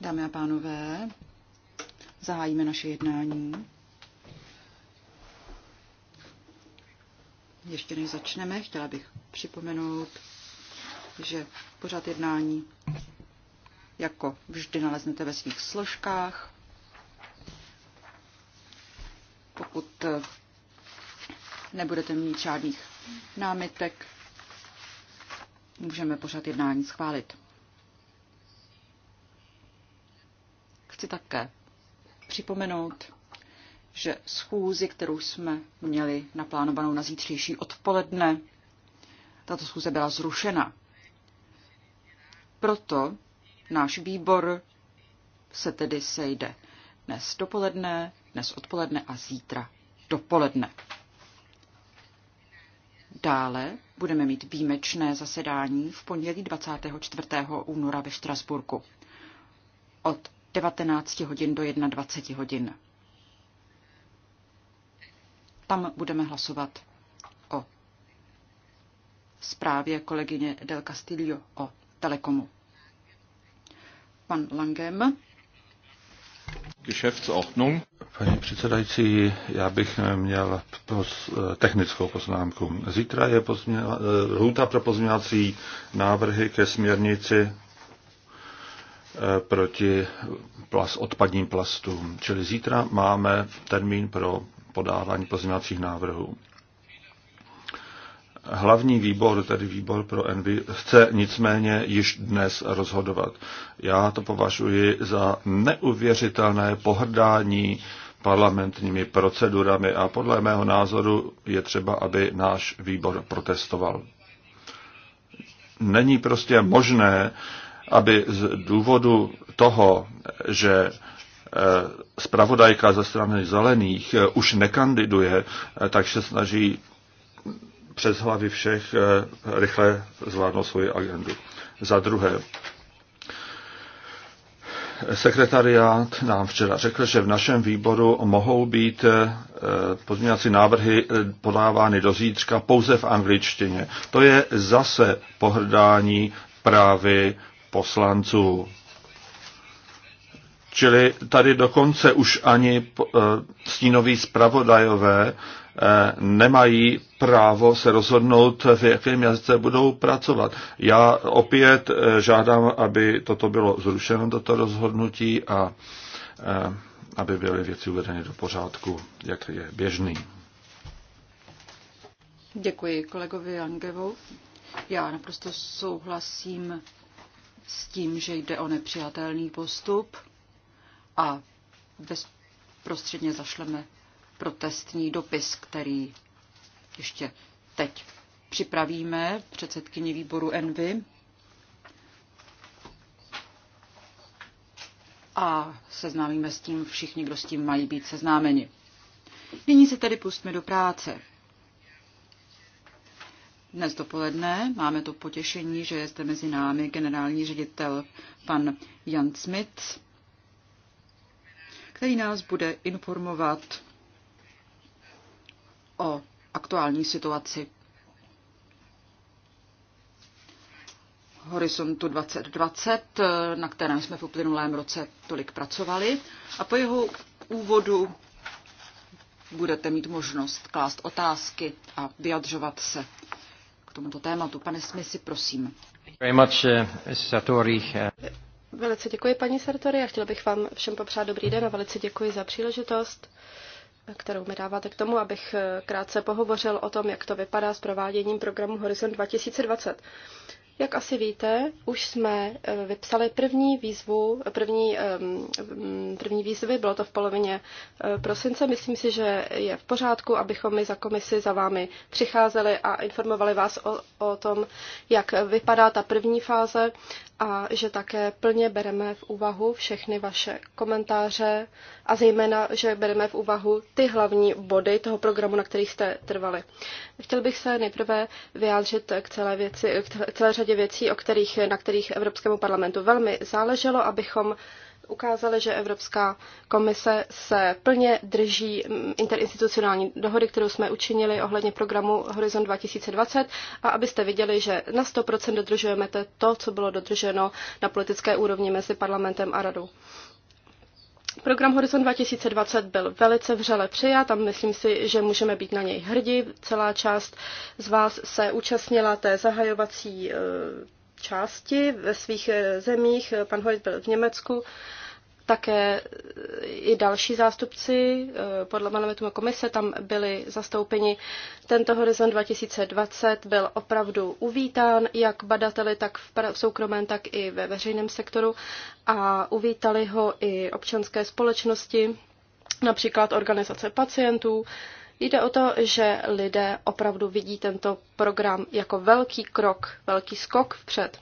Dámy a pánové, zahájíme naše jednání. Ještě než začneme, chtěla bych připomenout, že pořád jednání jako vždy naleznete ve svých složkách. Pokud nebudete mít žádných námitek, můžeme pořád jednání schválit. Chci také připomenout, že schůzi, kterou jsme měli naplánovanou na zítřejší odpoledne, tato schůze byla zrušena. Proto náš výbor se tedy sejde dnes dopoledne, dnes odpoledne a zítra dopoledne. Dále budeme mít výjimečné zasedání v pondělí 24. února ve Štrasburku od 19 hodin do 21 hodin. Tam budeme hlasovat o zprávě kolegyně Del Castillo o Telekomu. Pan Langem. Geschäftsordnung. Paní předsedající, já bych měl pos, technickou poznámku. Zítra je eh, lhůta pro pozměňovací návrhy ke směrnici proti plast, odpadním plastům. Čili zítra máme termín pro podávání pozměňovacích návrhů. Hlavní výbor, tedy výbor pro Envy, chce nicméně již dnes rozhodovat. Já to považuji za neuvěřitelné pohrdání parlamentními procedurami a podle mého názoru je třeba, aby náš výbor protestoval. Není prostě možné, aby z důvodu toho, že spravodajka eh, ze strany zelených eh, už nekandiduje, eh, tak se snaží přes hlavy všech rychle zvládnout svoji agendu. Za druhé, sekretariát nám včera řekl, že v našem výboru mohou být pozměňovací návrhy podávány do zítřka pouze v angličtině. To je zase pohrdání právy poslanců. Čili tady dokonce už ani eh, stínoví zpravodajové eh, nemají právo se rozhodnout, v jakém jazyce budou pracovat. Já opět eh, žádám, aby toto bylo zrušeno, toto rozhodnutí a aby byly věci uvedeny do pořádku, jak je běžný. Děkuji kolegovi Angevou. Já naprosto souhlasím s tím, že jde o nepřijatelný postup a bezprostředně zašleme protestní dopis, který ještě teď připravíme předsedkyni výboru Envy. A seznámíme s tím všichni, kdo s tím mají být seznámeni. Nyní se tedy pustme do práce. Dnes dopoledne máme to potěšení, že je mezi námi generální ředitel pan Jan Smit, který nás bude informovat o aktuální situaci Horizontu 2020, na kterém jsme v uplynulém roce tolik pracovali. A po jeho úvodu budete mít možnost klást otázky a vyjadřovat se tomuto tématu. Pane Smysi, prosím. Very much, uh, Velice děkuji, paní Sartori, a chtěla bych vám všem popřát dobrý den a velice děkuji za příležitost, kterou mi dáváte k tomu, abych eh, krátce pohovořil o tom, jak to vypadá s prováděním programu Horizon 2020. Jak asi víte, už jsme eh, vypsali první výzvu, první, ehm, mm, první výzvy, bylo to v polovině eh, prosince. Myslím si, že je v pořádku, abychom my za komisi za vámi přicházeli a informovali vás o, o tom, jak vypadá ta první fáze a že také plně bereme v úvahu všechny vaše komentáře a zejména, že bereme v úvahu ty hlavní body toho programu, na kterých jste trvali. Chtěl bych se nejprve vyjádřit k celé věci, k celé řadě řadě věcí, o kterých, na kterých Evropskému parlamentu velmi záleželo, abychom ukázali, že Evropská komise se plně drží mm, interinstitucionální dohody, kterou jsme učinili ohledně programu Horizon 2020 a abyste viděli, že na 100% dodržujeme to, co bylo dodrženo na politické úrovni mezi parlamentem a radou. Program Horizon 2020 byl velice vřele přijat a myslím si, že můžeme být na něj hrdí. Celá část z vás se účastnila té zahajovací eh, části ve svých eh, zemích. Pan Hoyt byl v Německu také eh, i další zástupci eh, podle Malometumu komise tam byli zastoupeni. Tento horizont 2020 byl opravdu uvítán jak badateli, tak v soukromém, tak i ve veřejném sektoru a uvítali ho i občanské společnosti, například organizace pacientů, Jde o to, že lidé opravdu vidí tento program jako velký krok, velký skok vpřed.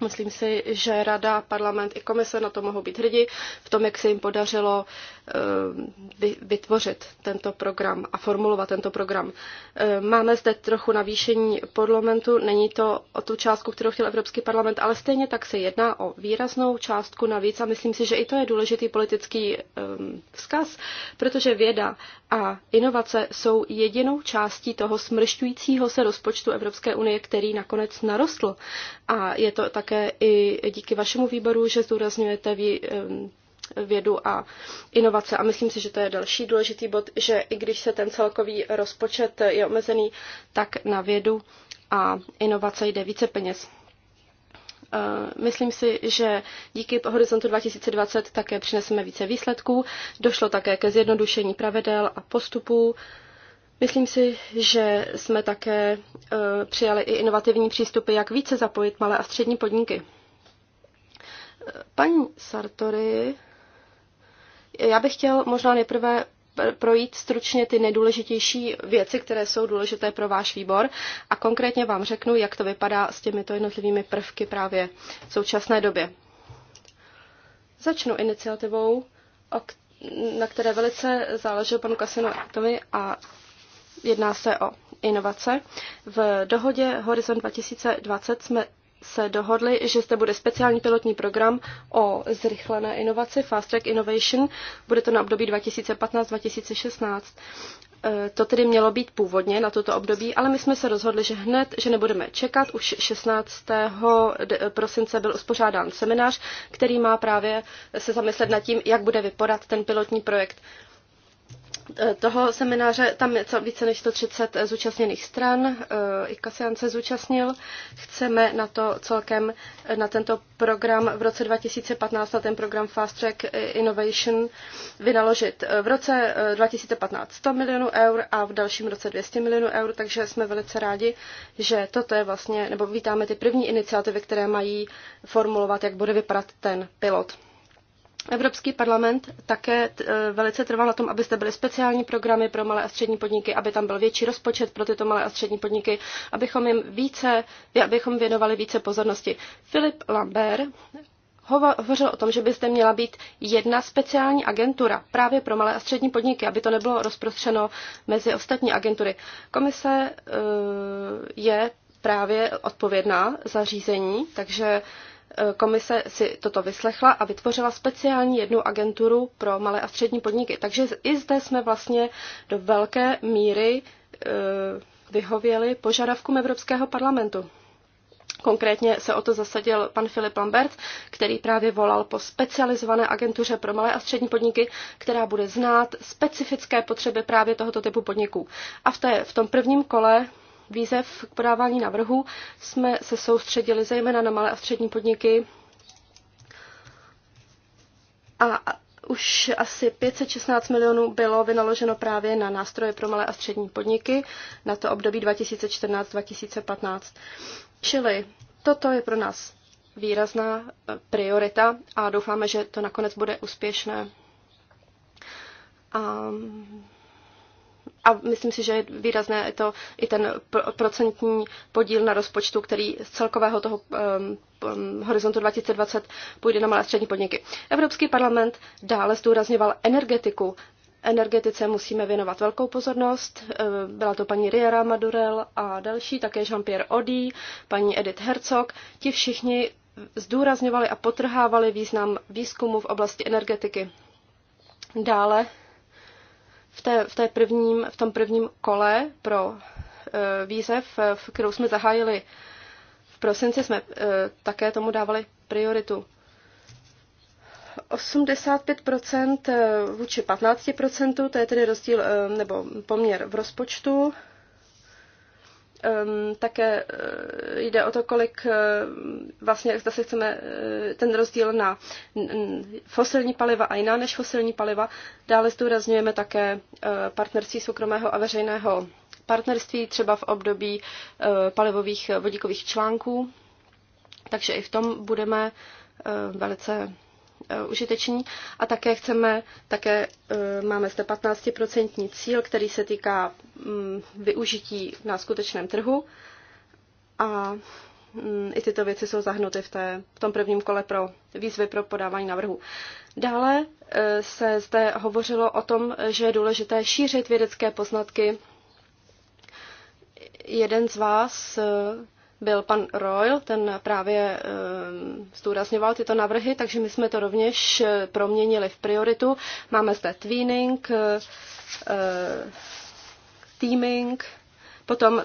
Myslím si, že Rada, parlament i komise na to mohou být hrdí v tom, jak se jim podařilo Eh, vytvořit tento program a formulovat tento program. Eh, máme zde trochu navýšení parlamentu, není to o tu částku, kterou chtěl Evropský parlament, ale stejně tak se jedná o výraznou částku navíc a myslím si, že i to je důležitý politický ehm, vzkaz, protože věda a inovace jsou jedinou částí toho smršťujícího se rozpočtu Evropské unie, který nakonec narostl. A je to také i díky vašemu výboru, že zdůrazňujete ehm, vědu a inovace. A myslím si, že to je další důležitý bod, že i když se ten celkový rozpočet je omezený, tak na vědu a inovace jde více peněz. Eh, myslím si, že díky Horizontu 2020 také přineseme více výsledků. Došlo také ke zjednodušení pravidel a postupů. Myslím si, že jsme také eh, přijali i inovativní přístupy, jak více zapojit malé a střední podniky. Eh, paní Sartori já bych chtěl možná nejprve projít stručně ty nejdůležitější věci, které jsou důležité pro váš výbor a konkrétně vám řeknu, jak to vypadá s těmito jednotlivými prvky právě v současné době. Začnu iniciativou, na které velice záležel panu Kasinovi a jedná se o inovace. V dohodě Horizon 2020 jsme se dohodli, že zde bude speciální pilotní program o zrychlené inovaci, Fast Track Innovation. Bude to na období 2015-2016. Eh, to tedy mělo být původně na toto období, ale my jsme se rozhodli, že hned, že nebudeme čekat. Už 16. prosince byl uspořádán seminář, který má právě se zamyslet nad tím, jak bude vypadat ten pilotní projekt. Eh, toho semináře tam je více než 130 eh, zúčastněných stran, eh, i Kasian se zúčastnil. Chceme na to celkem, na tento program v roce 2015, na ten program Fast Track Innovation vynaložit v roce 2015 100 milionů eur a v dalším roce 200 milionů eur, takže jsme velice rádi, že toto je vlastně, nebo vítáme ty první iniciativy, které mají formulovat, jak bude vypadat ten pilot. Evropský parlament také e, velice trval na tom, aby zde byly speciální programy pro malé a střední podniky, aby tam byl větší rozpočet pro tyto malé a střední podniky, abychom jim více, abychom věnovali více pozornosti. Filip Lambert hovořil o tom, že by zde měla být jedna speciální agentura právě pro malé a střední podniky, aby to nebylo rozprostřeno mezi ostatní agentury. Komise e, je právě odpovědná za řízení, takže Eh, komise si toto vyslechla a vytvořila speciální jednu agenturu pro malé a střední podniky. Takže i zde jsme vlastně do velké míry eh, vyhověli požadavkům Evropského parlamentu. Konkrétně se o to zasadil pan Filip Lambert, který právě volal po specializované agentuře pro malé a střední podniky, která bude znát specifické potřeby právě tohoto typu podniků. A v, té, v tom prvním kole výzev k podávání návrhů jsme se soustředili zejména na malé a střední podniky a už asi 516 milionů bylo vynaloženo právě na nástroje pro malé a střední podniky na to období 2014-2015. Čili toto je pro nás výrazná e, priorita a doufáme, že to nakonec bude úspěšné. Um a myslím si, že je výrazné to i ten procentní podíl na rozpočtu, který z celkového toho um, horizontu 2020 půjde na malé střední podniky. Evropský parlament dále zdůrazňoval energetiku. Energetice musíme věnovat velkou pozornost. Ehm, byla to paní Riera Madurel a další, také Jean-Pierre Odí, paní Edith Herzog. Ti všichni zdůrazňovali a potrhávali význam výzkumu v oblasti energetiky. Dále v, té, v, té prvním, v tom prvním kole pro e, výzev, e, v kterou jsme zahájili v prosinci, jsme e, také tomu dávali prioritu. 85% vůči 15%, to je tedy rozdíl nebo poměr v rozpočtu um, také uh, jde o to, kolik uh, vlastně zase chceme uh, ten rozdíl na fosilní paliva a jiná než fosilní paliva. Dále zdůrazňujeme také uh, partnerství soukromého a veřejného partnerství, třeba v období uh, palivových vodíkových článků. Takže i v tom budeme uh, velice Eh, užiteční a také chceme, také eh, máme zde 15% cíl, který se týká mm, využití na skutečném trhu a mm, i tyto věci jsou zahnuty v, té, v tom prvním kole pro výzvy pro podávání návrhu. Dále eh, se zde hovořilo o tom, že je důležité šířit vědecké poznatky. Jeden z vás byl pan Royal, ten právě eh, zdůrazňoval tyto návrhy, takže my jsme to rovněž eh, proměnili v prioritu. Máme zde tweening, eh, teaming, potom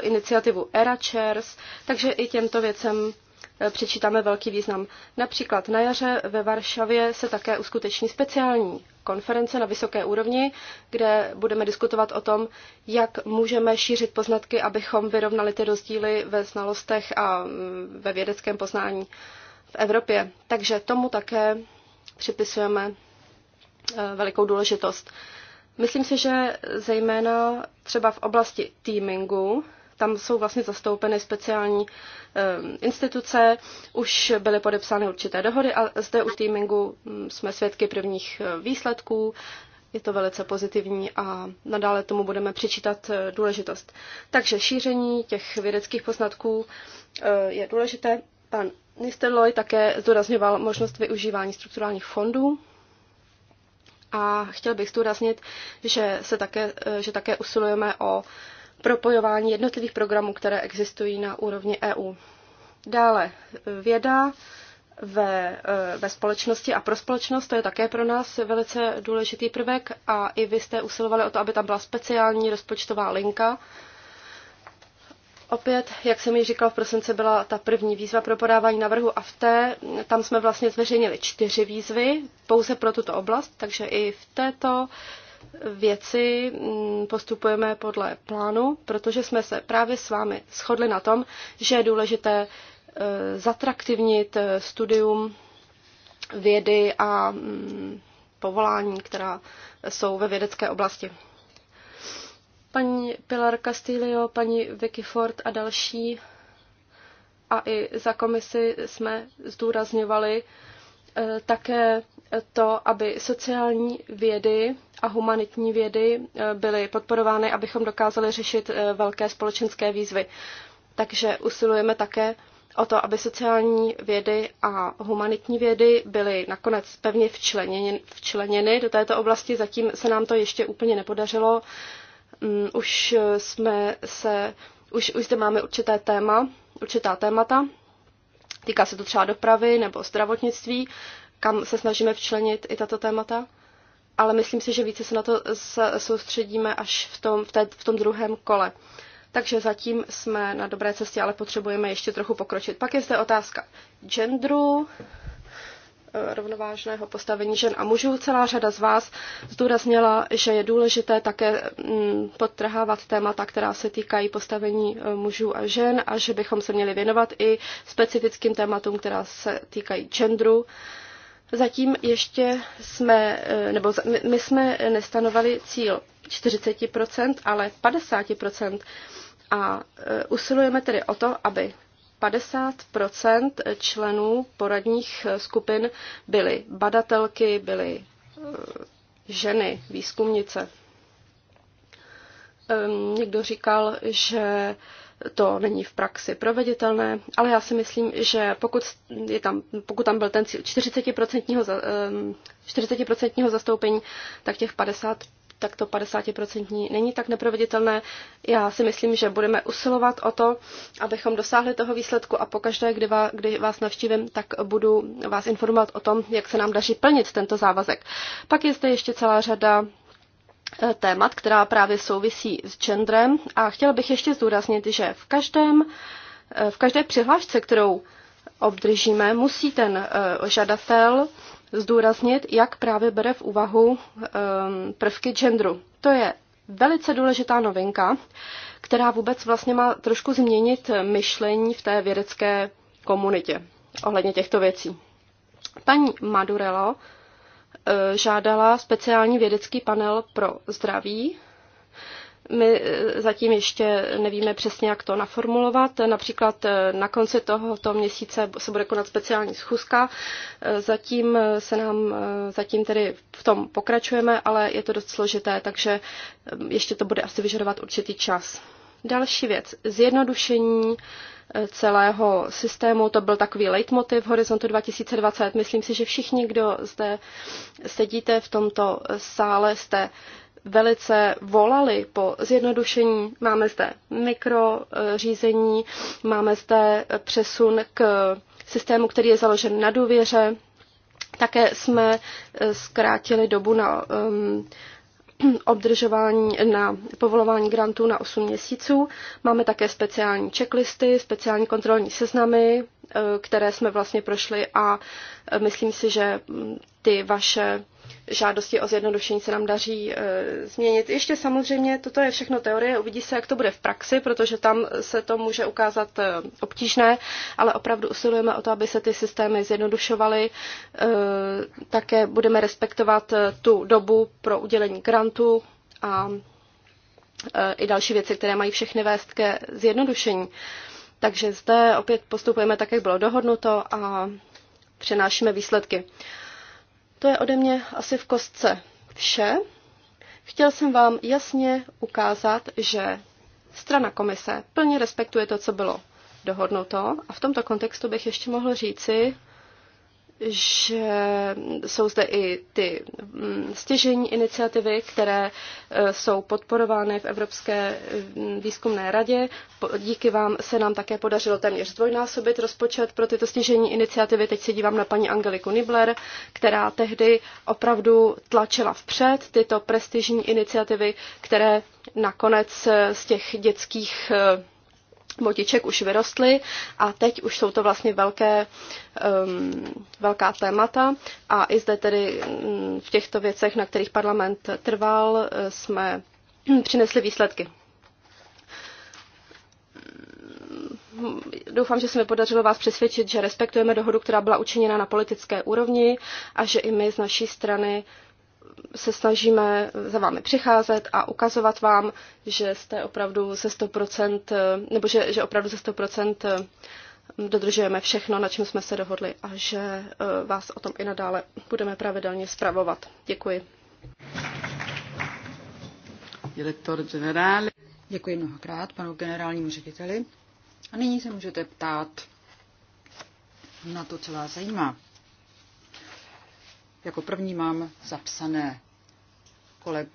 iniciativu Era Chairs, takže i těmto věcem Eh, Přečítáme velký význam. Například na jaře ve Varšavě se také uskuteční speciální konference na vysoké úrovni, kde budeme diskutovat o tom, jak můžeme šířit poznatky, abychom vyrovnali ty rozdíly ve znalostech a mm, ve vědeckém poznání v Evropě. Takže tomu také připisujeme eh, velikou důležitost. Myslím si, že zejména třeba v oblasti teamingu tam jsou vlastně zastoupeny speciální eh, instituce, už byly podepsány určité dohody a zde u teamingu hm, jsme svědky prvních eh, výsledků. Je to velice pozitivní a nadále tomu budeme přičítat eh, důležitost. Takže šíření těch vědeckých poznatků je důležité. Pan Nisterloj také zdůrazňoval možnost využívání strukturálních fondů a chtěl bych zdůraznit, že, se také, že také usilujeme o propojování jednotlivých programů, které existují na úrovni EU. Dále věda ve, eh, ve společnosti a pro společnost, to je také pro nás velice důležitý prvek a i vy jste usilovali o to, aby tam byla speciální rozpočtová linka. Opět, jak jsem ji říkal, v prosince byla ta první výzva pro podávání navrhu a v té, tam jsme vlastně zveřejnili čtyři výzvy pouze pro tuto oblast, takže i v této věci mm, postupujeme podle plánu, protože jsme se právě s vámi shodli na tom, že je důležité e, zatraktivnit e, studium vědy a mm, povolání, která jsou ve vědecké oblasti. Paní Pilar Castillo, paní Vicky Ford a další a i za komisi jsme zdůrazňovali e, také to, aby sociální vědy a humanitní vědy eh, byly podporovány, abychom dokázali řešit eh, velké společenské výzvy. Takže usilujeme také o to, aby sociální vědy a humanitní vědy byly nakonec pevně včleněny, včleněny do této oblasti. Zatím se nám to ještě úplně nepodařilo. Mm, už eh, jsme se, už, už zde máme určité téma, určitá témata. Týká se to třeba dopravy nebo zdravotnictví kam se snažíme včlenit i tato témata, ale myslím si, že více se na to soustředíme až v tom, v, té, v tom druhém kole. Takže zatím jsme na dobré cestě, ale potřebujeme ještě trochu pokročit. Pak je zde otázka genderu, eh, rovnovážného postavení žen a mužů. Celá řada z vás zdůraznila, že je důležité také mm, podtrhávat témata, která se týkají postavení eh, mužů a žen a že bychom se měli věnovat i specifickým tématům, která se týkají genderu. Zatím ještě jsme, e, nebo my jsme nestanovali cíl 40%, ale 50%. A e, usilujeme tedy o to, aby 50 členů poradních e, skupin byly badatelky, byly ženy, výzkumnice. Někdo říkal, že to není v praxi proveditelné, ale já si myslím, že pokud, je tam, pokud tam byl ten cíl 40%, 40 zastoupení, tak těch 50 tak to 50% není tak neproveditelné. Já si myslím, že budeme usilovat o to, abychom dosáhli toho výsledku a pokaždé, kdy vás, kdy vás navštívím, tak budu vás informovat o tom, jak se nám daří plnit tento závazek. Pak je zde ještě celá řada E, témat, která právě souvisí s genderem a chtěla bych ještě zdůraznit, že v, každém, e, v každé přihlášce, kterou obdržíme, musí ten e, žadatel zdůraznit, jak právě bere v úvahu prvky genderu. To je velice důležitá novinka, která vůbec vlastně má trošku změnit myšlení v té vědecké komunitě ohledně těchto věcí. Paní Madurello E, žádala speciální vědecký panel pro zdraví. My e, zatím ještě nevíme přesně, jak to naformulovat. Například e, na konci tohoto měsíce se bude konat speciální schůzka. Zatím se nám, zatím tedy v tom pokračujeme, ale je to dost složité, takže ještě to bude asi vyžadovat určitý čas. Další věc, zjednodušení eh, celého systému, to byl takový leitmotiv Horizontu 2020. Myslím si, že všichni, kdo zde sedíte v tomto sále, jste velice volali po zjednodušení. Máme zde mikrořízení, eh, máme zde přesun k systému, který je založen na důvěře. Také jsme eh, zkrátili dobu na um, obdržování na povolování grantů na 8 měsíců. Máme také speciální checklisty, speciální kontrolní seznamy, eh, které jsme vlastně prošli a eh, myslím si, že mm, ty vaše žádosti o zjednodušení se nám daří e, změnit. Ještě samozřejmě, toto je všechno teorie, uvidí se, jak to bude v praxi, protože tam se to může ukázat e, obtížné, ale opravdu usilujeme o to, aby se ty systémy zjednodušovaly. E, také budeme respektovat e, tu dobu pro udělení grantu a e, i další věci, které mají všechny vést ke zjednodušení. Takže zde opět postupujeme tak, jak bylo dohodnuto a přenášíme výsledky. E, to je ode mě asi v kostce vše. Chtěl jsem vám jasně ukázat, že strana komise plně respektuje to, co bylo dohodnuto. A v tomto kontextu bych ještě mohl říci, že jsou zde i ty mm, stěžení iniciativy, které e, jsou podporovány v Evropské mm, výzkumné radě. Díky vám se nám také podařilo téměř zdvojnásobit rozpočet pro tyto stěžení iniciativy. Teď se dívám na paní Angeliku Nibler, která tehdy opravdu tlačila vpřed tyto prestižní iniciativy, které nakonec e, z těch dětských e, Motiček už vyrostly a teď už jsou to vlastně velké, um, velká témata a i zde tedy mm, v těchto věcech, na kterých parlament trval, eh, jsme přinesli výsledky. Doufám, že se mi podařilo vás přesvědčit, že respektujeme dohodu, která byla učiněna na politické úrovni a že i my z naší strany uh, se snažíme za vámi přicházet a ukazovat vám, že jste opravdu ze 100%, nebo že, že opravdu ze 100% eh, dodržujeme všechno, na čem jsme se dohodli a že eh, vás o tom i nadále budeme pravidelně zpravovat. Děkuji. Direktor generále. Děkuji mnohokrát panu generálnímu řediteli. A nyní se můžete ptát na to, co vás zajímá. Jako první mám zapsané koleg,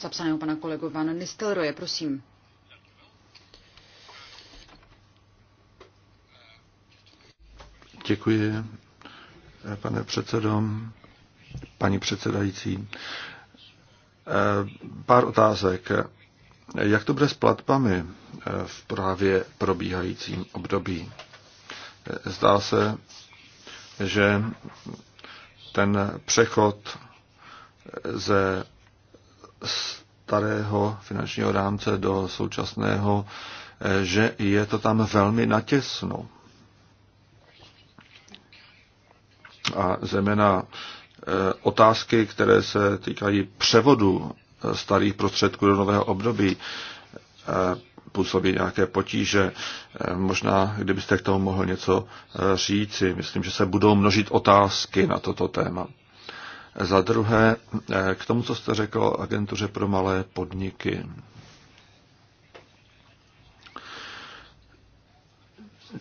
zapsaného pana kolegu Van Nistelroje, prosím. Děkuji, pane předsedo, paní předsedající. Eh, pár otázek. Jak to bude s platbami eh, v právě probíhajícím období? Eh, zdá se, že ten přechod ze starého finančního rámce do současného, že je to tam velmi natěsno. A zejména e, otázky, které se týkají převodu e, starých prostředků do nového období, e, působí nějaké potíže. Eh, možná, kdybyste k tomu mohl něco eh, říci, myslím, že se budou množit otázky na toto téma. Za druhé, eh, k tomu, co jste řekl o agentuře pro malé podniky.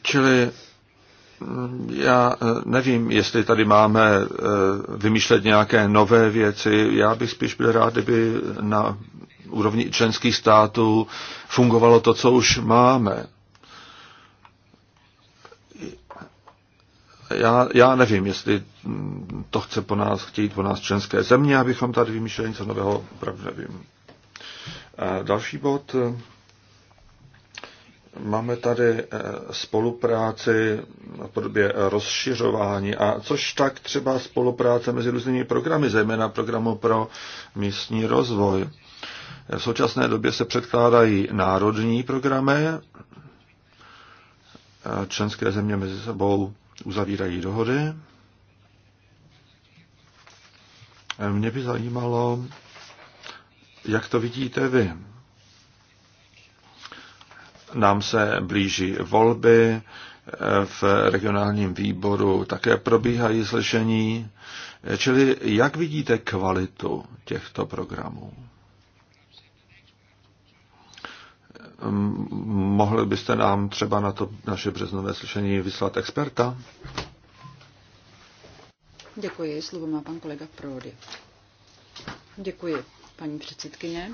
Čili mm, já nevím, jestli tady máme vymýšlet nějaké nové věci. Já bych spíš byl rád, kdyby na úrovni členských států fungovalo to, co už máme. Já, já nevím, jestli to chce po nás chtít po nás členské země, abychom tady vymýšleli něco nového, opravdu nevím. A další bod. Máme tady eh, spolupráci v podobě rozšiřování, a což tak třeba spolupráce mezi různými programy, zejména programu pro místní rozvoj. V současné době se předkládají národní programy. Členské země mezi sebou uzavírají dohody. Mě by zajímalo, jak to vidíte vy. Nám se blíží volby, v regionálním výboru také probíhají slyšení, čili jak vidíte kvalitu těchto programů? Ehm, mohli byste nám třeba na to naše březnové slyšení vyslat experta? Děkuji. Slovo má pan kolega Prody. Děkuji, paní předsedkyně.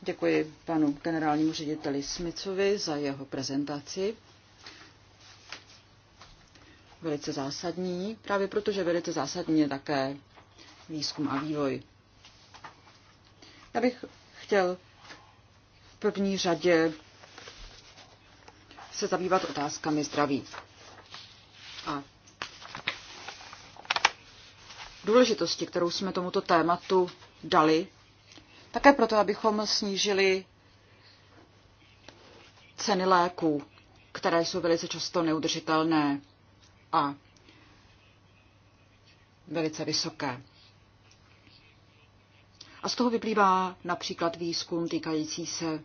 Děkuji panu generálnímu řediteli Smicovi za jeho prezentaci. Velice zásadní, právě protože velice zásadní je také výzkum a vývoj. Já bych chtěl první řadě se zabývat otázkami zdraví. A důležitosti, kterou jsme tomuto tématu dali, také proto, abychom snížili ceny léků, které jsou velice často neudržitelné a velice vysoké. A z toho vyplývá například výzkum týkající se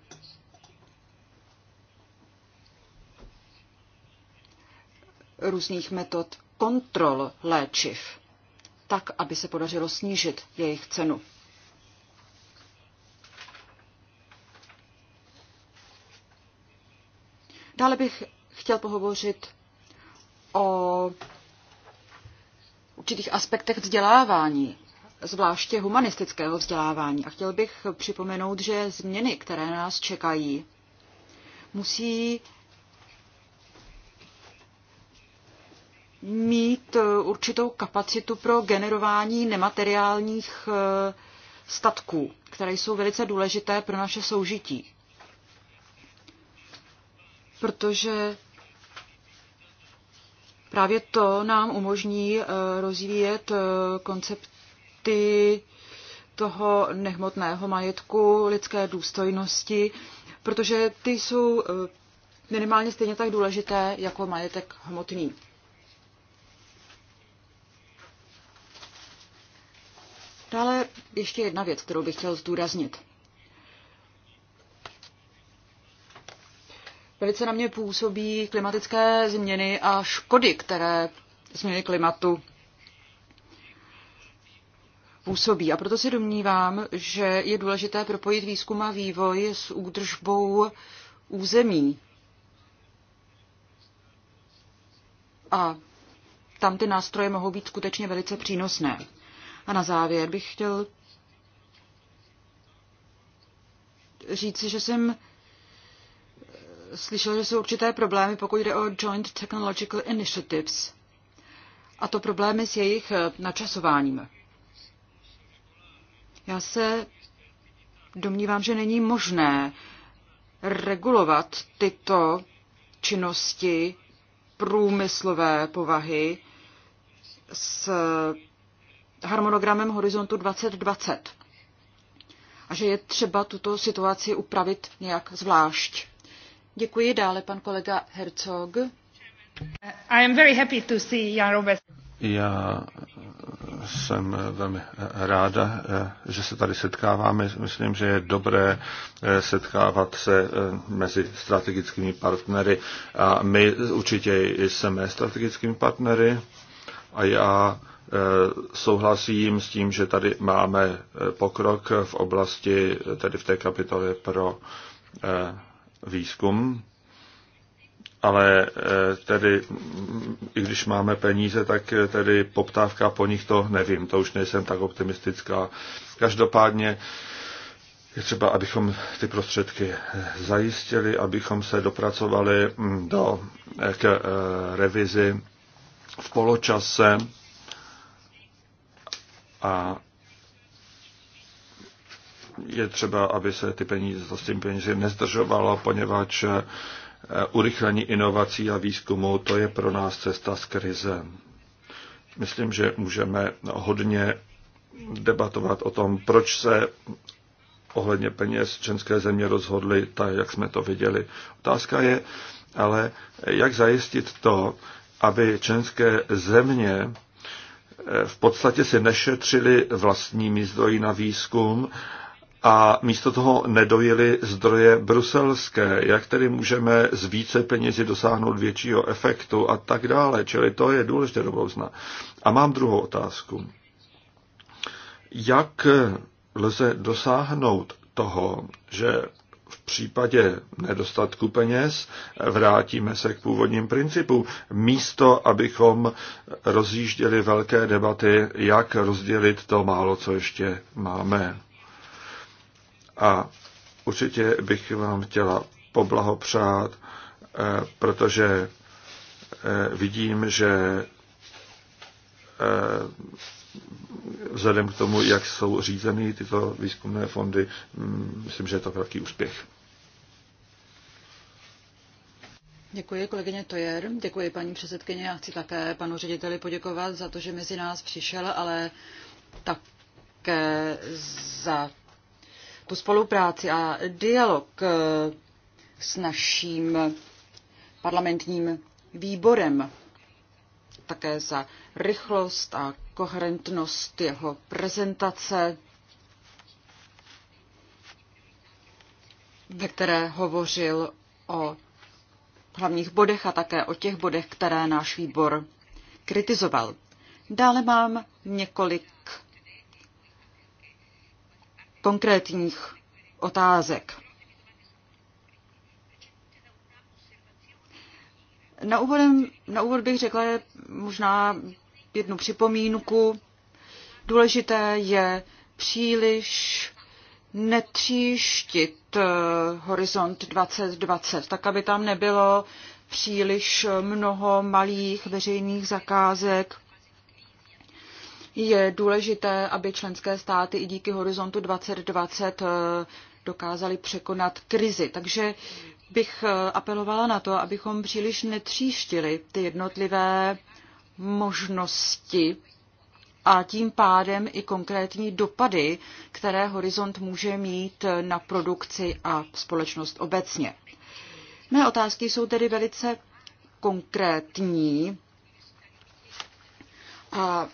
různých metod kontrol léčiv, tak, aby se podařilo snížit jejich cenu. Dále bych chtěl pohovořit o určitých aspektech vzdělávání zvláště humanistického vzdělávání. A chtěl bych připomenout, že změny, které nás čekají, musí mít eh, určitou kapacitu pro generování nemateriálních eh, statků, které jsou velice důležité pro naše soužití. Protože právě to nám umožní eh, rozvíjet koncept hodnoty toho nehmotného majetku, lidské důstojnosti, protože ty jsou eh, minimálně stejně tak důležité jako majetek hmotný. Dále ještě jedna věc, kterou bych chtěl zdůraznit. Velice na mě působí klimatické změny a škody, které změny klimatu působí. A proto se domnívám, že je důležité propojit výzkum a vývoj s údržbou území. A tam ty nástroje mohou být skutečně velice přínosné. A na závěr bych chtěl říci, že jsem eh, slyšel, že jsou určité problémy, pokud jde o Joint Technological Initiatives. A to problémy s jejich eh, načasováním. Já se domnívám, že není možné regulovat tyto činnosti průmyslové povahy s harmonogramem Horizontu 2020 a že je třeba tuto situaci upravit nějak zvlášť. Děkuji dále pan kolega Herzog. Já jsem velmi ráda, že se tady setkáváme. Myslím, že je dobré eh, setkávat se eh, mezi strategickými partnery a my určitě jsme strategickými partnery a já eh, souhlasím s tím, že tady máme pokrok v oblasti, tedy v té kapitole pro výzkum ale eh, tedy, i když máme peníze, tak eh, tedy poptávka po nich to nevím, to už nejsem tak optimistická. Každopádně je třeba, abychom ty prostředky zajistili, abychom se dopracovali hm, do, eh, k revizi v poločase a je třeba, aby se ty peníze, s tím peníze nezdržovalo, poněvadž Eh, urychlení inovací a výzkumu, to je pro nás cesta z krize. Myslím, že můžeme hodně debatovat o tom, proč se ohledně peněz členské země rozhodly tak, jak jsme to viděli. Otázka je, ale jak zajistit to, aby členské země eh, v podstatě si nešetřili vlastními zdroji na výzkum a místo toho nedojili zdroje bruselské, jak tedy můžeme z více penězi dosáhnout většího efektu a tak dále. Čili to je důležité do A mám druhou otázku. Jak lze dosáhnout toho, že v případě nedostatku peněz vrátíme se k původním principům. Místo, abychom rozjížděli velké debaty, jak rozdělit to málo, co ještě máme. A určitě bych vám chtěla poblahopřát, eh, protože eh, vidím, že eh, vzhledem k tomu, jak jsou řízeny tyto výzkumné fondy, mm, myslím, že je to velký úspěch. Děkuji kolegyně Tojer, děkuji paní předsedkyně. Já chci také panu řediteli poděkovat za to, že mezi nás přišel, ale také za tu spolupráci a dialog eh, s naším parlamentním výborem, také za rychlost a koherentnost jeho prezentace, ve které hovořil o hlavních bodech a také o těch bodech, které náš výbor kritizoval. Dále mám několik konkrétních otázek. Na, úvodem, na úvod bych řekla možná jednu připomínku. Důležité je příliš netříštit eh, horizont 2020, tak aby tam nebylo příliš mnoho malých veřejných zakázek, je důležité, aby členské státy i díky horizontu 2020 eh, dokázali překonat krizi. Takže bych eh, apelovala na to, abychom příliš netříštili ty jednotlivé možnosti a tím pádem i konkrétní dopady, které horizont může mít eh, na produkci a společnost obecně. Mé otázky jsou tedy velice konkrétní a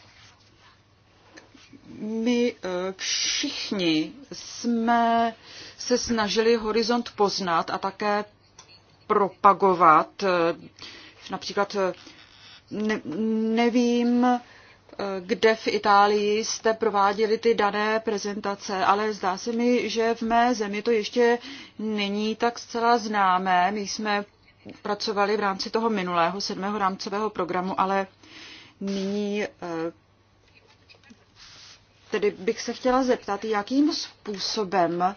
my eh, všichni jsme se snažili horizont poznat a také propagovat. Eh, například eh, ne, nevím, kde v Itálii jste prováděli ty dané prezentace, ale zdá se mi, že v mé zemi to ještě není tak zcela známé. My jsme pracovali v rámci toho minulého sedmého rámcového programu, ale nyní tedy bych se chtěla zeptat, jakým způsobem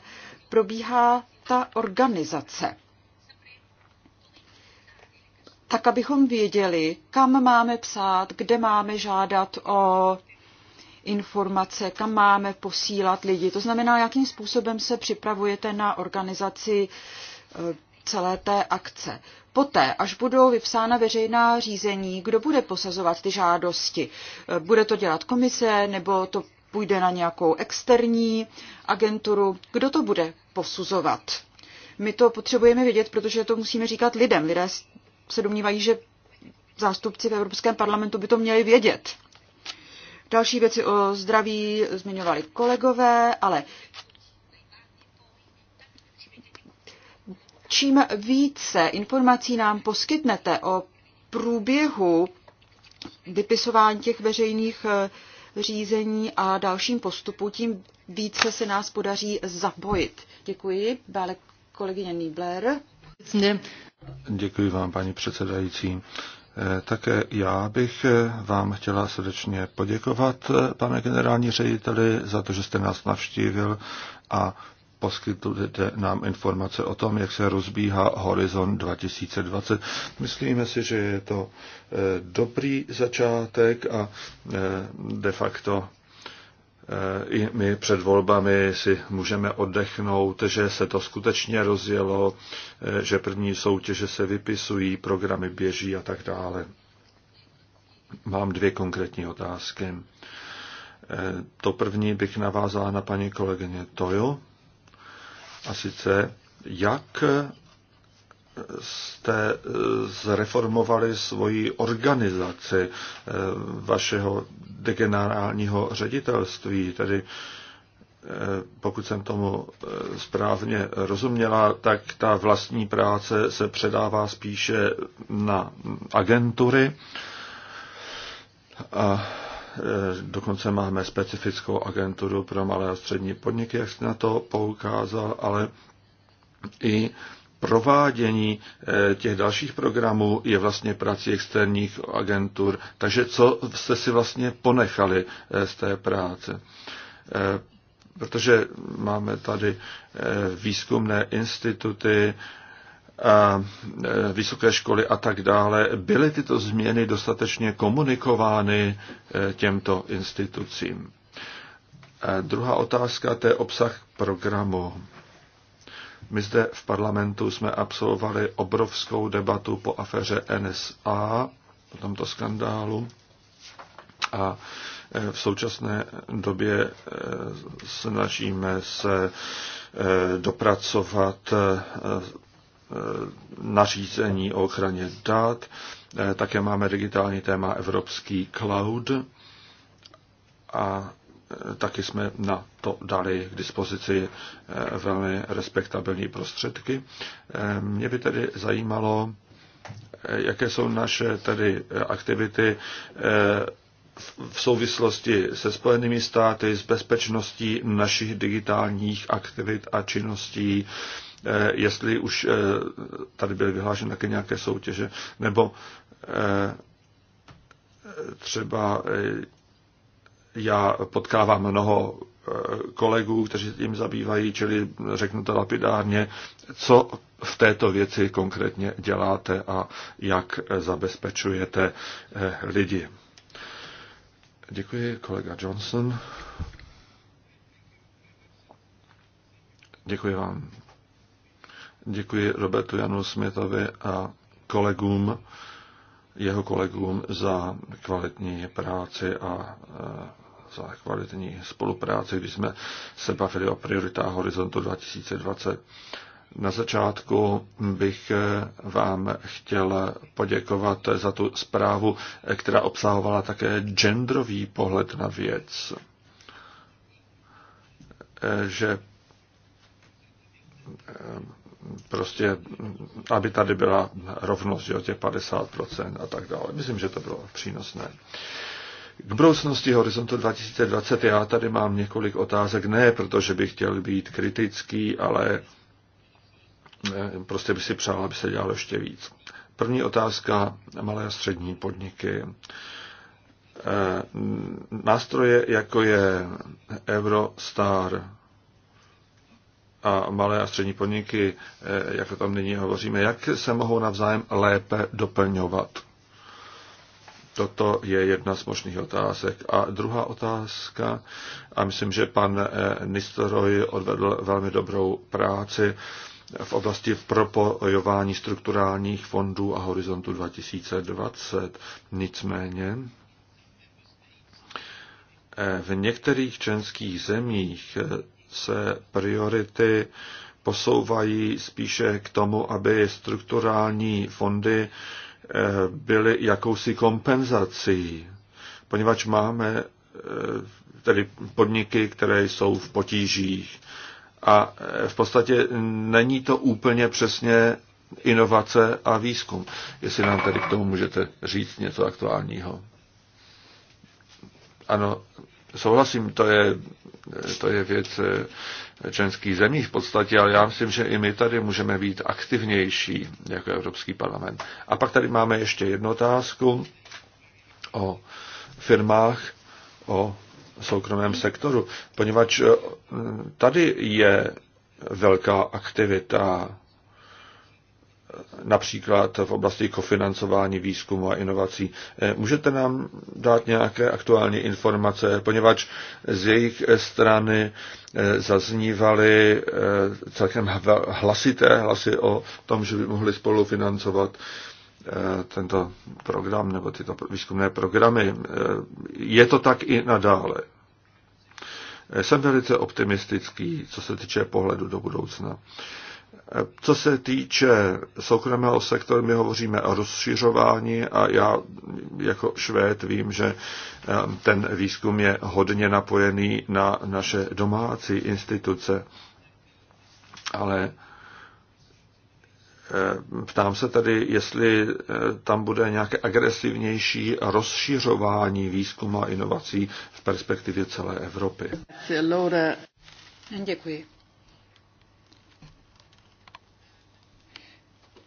probíhá ta organizace. Tak, abychom věděli, kam máme psát, kde máme žádat o informace, kam máme posílat lidi. To znamená, jakým způsobem se připravujete na organizaci eh, celé té akce. Poté, až budou vypsána veřejná řízení, kdo bude posazovat ty žádosti? Eh, bude to dělat komise, nebo to půjde na nějakou externí agenturu. Kdo to bude posuzovat? My to potřebujeme vědět, protože to musíme říkat lidem. Lidé se domnívají, že zástupci v Evropském parlamentu by to měli vědět. Další věci o zdraví zmiňovali kolegové, ale čím více informací nám poskytnete o průběhu vypisování těch veřejných eh, řízení a dalším postupu, tím více se nás podaří zapojit. Děkuji. Dále kolegyně Niebler. Děkuji vám, paní předsedající. Eh, také já bych eh, vám chtěla srdečně poděkovat, eh, pane generální řediteli, za to, že jste nás navštívil a poskytujete nám informace o tom, jak se rozbíhá Horizon 2020. Myslíme si, že je to eh, dobrý začátek a eh, de facto eh, i my před volbami si můžeme oddechnout, že se to skutečně rozjelo, že první soutěže se vypisují, programy běží a tak dále. Mám dvě konkrétní otázky. To první bych navázal na paní kolegyně Tojo a sice, jak jste eh, zreformovali svoji organizaci eh, vašeho degenerálního ředitelství, tedy eh, pokud jsem tomu správně rozuměla, tak ta vlastní práce se předává spíše na agentury. A Eh, dokonce máme specifickou agenturu pro malé a střední podniky, jak jste na to poukázal, ale i provádění eh, těch dalších programů je vlastně prací externích agentur. Takže co jste si vlastně ponechali eh, z té práce? Protože máme tady výzkumné instituty, a e, vysoké školy a tak dále, byly tyto změny dostatečně komunikovány e, těmto institucím. A druhá otázka, to je obsah programu. My zde v parlamentu jsme absolvovali obrovskou debatu po aféře NSA, po tomto skandálu. A e, v současné době snažíme se dopracovat Eh, nařízení o ochraně dat, eh, také máme digitální téma Evropský cloud a eh, taky jsme na to dali k dispozici velmi respektabilní prostředky. Mě by tedy zajímalo, jaké jsou naše tedy aktivity v souvislosti se Spojenými státy, s bezpečností našich digitálních aktivit a činností, eh, jestli už eh, tady byly vyhlášeny také nějaké soutěže, nebo eh, třeba já potkávám mnoho kolegů, kteří se tím zabývají, čili řeknu to lapidárně, co v této věci konkrétně děláte a jak zabezpečujete lidi. Děkuji, kolega Johnson. Děkuji vám. Děkuji Robertu Janu Smithovi a kolegům, jeho kolegům za kvalitní práci a e, za kvalitní spolupráci, když jsme se bavili o prioritách Horizontu 2020. Na začátku bych eh, vám chtěl poděkovat za tu zprávu, eh, která obsahovala také genderový pohled na věc. Eh, že prostě, mm, aby tady byla rovnost jo, těch 50% a tak dále. Myslím, že to bylo přínosné. K budoucnosti Horizontu 2020 já tady mám několik otázek, ne protože bych chtěl být kritický, ale Eh, prostě by si přál, aby se dělalo ještě víc. První otázka, malé a střední podniky. Eh, nástroje, jako je Eurostar a malé a střední podniky, eh, jak tam nyní hovoříme, jak se mohou navzájem lépe doplňovat? Toto je jedna z možných otázek. A druhá otázka, a myslím, že pan Nistoroj odvedl velmi dobrou práci, v oblasti propojování strukturálních fondů a horizontu 2020. Nicméně eh, v některých členských zemích eh, se priority posouvají spíše k tomu, aby strukturální fondy eh, byly jakousi kompenzací, poněvadž máme tedy podniky, které jsou v potížích a e, v podstatě není to úplně přesně inovace a výzkum. Jestli nám tady k tomu můžete říct něco aktuálního. Ano, souhlasím, to je, to je věc e, členských zemí v podstatě, ale já myslím, že i my tady můžeme být aktivnější jako Evropský parlament. A pak tady máme ještě jednu otázku o firmách, o soukromém sektoru, poněvadž eh, tady je velká aktivita eh, například v oblasti kofinancování výzkumu a inovací. Eh, můžete nám dát nějaké aktuální informace, poněvadž z jejich strany zaznívaly celkem hlasité hlasy o tom, že by mohli spolufinancovat Eh, tento program nebo tyto výzkumné programy. Eh, je to tak i nadále. Eh, jsem velice optimistický, co se týče pohledu do budoucna. Co se týče soukromého sektoru, my hovoříme o rozšiřování a já jako Švéd vím, že ten výzkum je hodně napojený na naše domácí instituce. Ale Eh, ptám se tedy, jestli eh, tam bude nějaké agresivnější rozšiřování výzkumu a inovací v perspektivě celé Evropy. Děkuji.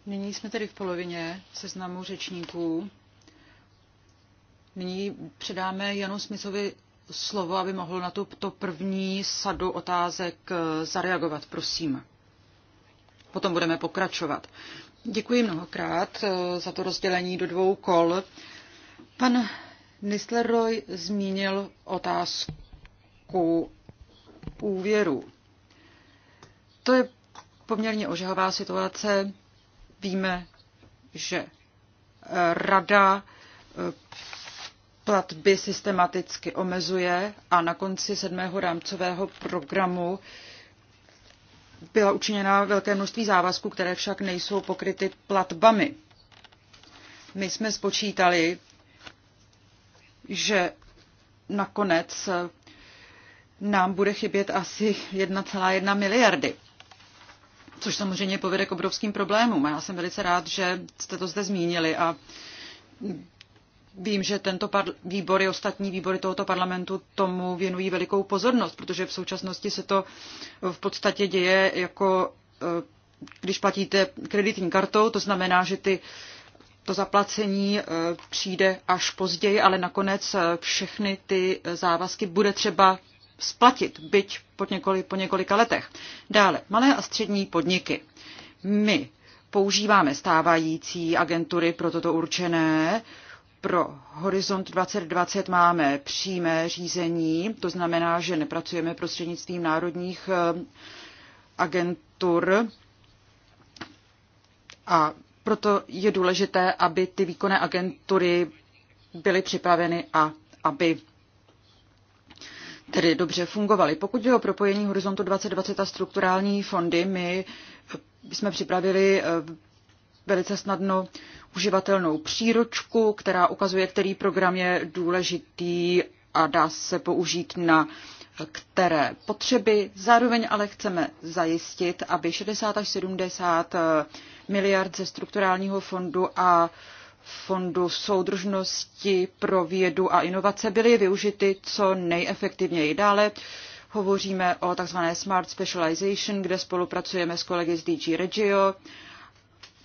Nyní jsme tedy v polovině seznamu řečníků. Nyní předáme Janu Smicovi slovo, aby mohl na tu, to první sadu otázek eh, zareagovat. Prosím potom budeme pokračovat. Děkuji mnohokrát eh, za to rozdělení do dvou kol. Pan Nisleroy zmínil otázku úvěru. To je poměrně ožehová situace. Víme, že eh, rada eh, platby systematicky omezuje a na konci sedmého rámcového programu byla učiněna velké množství závazků, které však nejsou pokryty platbami. My jsme spočítali, že nakonec nám bude chybět asi 1,1 miliardy, což samozřejmě povede k obrovským problémům. A já jsem velice rád, že jste to zde zmínili a Vím, že tento par- výbor i ostatní výbory tohoto parlamentu tomu věnují velikou pozornost, protože v současnosti se to v podstatě děje jako e, když platíte kreditní kartou, to znamená, že ty, to zaplacení e, přijde až později, ale nakonec e, všechny ty závazky bude třeba splatit, byť po, několi, po několika letech. Dále, malé a střední podniky. My používáme stávající agentury pro toto určené, pro Horizont 2020 máme přímé řízení, to znamená, že nepracujeme prostřednictvím národních eh, agentur a proto je důležité, aby ty výkonné agentury byly připraveny a aby tedy dobře fungovaly. Pokud je o propojení Horizontu 2020 a strukturální fondy, my jsme připravili eh, velice snadno uživatelnou příročku, která ukazuje, který program je důležitý a dá se použít na které potřeby. Zároveň ale chceme zajistit, aby 60 až 70 eh, miliard ze strukturálního fondu a fondu soudržnosti pro vědu a inovace byly využity co nejefektivněji. Dále hovoříme o tzv. smart specialization, kde spolupracujeme s kolegy z DG Regio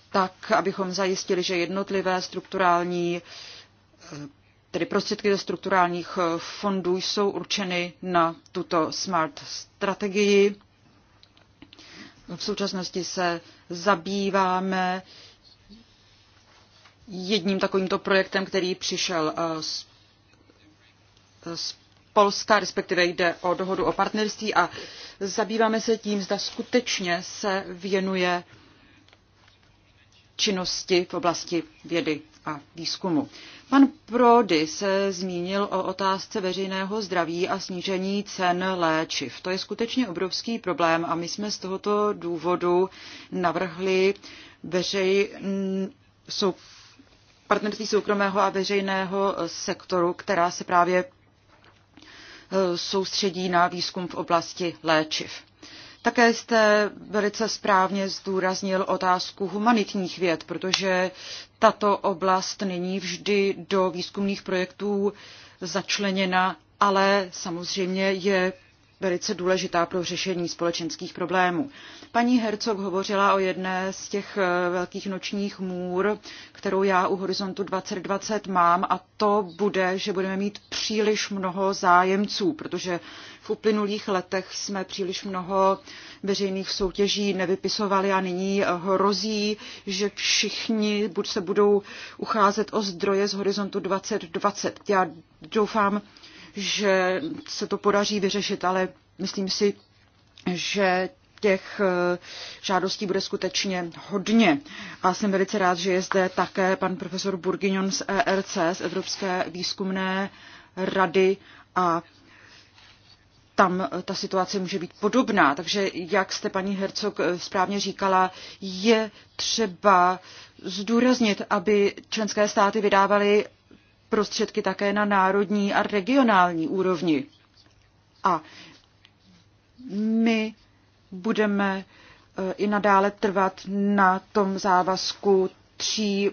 tak, abychom zajistili, že jednotlivé strukturální, eh, tedy prostředky ze strukturálních eh, fondů jsou určeny na tuto smart strategii. V současnosti se zabýváme jedním takovýmto projektem, který přišel eh, z, z Polska, respektive jde o dohodu o partnerství a zabýváme se tím, zda skutečně se věnuje činnosti v oblasti vědy a výzkumu. Pan Prody se zmínil o otázce veřejného zdraví a snížení cen léčiv. To je skutečně obrovský problém a my jsme z tohoto důvodu navrhli veřej, sou, partnerství soukromého a veřejného sektoru, která se právě eh, soustředí na výzkum v oblasti léčiv. Také jste velice správně zdůraznil otázku humanitních věd, protože tato oblast není vždy do výzkumných projektů začleněna, ale samozřejmě je velice důležitá pro řešení společenských problémů. Paní Hercog hovořila o jedné z těch eh, velkých nočních můr, kterou já u Horizontu 2020 mám a to bude, že budeme mít příliš mnoho zájemců, protože v uplynulých letech jsme příliš mnoho veřejných soutěží nevypisovali a nyní hrozí, že všichni buď se budou ucházet o zdroje z Horizontu 2020. Já doufám, že se to podaří vyřešit, ale myslím si, že těch eh, žádostí bude skutečně hodně. A jsem velice rád, že je zde také pan profesor Burginion z ERC, z Evropské výzkumné rady a tam eh, ta situace může být podobná. Takže, jak jste paní Hercog eh, správně říkala, je třeba zdůraznit, aby členské státy vydávaly prostředky také na národní a regionální úrovni. A my budeme eh, i nadále trvat na tom závazku 3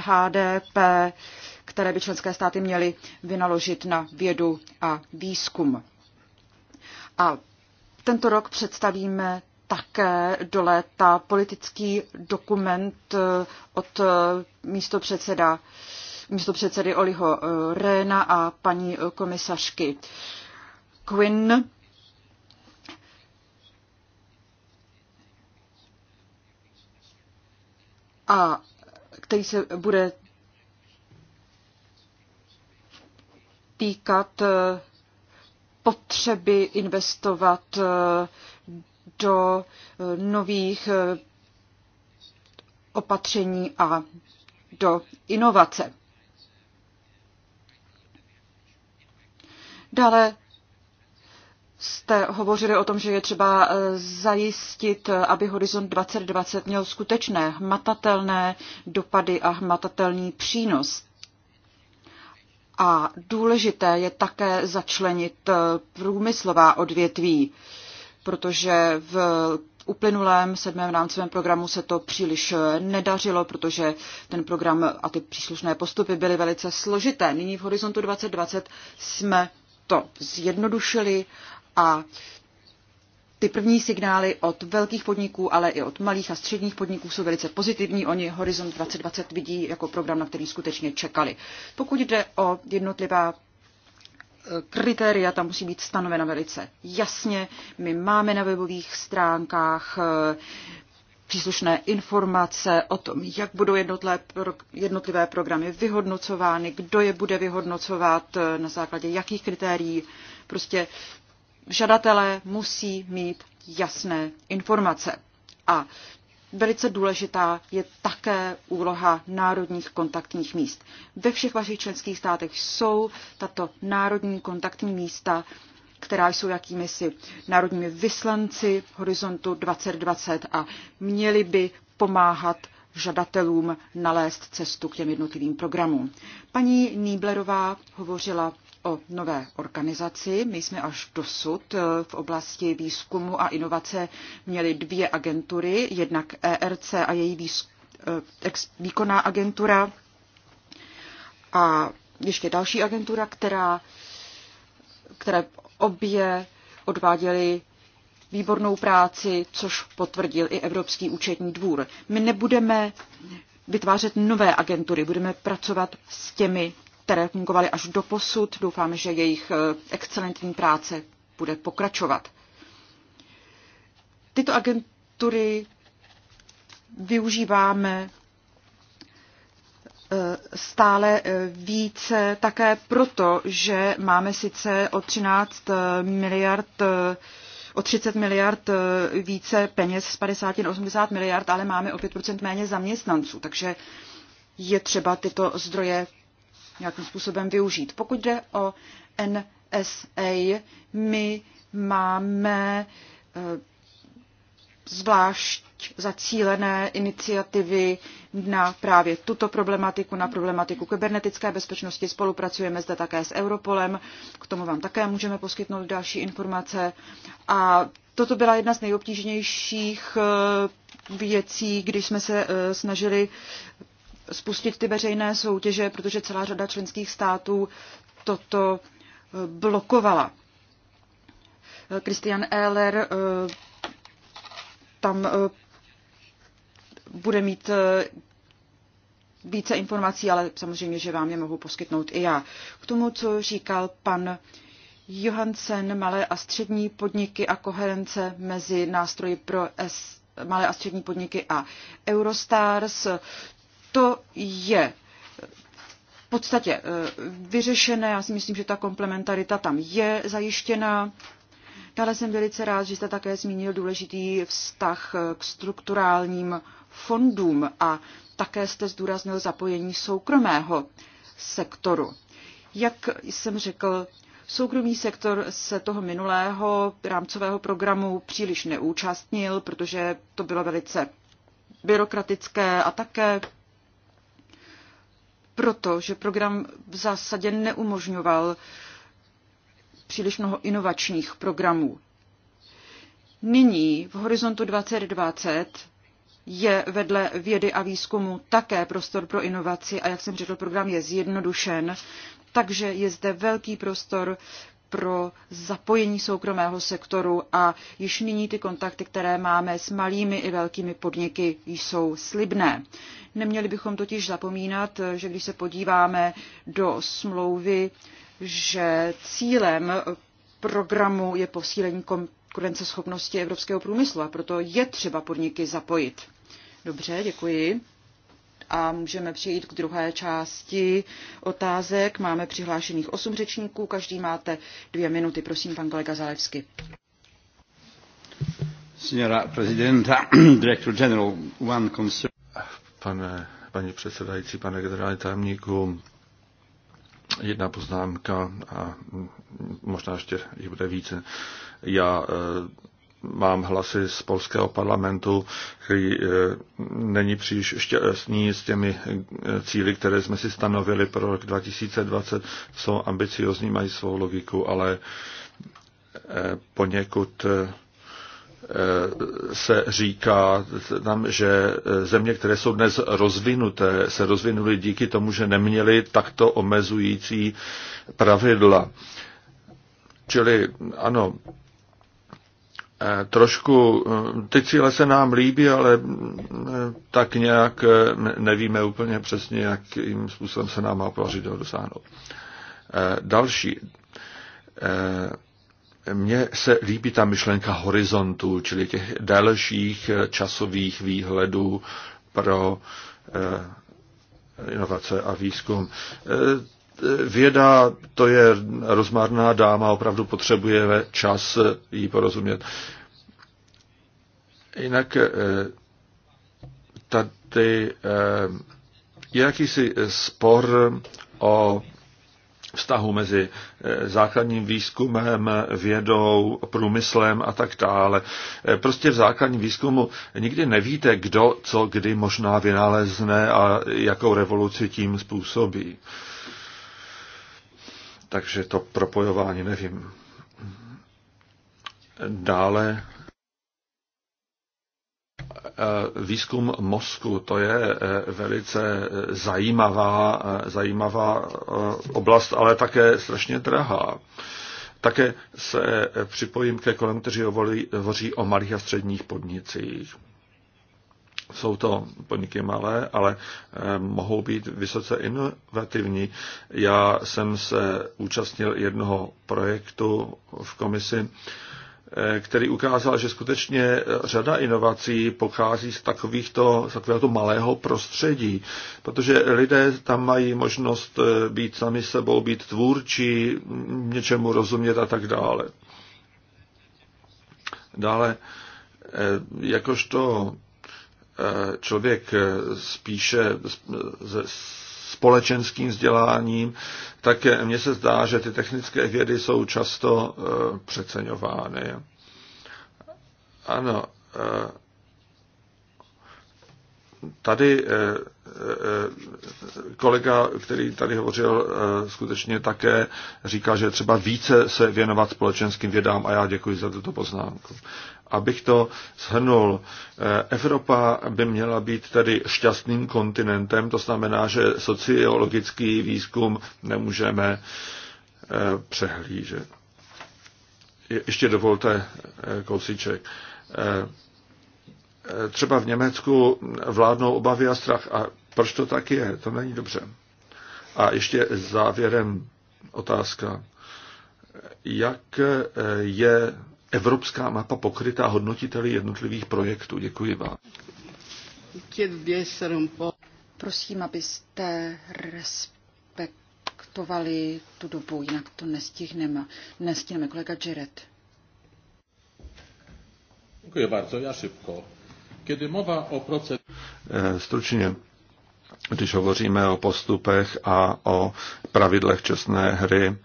HDP, které by členské státy měly vynaložit na vědu a výzkum. A tento rok představíme také do léta politický dokument eh, od eh, místopředseda předseda místo předsedy Oliho eh, Réna a paní eh, komisařky Quinn. A který se bude týkat eh, potřeby investovat do nových opatření a do inovace. Dále jste hovořili o tom, že je třeba eh, zajistit, eh, aby Horizont 2020 měl skutečné hmatatelné dopady a hmatatelný přínos. A důležité je také začlenit eh, průmyslová odvětví, protože v uplynulém sedmém rámcovém programu se to příliš nedařilo, protože ten program a ty příslušné postupy byly velice složité. Nyní v Horizontu 2020 jsme to zjednodušili a ty první signály od velkých podniků, ale i od malých a středních podniků jsou velice pozitivní. Oni Horizont 2020 vidí jako program, na který skutečně čekali. Pokud jde o jednotlivá e, kritéria, tam musí být stanovena velice jasně. My máme na webových stránkách e, příslušné informace o tom, jak budou jednotlivé programy vyhodnocovány, kdo je bude vyhodnocovat, eh, na základě jakých kritérií. Prostě žadatelé musí mít jasné informace. A Velice důležitá je také úloha národních kontaktních míst. Ve všech vašich členských státech jsou tato národní kontaktní místa která jsou jakýmisi národními vyslanci Horizontu 2020 a měli by pomáhat žadatelům nalézt cestu k těm jednotlivým programům. Paní Nýblerová hovořila o nové organizaci. My jsme až dosud eh, v oblasti výzkumu a inovace měli dvě agentury, jednak ERC a její eh, výkonná agentura a ještě další agentura, která které Obě odváděly výbornou práci, což potvrdil i Evropský účetní dvůr. My nebudeme vytvářet nové agentury, budeme pracovat s těmi, které fungovaly až do posud. Doufáme, že jejich eh, excelentní práce bude pokračovat. Tyto agentury využíváme stále eh, více také proto, že máme sice o 13 eh, miliard eh, o 30 miliard více peněz z 50 na 80 miliard, ale máme o 5% méně zaměstnanců, takže je třeba tyto zdroje nějakým způsobem využít. Pokud jde o NSA, my máme zvlášť zacílené iniciativy na právě tuto problematiku, na problematiku kybernetické bezpečnosti. Spolupracujeme zde také s Europolem, k tomu vám také můžeme poskytnout další informace. A toto byla jedna z nejobtížnějších eh, věcí, když jsme se eh, snažili spustit ty veřejné soutěže, protože celá řada členských států toto eh, blokovala. Christian Ehler tam bude mít eh, více informací, ale samozřejmě, že vám je mohu poskytnout i já. K tomu, co říkal pan Johansen, malé a střední podniky a koherence mezi nástroji pro S, malé a střední podniky a Eurostars, to je v podstatě eh, vyřešené. Já si myslím, že ta komplementarita tam je zajištěna. Dále jsem velice rád, že jste také zmínil důležitý vztah eh, k strukturálním fondům a také jste zdůraznil zapojení soukromého sektoru. Jak jsem řekl, Soukromý sektor se toho minulého rámcového programu příliš neúčastnil, protože to bylo velice byrokratické a také proto, že program v zásadě neumožňoval příliš mnoho inovačních programů. Nyní v Horizontu 2020 je vedle vědy a výzkumu také prostor pro inovaci a jak jsem řekl, program je zjednodušen, takže je zde velký prostor pro zapojení soukromého sektoru a již nyní ty kontakty, které máme s malými i velkými podniky, jsou slibné. Neměli bychom totiž zapomínat, že když se podíváme do smlouvy, že cílem programu je posílení kom- konkurenceschopnosti evropského průmyslu a proto je třeba podniky zapojit. Dobře, děkuji. A můžeme přejít k druhé části otázek. Máme přihlášených osm řečníků, každý máte dvě minuty. Prosím, pan kolega Zalevsky. Signora prezidenta, direktor general, one concern. Pane, paní předsedající, pane generální tajemníku, jedna poznámka a možná ještě jich bude více. Já eh, mám hlasy z polského parlamentu, který eh, není příliš šťastný s těmi eh, cíly, které jsme si stanovili pro rok 2020. Jsou ambiciozní, mají svou logiku, ale poněkud se říká tam, že země, které jsou dnes rozvinuté, se rozvinuly díky tomu, že neměly takto omezující pravidla. Čili ano, trošku, ty cíle se nám líbí, ale mm, tak nějak mm, nevíme úplně přesně, jakým způsobem se nám má podařit dosáhnout. Eh, další. Eh, mně se líbí ta myšlenka horizontu, čili těch dalších eh, časových výhledů pro inovace a výzkum věda to je rozmarná dáma, opravdu potřebuje čas jí porozumět. Jinak eh, tady eh, je jakýsi spor o vztahu mezi eh, základním výzkumem, vědou, průmyslem a tak dále. Prostě v základním výzkumu nikdy nevíte, kdo co kdy možná vynalezne a jakou revoluci tím způsobí takže to propojování nevím. Dále eh, výzkum mozku, to je eh, velice zajímavá, eh, zajímavá oblast, ale také strašně drahá. Také se připojím ke kolem, kteří hovoří o malých a středních podnicích. Jsou to podniky malé, ale eh, mohou být vysoce inovativní. Já jsem se účastnil jednoho projektu v komisi, eh, který ukázal, že skutečně řada inovací pochází z, takovýchto, z takovéhoto malého prostředí, protože lidé tam mají možnost eh, být sami sebou, být tvůrčí, něčemu rozumět a tak dále. Dále, jakožto člověk spíše ze společenským vzděláním, tak mně se zdá, že ty technické vědy jsou často eh, přeceňovány. Ano, eh, tady eh, kolega, který tady hovořil, eh, skutečně také říká, že třeba více se věnovat společenským vědám a já děkuji za tuto poznámku. Abych to shrnul, eh, Evropa by měla být tedy šťastným kontinentem, to znamená, že sociologický výzkum nemůžeme eh, přehlížet. Ještě dovolte kousíček třeba v Německu vládnou obavy a strach. A proč to tak je? To není dobře. A ještě závěrem otázka. Jak eh, je evropská mapa pokrytá hodnotiteli jednotlivých projektů? Děkuji vám. Prosím, abyste respektovali tu dobu, jinak to nestihneme. Nestihneme kolega Jared. Děkuji bardzo, já szybko. Kiedy mowa o eh, Stručně, když hovoříme o postupech a o pravidlech čestné hry,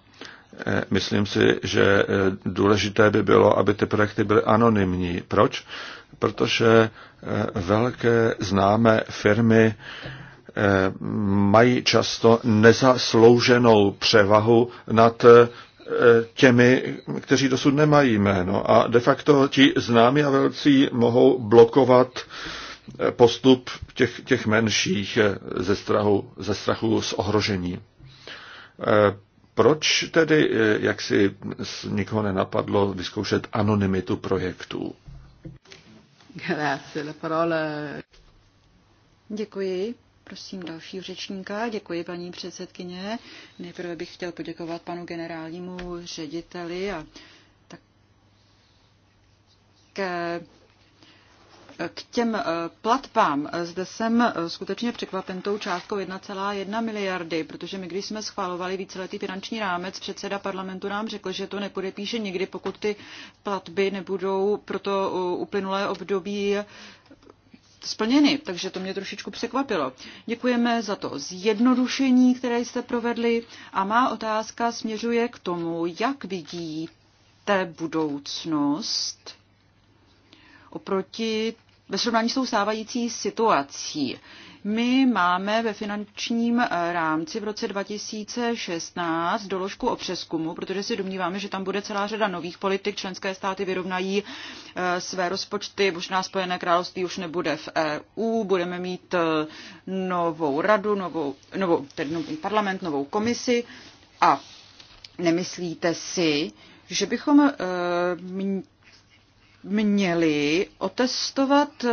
eh, myslím si, že eh, důležité by bylo, aby ty projekty byly anonymní. Proč? Protože velké známé firmy mají často nezaslouženou převahu nad těmi, kteří dosud nemají jméno. A de facto ti známí a velcí mohou blokovat eh, postup těch, těch menších eh, ze strachu, ze strachu z ohrožení. Eh, proč tedy, jak si nikoho nenapadlo, vyzkoušet anonymitu projektů? Děkuji. Prosím dalšího řečníka. Děkuji, paní předsedkyně. Nejprve bych chtěl poděkovat panu generálnímu řediteli a ke, k těm eh, platbám. Zde jsem eh, skutečně překvapen tou částkou 1,1 miliardy, protože my, když jsme schvalovali víceletý finanční rámec, předseda parlamentu nám řekl, že to nepodepíše nikdy, pokud ty platby nebudou pro to eh, uplynulé období splněny, takže to mě trošičku překvapilo. Děkujeme za to zjednodušení, které jste provedli a má otázka směřuje k tomu, jak vidíte budoucnost oproti ve srovnání s tou stávající situací. My máme ve finančním eh, rámci v roce 2016 doložku o přeskumu, protože si domníváme, že tam bude celá řada nových politik. Členské státy vyrovnají eh, své rozpočty, možná Spojené království už nebude v EU, budeme mít eh, novou radu, novou, novou, tedy nový parlament, novou komisi a nemyslíte si, že bychom měli otestovat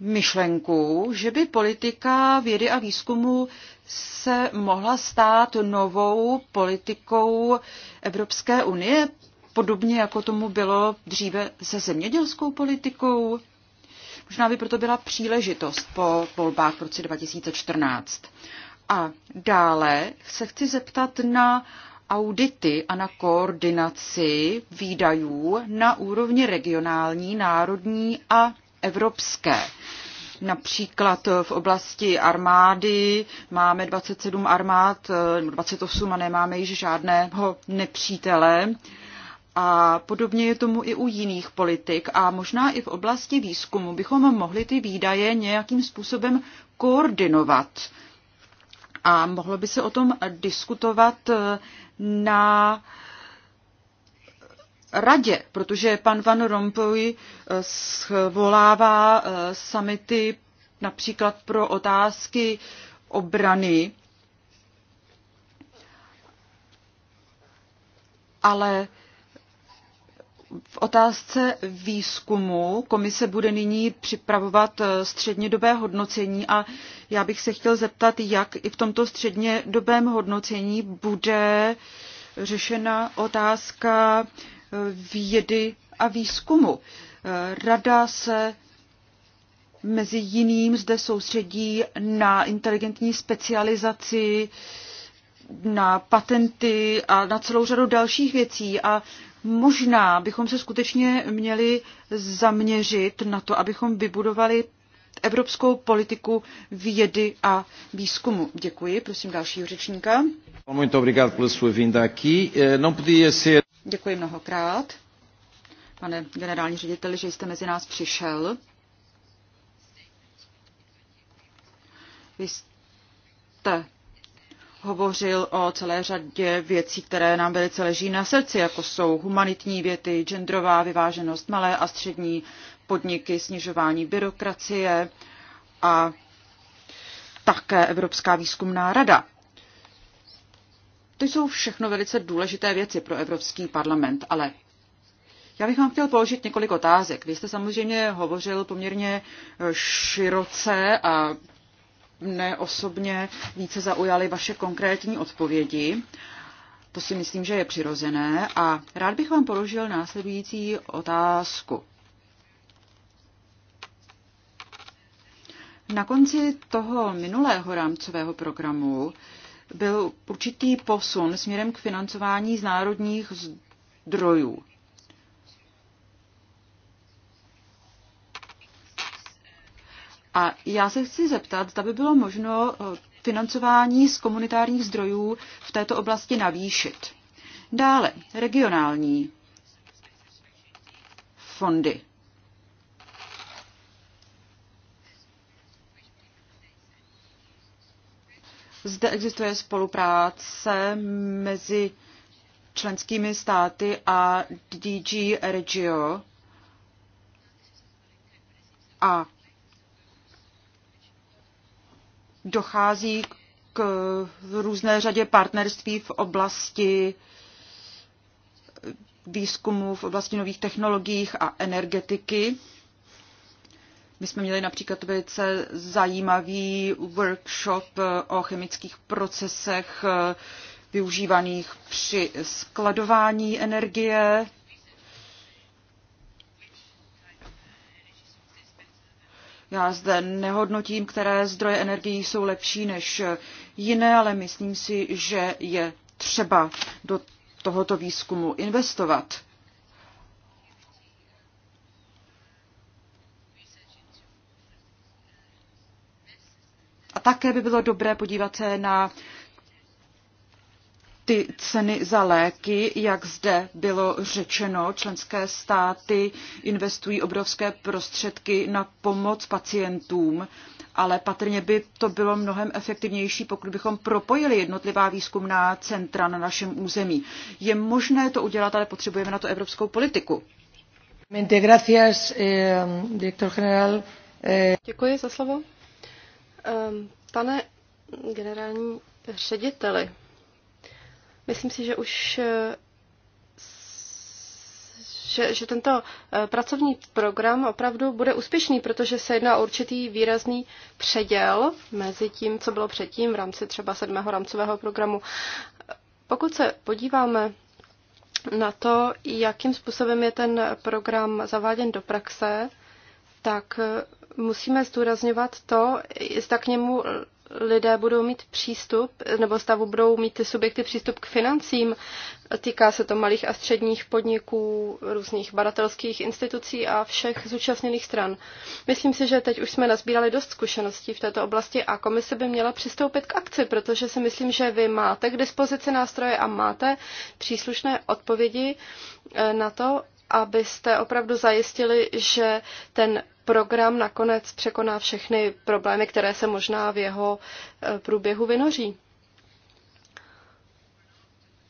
myšlenku, že by politika vědy a výzkumu se mohla stát novou politikou Evropské unie, podobně jako tomu bylo dříve se zemědělskou politikou. Možná by proto byla příležitost po volbách v roce 2014. A dále se chci zeptat na audity a na koordinaci výdajů na úrovni regionální, národní a evropské. Například v oblasti armády máme 27 armád, 28 a nemáme již žádného nepřítele. A podobně je tomu i u jiných politik a možná i v oblasti výzkumu bychom mohli ty výdaje nějakým způsobem koordinovat. A mohlo by se o tom diskutovat na uh, radě, protože pan Van Rompuy eh, schvolává eh, samity například pro otázky obrany, ale v otázce výzkumu komise bude nyní připravovat eh, střednědobé hodnocení a já bych se chtěl zeptat, jak i v tomto střednědobém hodnocení bude řešena otázka vědy a výzkumu. Rada se mezi jiným zde soustředí na inteligentní specializaci, na patenty a na celou řadu dalších věcí a možná bychom se skutečně měli zaměřit na to, abychom vybudovali evropskou politiku vědy a výzkumu. Děkuji, prosím dalšího řečníka. Muito obrigado pela sua vinda aqui. Eh, não podia ser Děkuji mnohokrát, pane generální řediteli, že jste mezi nás přišel. Vy jste hovořil o celé řadě věcí, které nám velice leží na srdci, jako jsou humanitní věty, genderová vyváženost, malé a střední podniky, snižování byrokracie a také Evropská výzkumná rada. To jsou všechno velice důležité věci pro Evropský parlament, ale já bych vám chtěl položit několik otázek. Vy jste samozřejmě hovořil poměrně eh, široce a mne osobně více zaujaly vaše konkrétní odpovědi. To si myslím, že je přirozené a rád bych vám položil následující otázku. Na konci toho minulého rámcového programu byl určitý posun směrem k financování z národních zdrojů. A já se chci zeptat, zda by bylo možno eh, financování z komunitárních zdrojů v této oblasti navýšit. Dále regionální fondy. Zde existuje spolupráce mezi členskými státy a DG Regio a dochází k různé řadě partnerství v oblasti výzkumu, v oblasti nových technologií a energetiky. My jsme měli například velice zajímavý workshop eh, o chemických procesech eh, využívaných při skladování energie. Já zde nehodnotím, které zdroje energií jsou lepší než jiné, ale myslím si, že je třeba do tohoto výzkumu investovat. také by bylo dobré podívat se na ty ceny za léky, jak zde bylo řečeno, členské státy investují obrovské prostředky na pomoc pacientům, ale patrně by to bylo mnohem efektivnější, pokud bychom propojili jednotlivá výzkumná centra na našem území. Je možné to udělat, ale potřebujeme na to evropskou politiku. Eh, eh, Děkuji za slovo. Ehm, pane generální řediteli, myslím si, že už eh, že, že tento eh, pracovní program opravdu bude úspěšný, protože se jedná o určitý výrazný předěl mezi tím, co bylo předtím v rámci třeba sedmého rámcového programu. Pokud se podíváme na to, jakým způsobem je ten program zaváděn do praxe, tak eh, musíme zdůrazňovat to, jestli k němu lidé budou mít přístup, nebo stavu budou mít ty subjekty přístup k financím. Týká se to malých a středních podniků, různých badatelských institucí a všech zúčastněných stran. Myslím si, že teď už jsme nazbírali dost zkušeností v této oblasti a komise by měla přistoupit k akci, protože si myslím, že vy máte k dispozici nástroje a máte příslušné odpovědi eh, na to, abyste opravdu zajistili, že ten program nakonec překoná všechny problémy, které se možná v jeho eh, průběhu vynoří.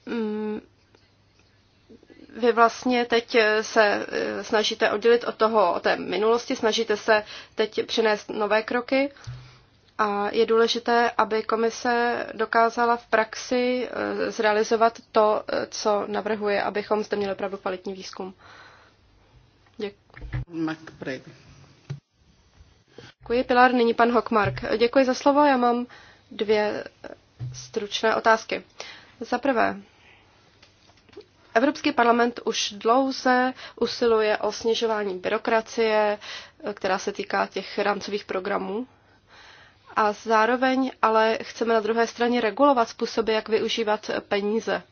Mm. Vy vlastně teď eh, se eh, snažíte oddělit od toho, od té minulosti, snažíte se teď přinést nové kroky a je důležité, aby komise dokázala v praxi zrealizovat to, co navrhuje, abychom zde měli opravdu kvalitní výzkum. Děkuji. Děkuji, Pilar. Nyní pan Hockmark. Děkuji za slovo. Já mám dvě stručné otázky. Za prvé, Evropský parlament už dlouze usiluje o snižování byrokracie, která se týká těch rámcových programů. A zároveň ale chceme na druhé straně regulovat způsoby, jak využívat peníze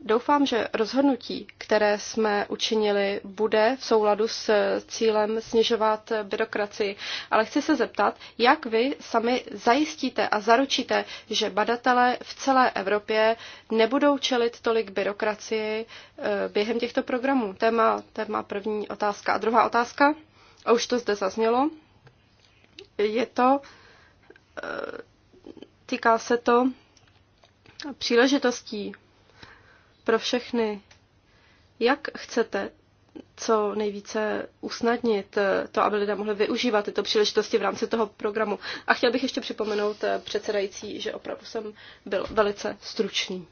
Doufám, že rozhodnutí, které jsme učinili, bude v souladu s cílem snižovat byrokracii. Ale chci se zeptat, jak vy sami zajistíte a zaručíte, že badatelé v celé Evropě nebudou čelit tolik byrokracii eh, během těchto programů? Téma, téma první otázka. A druhá otázka, a už to zde zaznělo, je to, eh, týká se to příležitostí pro všechny. Jak chcete co nejvíce usnadnit eh, to, aby lidé mohli využívat tyto příležitosti v rámci toho programu. A chtěl bych ještě připomenout eh, předsedající, že opravdu jsem byl velice stručný.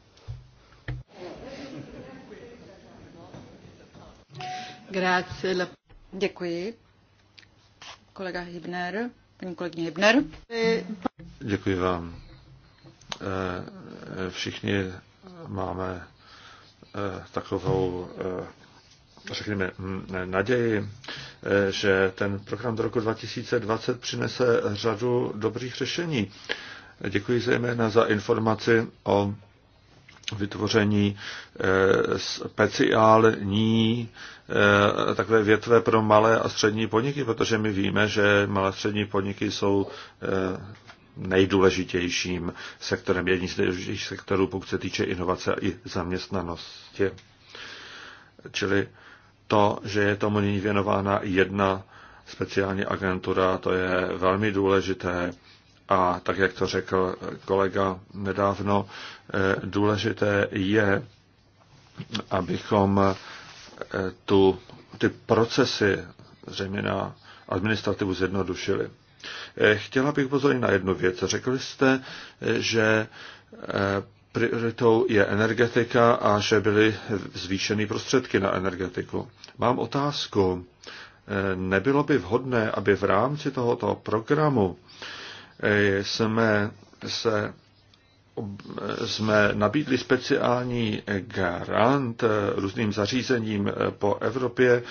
Děkuji. Kolega Hibner, paní kolegyně Hibner. Děkuji vám. Eh, všichni máme Eh, takovou, eh, řekněme, naději, eh, že ten program do roku 2020 přinese řadu dobrých řešení. Děkuji zejména za informaci o vytvoření speciální takové větve pro malé a střední podniky, protože my víme, že malé a střední podniky jsou nejdůležitějším sektorem, jedním z nejdůležitějších sektorů, pokud se týče inovace i zaměstnanosti. Čili to, že je tomu nyní věnována jedna speciální agentura, to je velmi důležité a tak, jak to řekl kolega nedávno, eh, důležité je, abychom eh, tu, ty procesy, zejména administrativu, zjednodušili. Eh, chtěla bych pozornit na jednu věc. Řekli jste, eh, že eh, prioritou je energetika a že byly zvýšeny prostředky na energetiku. Mám otázku. Nebylo by vhodné, aby v rámci tohoto programu jsme se jsme nabídli speciální garant různým zařízením po Evropě,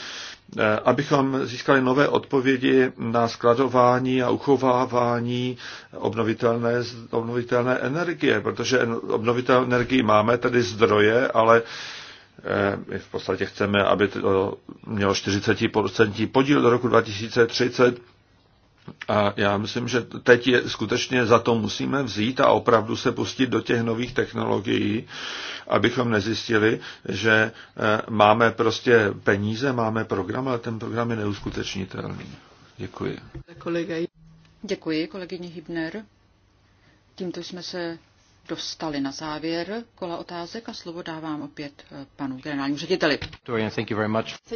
abychom získali nové odpovědi na skladování a uchovávání obnovitelné, obnovitelné energie, protože obnovitelné energii máme, tedy zdroje, ale eh, my v podstatě chceme, aby to mělo 40% podíl do roku 2030 a já myslím, že teď je, skutečně za to musíme vzít a opravdu se pustit do těch nových technologií, abychom nezjistili, že e, máme prostě peníze, máme program, ale ten program je neuskutečnitelný. Děkuji. Děkuji, kolegyně Hibner. Tímto jsme se dostali na závěr kola otázek a slovo dávám opět e, panu generálnímu řediteli.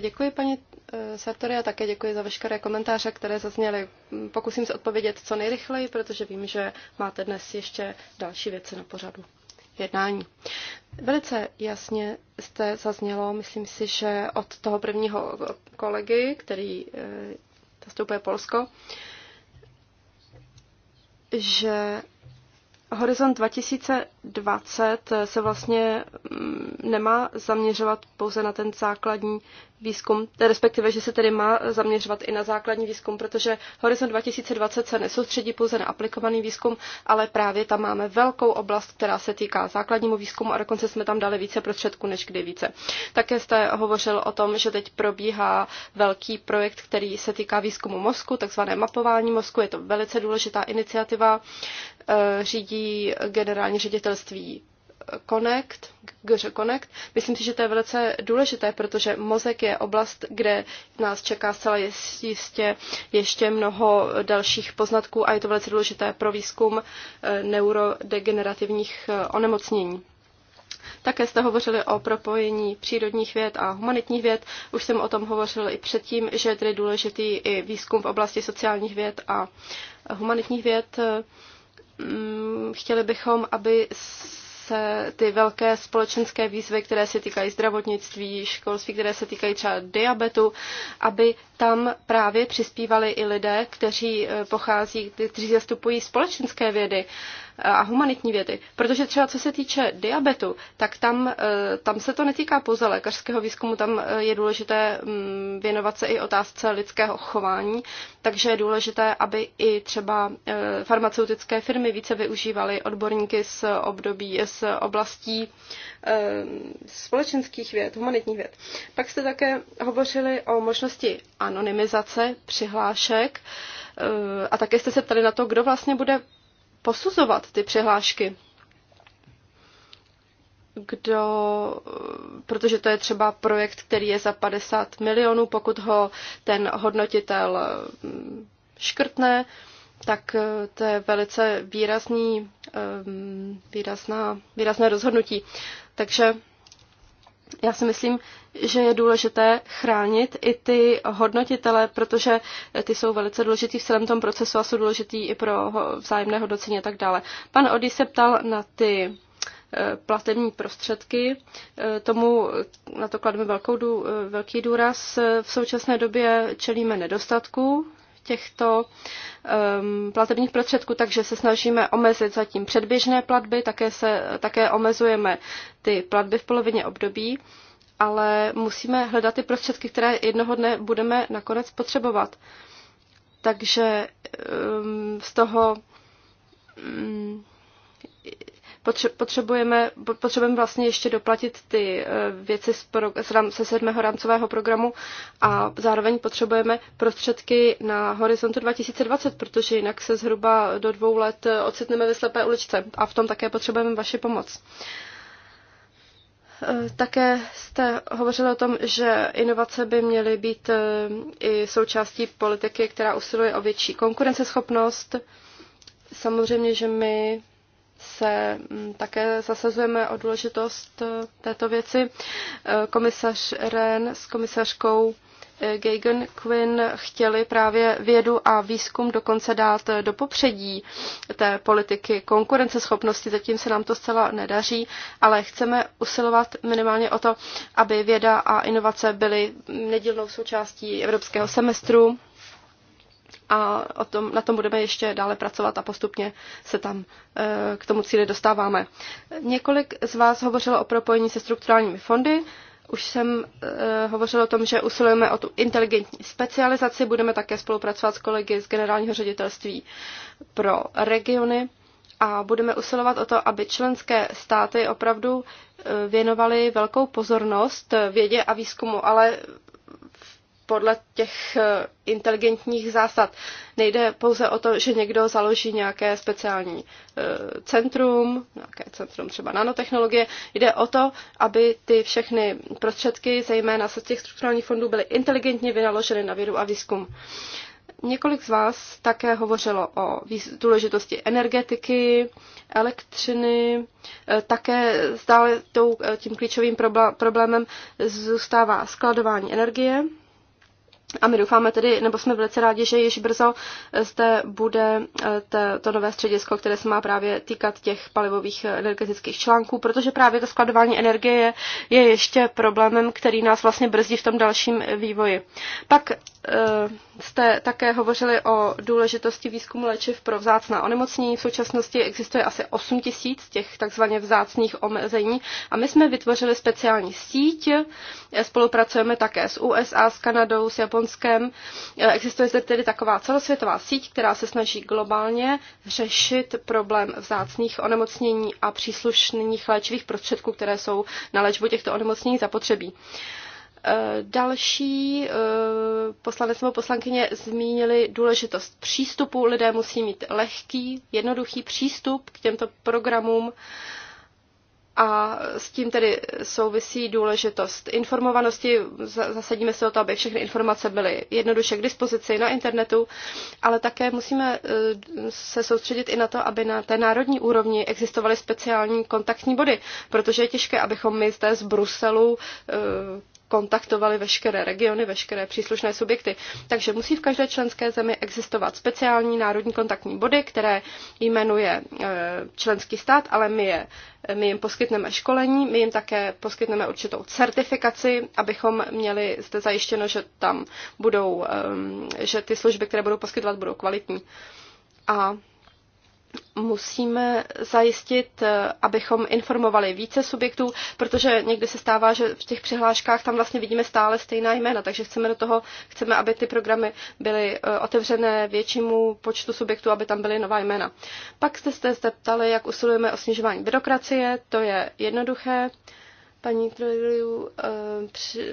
Děkuji, paní Eh, Sartori a také děkuji za veškeré komentáře, které zazněly. Pokusím se odpovědět co nejrychleji, protože vím, že máte dnes ještě další věci na pořadu jednání. Velice jasně jste zaznělo, myslím si, že od toho prvního kolegy, který eh, zastupuje Polsko, že Horizont 2020 se vlastně mm, nemá zaměřovat pouze na ten základní výzkum, respektive, že se tedy má zaměřovat i na základní výzkum, protože Horizon 2020 se nesoustředí pouze na aplikovaný výzkum, ale právě tam máme velkou oblast, která se týká základnímu výzkumu a dokonce jsme tam dali více prostředků než kdy více. Také jste hovořil o tom, že teď probíhá velký projekt, který se týká výzkumu mozku, takzvané mapování mozku. Je to velice důležitá iniciativa, eh, řídí generální ředitelství Connect, GŘ Connect. Myslím si, že to je velice důležité, protože mozek je oblast, kde nás čeká zcela jistě ještě mnoho dalších poznatků a je to velice důležité pro výzkum eh, neurodegenerativních eh, onemocnění. Také jste hovořili o propojení přírodních věd a humanitních věd. Už jsem o tom hovořil i předtím, že je tedy důležitý i výzkum v oblasti sociálních věd a humanitních věd. Mm, chtěli bychom, aby se ty velké společenské výzvy, které se týkají zdravotnictví, školství, které se týkají třeba diabetu, aby tam právě přispívali i lidé, kteří eh, pochází, kteří zastupují společenské vědy. Uh, a humanitní vědy. Protože třeba co se týče diabetu, tak tam, eh, tam se to netýká pouze lékařského výzkumu, tam eh, je důležité mm, věnovat se i otázce lidského chování, takže je důležité, aby i třeba eh, farmaceutické firmy více využívaly odborníky z období, z oblastí společenských věd, humanitních věd. Pak jste také hovořili o možnosti anonymizace přihlášek a také jste se ptali na to, kdo vlastně bude posuzovat ty přihlášky. Kdo, protože to je třeba projekt, který je za 50 milionů, pokud ho ten hodnotitel mm, škrtne, tak eh, to je velice výrazný, eh, mm, výrazná, výrazné rozhodnutí. Takže já si myslím, že je důležité chránit i ty hodnotitele, protože ty jsou velice důležitý v celém tom procesu a jsou důležitý i pro vzájemné hodnocení a tak dále. Pan Odi se ptal na ty e, platební prostředky. E, tomu na to klademe velkou, e, velký důraz. V současné době čelíme nedostatku těchto um, platebních prostředků, takže se snažíme omezit zatím předběžné platby, také, se, také omezujeme ty platby v polovině období, ale musíme hledat ty prostředky, které jednoho dne budeme nakonec potřebovat. Takže um, z toho um, Potřebujeme, potřebujeme vlastně ještě doplatit ty eh, věci z pro, se sedmého rámcového programu a zároveň potřebujeme prostředky na horizontu 2020, protože jinak se zhruba do dvou let eh, ocitneme ve slepé uličce a v tom také potřebujeme vaši pomoc. Eh, také jste hovořili o tom, že inovace by měly být i součástí politiky, která usiluje o větší konkurenceschopnost. Samozřejmě, že my se mm, také zasazujeme o důležitost eh, této věci. Eh, komisař Ren s komisařkou eh, Gagan Quinn chtěli právě vědu a výzkum dokonce dát do popředí té politiky konkurenceschopnosti. Zatím se nám to zcela nedaří, ale chceme usilovat minimálně o to, aby věda a inovace byly mm, nedílnou součástí evropského semestru a o tom, na tom budeme ještě dále pracovat a postupně se tam eh, k tomu cíli dostáváme. Několik z vás hovořilo o propojení se strukturálními fondy. Už jsem eh, hovořila o tom, že usilujeme o tu inteligentní specializaci, budeme také spolupracovat s kolegy z Generálního ředitelství pro regiony a budeme usilovat o to, aby členské státy opravdu eh, věnovaly velkou pozornost vědě a výzkumu, ale podle těch eh, inteligentních zásad. Nejde pouze o to, že někdo založí nějaké speciální eh, centrum, nějaké centrum třeba nanotechnologie. Jde o to, aby ty všechny prostředky, zejména z těch strukturálních fondů, byly inteligentně vynaloženy na vědu a výzkum. Několik z vás také hovořilo o důležitosti energetiky, elektřiny. Eh, také stále tím klíčovým problémem zůstává skladování energie. A my doufáme tedy, nebo jsme velice rádi, že již brzo eh, zde bude eh, to nové středisko, které se má právě týkat těch palivových eh, energetických článků, protože právě to skladování energie je, je ještě problémem, který nás vlastně brzdí v tom dalším vývoji. Pak Eh, jste také hovořili o důležitosti výzkumu léčiv pro vzácná onemocnění. V současnosti existuje asi 8 tisíc těch takzvaně vzácných omezení a my jsme vytvořili speciální síť. Eh, spolupracujeme také s USA, s Kanadou, s Japonskem. Eh, existuje zde tedy taková celosvětová síť, která se snaží globálně řešit problém vzácných onemocnění a příslušných léčivých prostředků, které jsou na léčbu těchto onemocnění zapotřebí. Další eh, poslanec nebo poslankyně zmínili důležitost přístupu. Lidé musí mít lehký, jednoduchý přístup k těmto programům a s tím tedy souvisí důležitost informovanosti. Zasadíme se o to, aby všechny informace byly jednoduše k dispozici na internetu, ale také musíme eh, se soustředit i na to, aby na té národní úrovni existovaly speciální kontaktní body, protože je těžké, abychom my zde z Bruselu eh, kontaktovali veškeré regiony, veškeré příslušné subjekty. Takže musí v každé členské zemi existovat speciální národní kontaktní body, které jmenuje eh, členský stát, ale my, je, my jim poskytneme školení, my jim také poskytneme určitou certifikaci, abychom měli zde zajištěno, že tam budou, ehm, že ty služby, které budou poskytovat, budou kvalitní. A musíme zajistit, eh, abychom informovali více subjektů, protože někdy se stává, že v těch přihláškách tam vlastně vidíme stále stejná jména, takže chceme do toho, chceme, aby ty programy byly eh, otevřené většímu počtu subjektů, aby tam byly nová jména. Pak jste se ptali, jak usilujeme o snižování byrokracie, to je jednoduché paní Trojliu eh,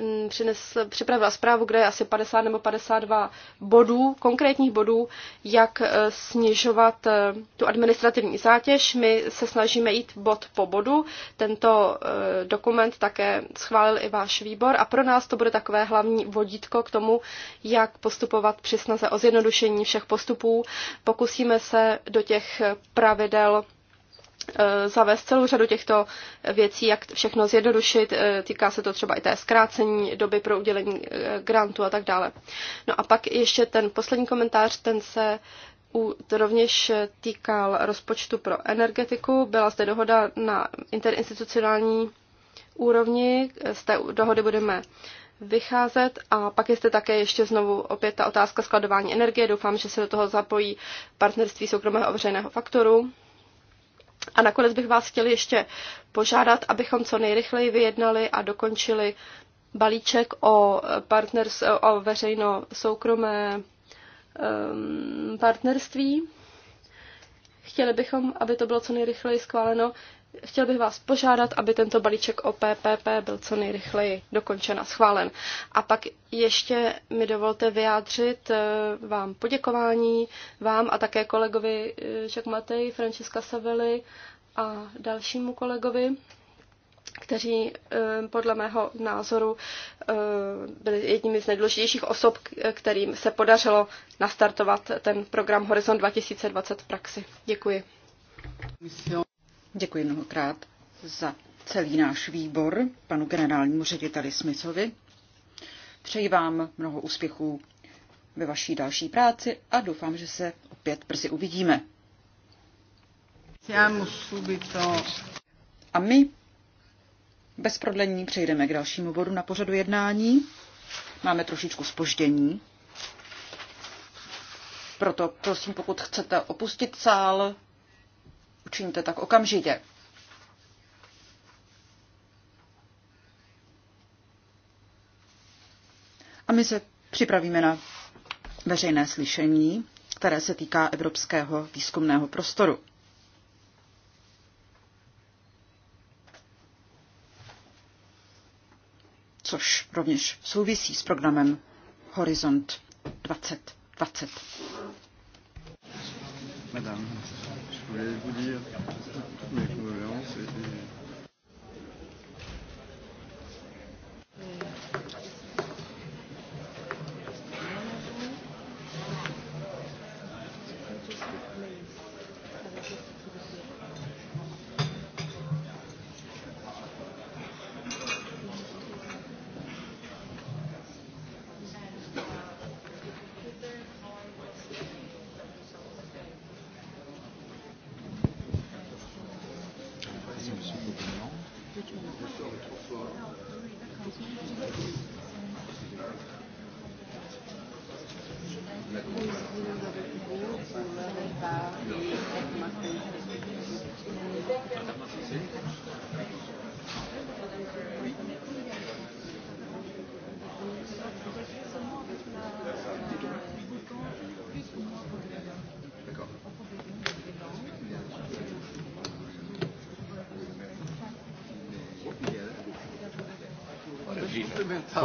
mm, přinesl, připravila zprávu, kde je asi 50 nebo 52 bodů, konkrétních bodů, jak eh, snižovat eh, tu administrativní zátěž. My se snažíme jít bod po bodu. Tento dokument také schválil i váš výbor a pro nás to bude takové hlavní vodítko k tomu, jak postupovat při snaze o zjednodušení všech postupů. Pokusíme se do těch pravidel Eh, zavést celou řadu těchto věcí, jak všechno zjednodušit. Eh, týká se to třeba i té zkrácení doby pro udělení eh, grantu a tak dále. No a pak ještě ten poslední komentář, ten se u, to rovněž týkal rozpočtu pro energetiku. Byla zde dohoda na interinstitucionální úrovni. Z té dohody budeme vycházet. A pak jste také ještě znovu opět ta otázka skladování energie. Doufám, že se do toho zapojí partnerství soukromého a veřejného faktoru. A nakonec bych vás chtěl ještě požádat, abychom co nejrychleji vyjednali a dokončili balíček o, partners, o veřejno-soukromé um, partnerství. Chtěli bychom, aby to bylo co nejrychleji schváleno. Chtěl bych vás požádat, aby tento balíček o PPP byl co nejrychleji dokončen a schválen. A pak ještě mi dovolte vyjádřit eh, vám poděkování, vám a také kolegovi eh, Jacques Matej, Francesca Savely a dalšímu kolegovi, kteří eh, podle mého názoru byli jedními z nejdůležitějších osob, kterým se podařilo nastartovat ten program Horizon 2020 v praxi. Děkuji. Děkuji mnohokrát za celý náš výbor, panu generálnímu řediteli Smithovi. Přeji vám mnoho úspěchů ve vaší další práci a doufám, že se opět brzy uvidíme. Já to. A my bez prodlení přejdeme k dalšímu bodu na pořadu jednání. Máme trošičku spoždění. Proto prosím, pokud chcete opustit sál, Učiníte tak okamžitě. A my se připravíme na veřejné slyšení, které se týká evropského výzkumného prostoru. což rovněž souvisí s programem Horizont 2020. Madame, je voulais vous dire toutes mes condoléances et, et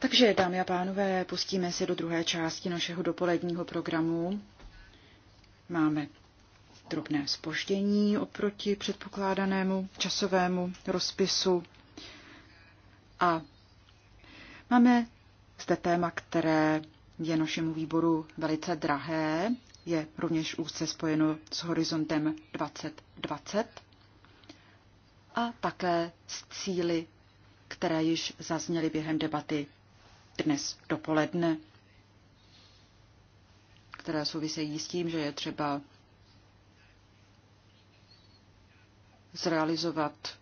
Takže, dámy a pánové, pustíme se do druhé části našeho dopoledního programu. Máme drobné spoždění oproti předpokládanému časovému rozpisu. A máme zde téma, které je našemu výboru velice drahé, je rovněž úzce spojeno s horizontem 2020 a také s cíly které již zazněly během debaty dnes dopoledne, které souvisejí s tím, že je třeba zrealizovat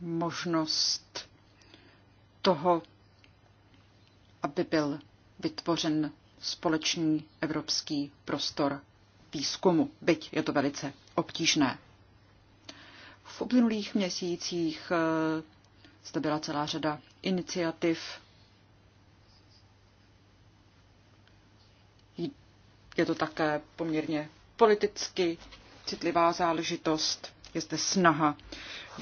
možnost toho, aby byl vytvořen společný evropský prostor výzkumu, byť je to velice obtížné. V uplynulých měsících eh, zde byla celá řada iniciativ. Je to také poměrně politicky citlivá záležitost. Je zde snaha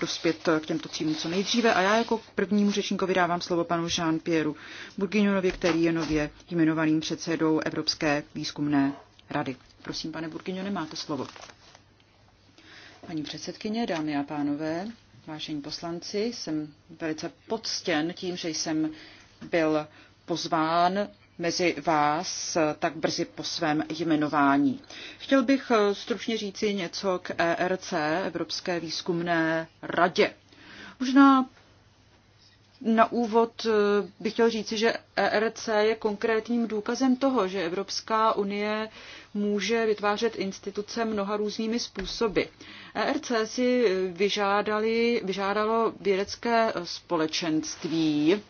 dospět k těmto cílům co nejdříve. A já jako prvnímu řečníkovi dávám slovo panu Jean-Pierru Burginionovi, který je nově jmenovaným předsedou Evropské výzkumné rady. Prosím, pane Burginione, máte slovo. Paní předsedkyně, dámy a pánové, vážení poslanci, jsem velice poctěn tím, že jsem byl pozván mezi vás tak brzy po svém jmenování. Chtěl bych stručně říci něco k ERC, Evropské výzkumné radě. Možná na úvod bych chtěl říci, že ERC je konkrétním důkazem toho, že Evropská unie může vytvářet instituce mnoha různými způsoby. ERC si vyžádali, vyžádalo vědecké společenství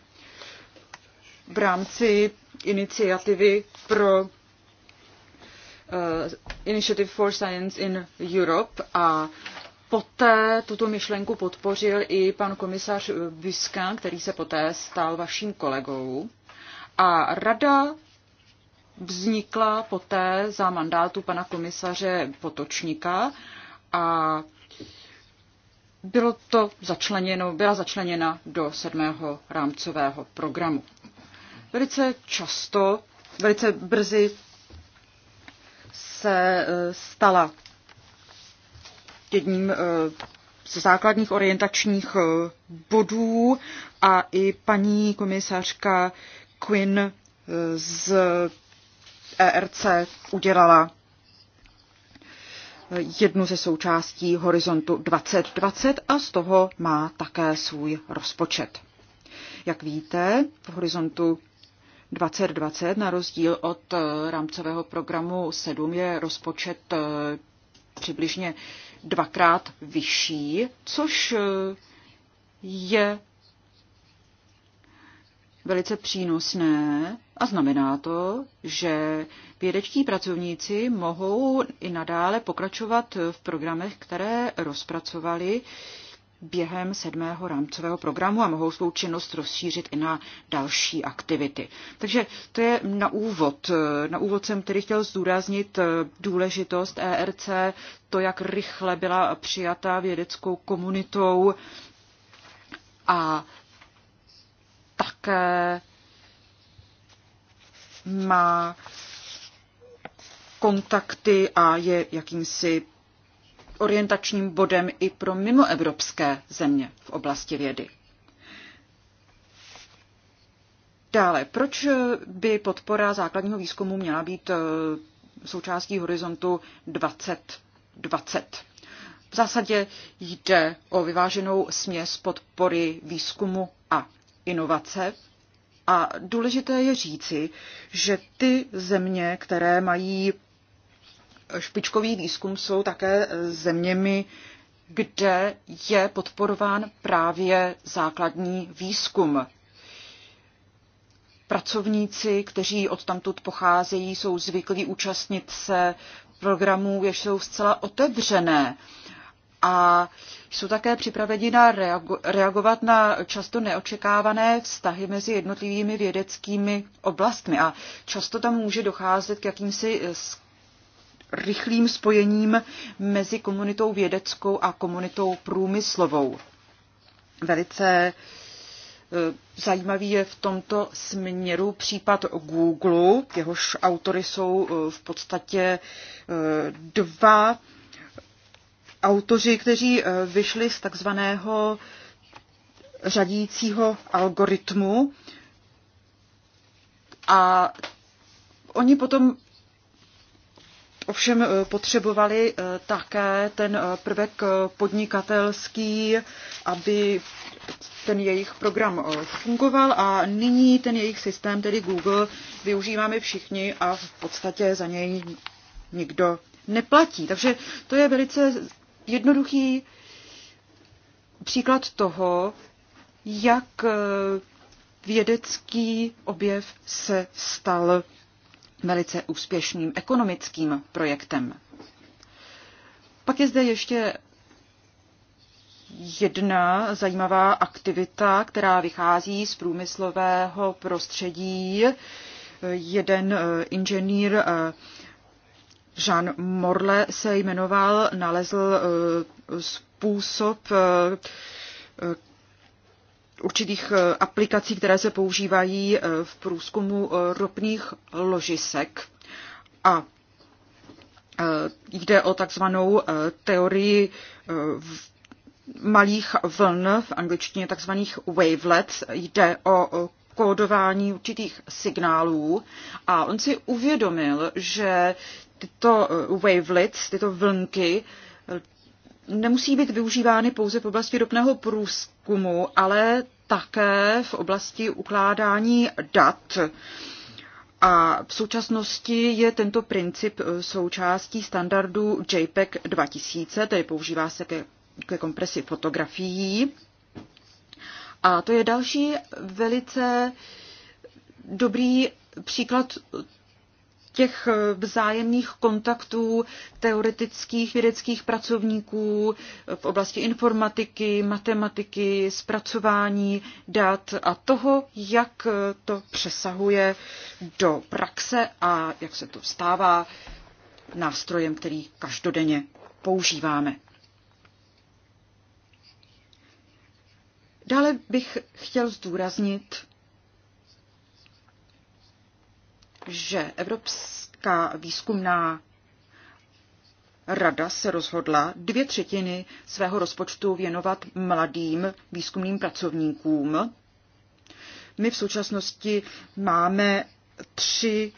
v rámci iniciativy pro e, Initiative for Science in Europe a poté tuto myšlenku podpořil i pan komisař Buskin, který se poté stal vaším kolegou. A rada vznikla poté za mandátu pana komisaře Potočníka a bylo to začleněno, byla začleněna do sedmého rámcového programu. Velice často, velice brzy se eh, stala jedním eh, ze základních orientačních eh, bodů a i paní komisařka Quinn z ERC udělala jednu ze součástí Horizontu 2020 a z toho má také svůj rozpočet. Jak víte, v Horizontu 2020 na rozdíl od rámcového programu 7 je rozpočet e, přibližně dvakrát vyšší, což e, je velice přínosné a znamená to, že vědečtí pracovníci mohou i nadále pokračovat v programech, které rozpracovali během sedmého rámcového programu a mohou svou činnost rozšířit i na další aktivity. Takže to je na úvod. Na úvod jsem tedy chtěl zdůraznit důležitost ERC, to, jak rychle byla přijata vědeckou komunitou a také má kontakty a je jakýmsi orientačním bodem i pro mimoevropské země v oblasti vědy. Dále, proč by podpora základního výzkumu měla být eh, součástí horizontu 2020? V zásadě jde o vyváženou směs podpory výzkumu a inovace a důležité je říci, že ty země, které mají špičkový výzkum, jsou také zeměmi, kde je podporován právě základní výzkum. Pracovníci, kteří odtamtud pocházejí, jsou zvyklí účastnit se programů, jež jsou zcela otevřené a jsou také připraveni na reago- reagovat na často neočekávané vztahy mezi jednotlivými vědeckými oblastmi. A často tam může docházet k jakýmsi eh, rychlým spojením mezi komunitou vědeckou a komunitou průmyslovou. Velice eh, Zajímavý je v tomto směru případ Google, jehož autory jsou eh, v podstatě dva autoři, kteří eh, vyšli z takzvaného řadícího algoritmu a oni potom ovšem eh, potřebovali eh, také ten prvek podnikatelský, aby ten jejich program fungoval a nyní ten jejich systém, tedy Google, využíváme všichni a v podstatě za něj nikdo neplatí. Takže to je velice jednoduchý příklad toho, jak eh, vědecký objev se stal velice úspěšným ekonomickým projektem. Pak je zde ještě jedna zajímavá aktivita, která vychází z průmyslového prostředí. Eh, jeden eh, inženýr Jean Morle se jmenoval, nalezl eh, způsob eh, eh, určitých aplikací, které se používají v průzkumu ropných ložisek. A jde o takzvanou teorii malých vln, v angličtině takzvaných wavelets. Jde o kódování určitých signálů a on si uvědomil, že tyto eh, wavelets, tyto vlnky, eh, nemusí být využívány pouze v oblasti ropného průzkumu, ale také v oblasti ukládání dat. A v současnosti je tento princip eh, součástí standardu JPEG 2000, tedy používá se ke, ke kompresi fotografií. A to je další velice dobrý příklad těch eh, vzájemných kontaktů teoretických vědeckých pracovníků eh, v oblasti informatiky, matematiky, zpracování dat a toho, jak eh, to přesahuje do praxe a jak se to stává nástrojem, který každodenně používáme. Dále bych chtěl zdůraznit že Evropská výzkumná rada se rozhodla dvě třetiny svého rozpočtu věnovat mladým výzkumným pracovníkům. My v současnosti máme tři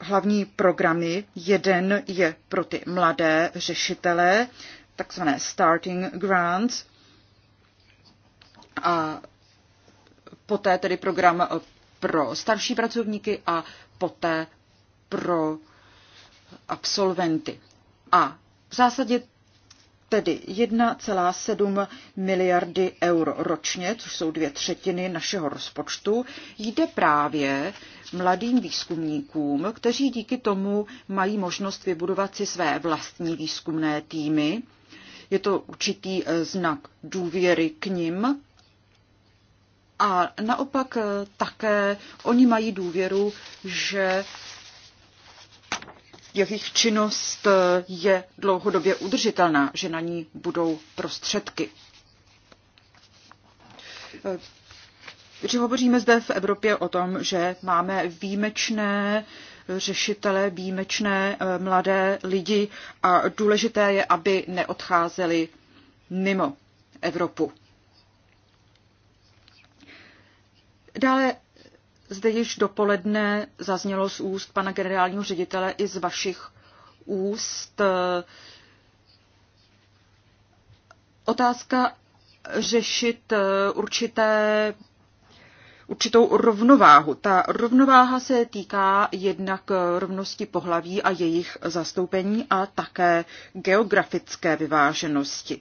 hlavní programy. Jeden je pro ty mladé řešitele, takzvané starting grants, a poté tedy program pro starší pracovníky a poté pro absolventy. A v zásadě tedy 1,7 miliardy euro ročně, což jsou dvě třetiny našeho rozpočtu, jde právě mladým výzkumníkům, kteří díky tomu mají možnost vybudovat si své vlastní výzkumné týmy. Je to určitý eh, znak důvěry k nim a naopak eh, také oni mají důvěru, že jejich činnost eh, je dlouhodobě udržitelná, že na ní budou prostředky. Eh, že hovoříme zde v Evropě o tom, že máme výjimečné řešitele, výjimečné mladé lidi a důležité je, aby neodcházeli mimo Evropu. Dále zde již dopoledne zaznělo z úst pana generálního ředitele i z vašich úst eh, otázka řešit eh, určité, určitou rovnováhu. Ta rovnováha se týká jednak rovnosti pohlaví a jejich zastoupení a také geografické vyváženosti.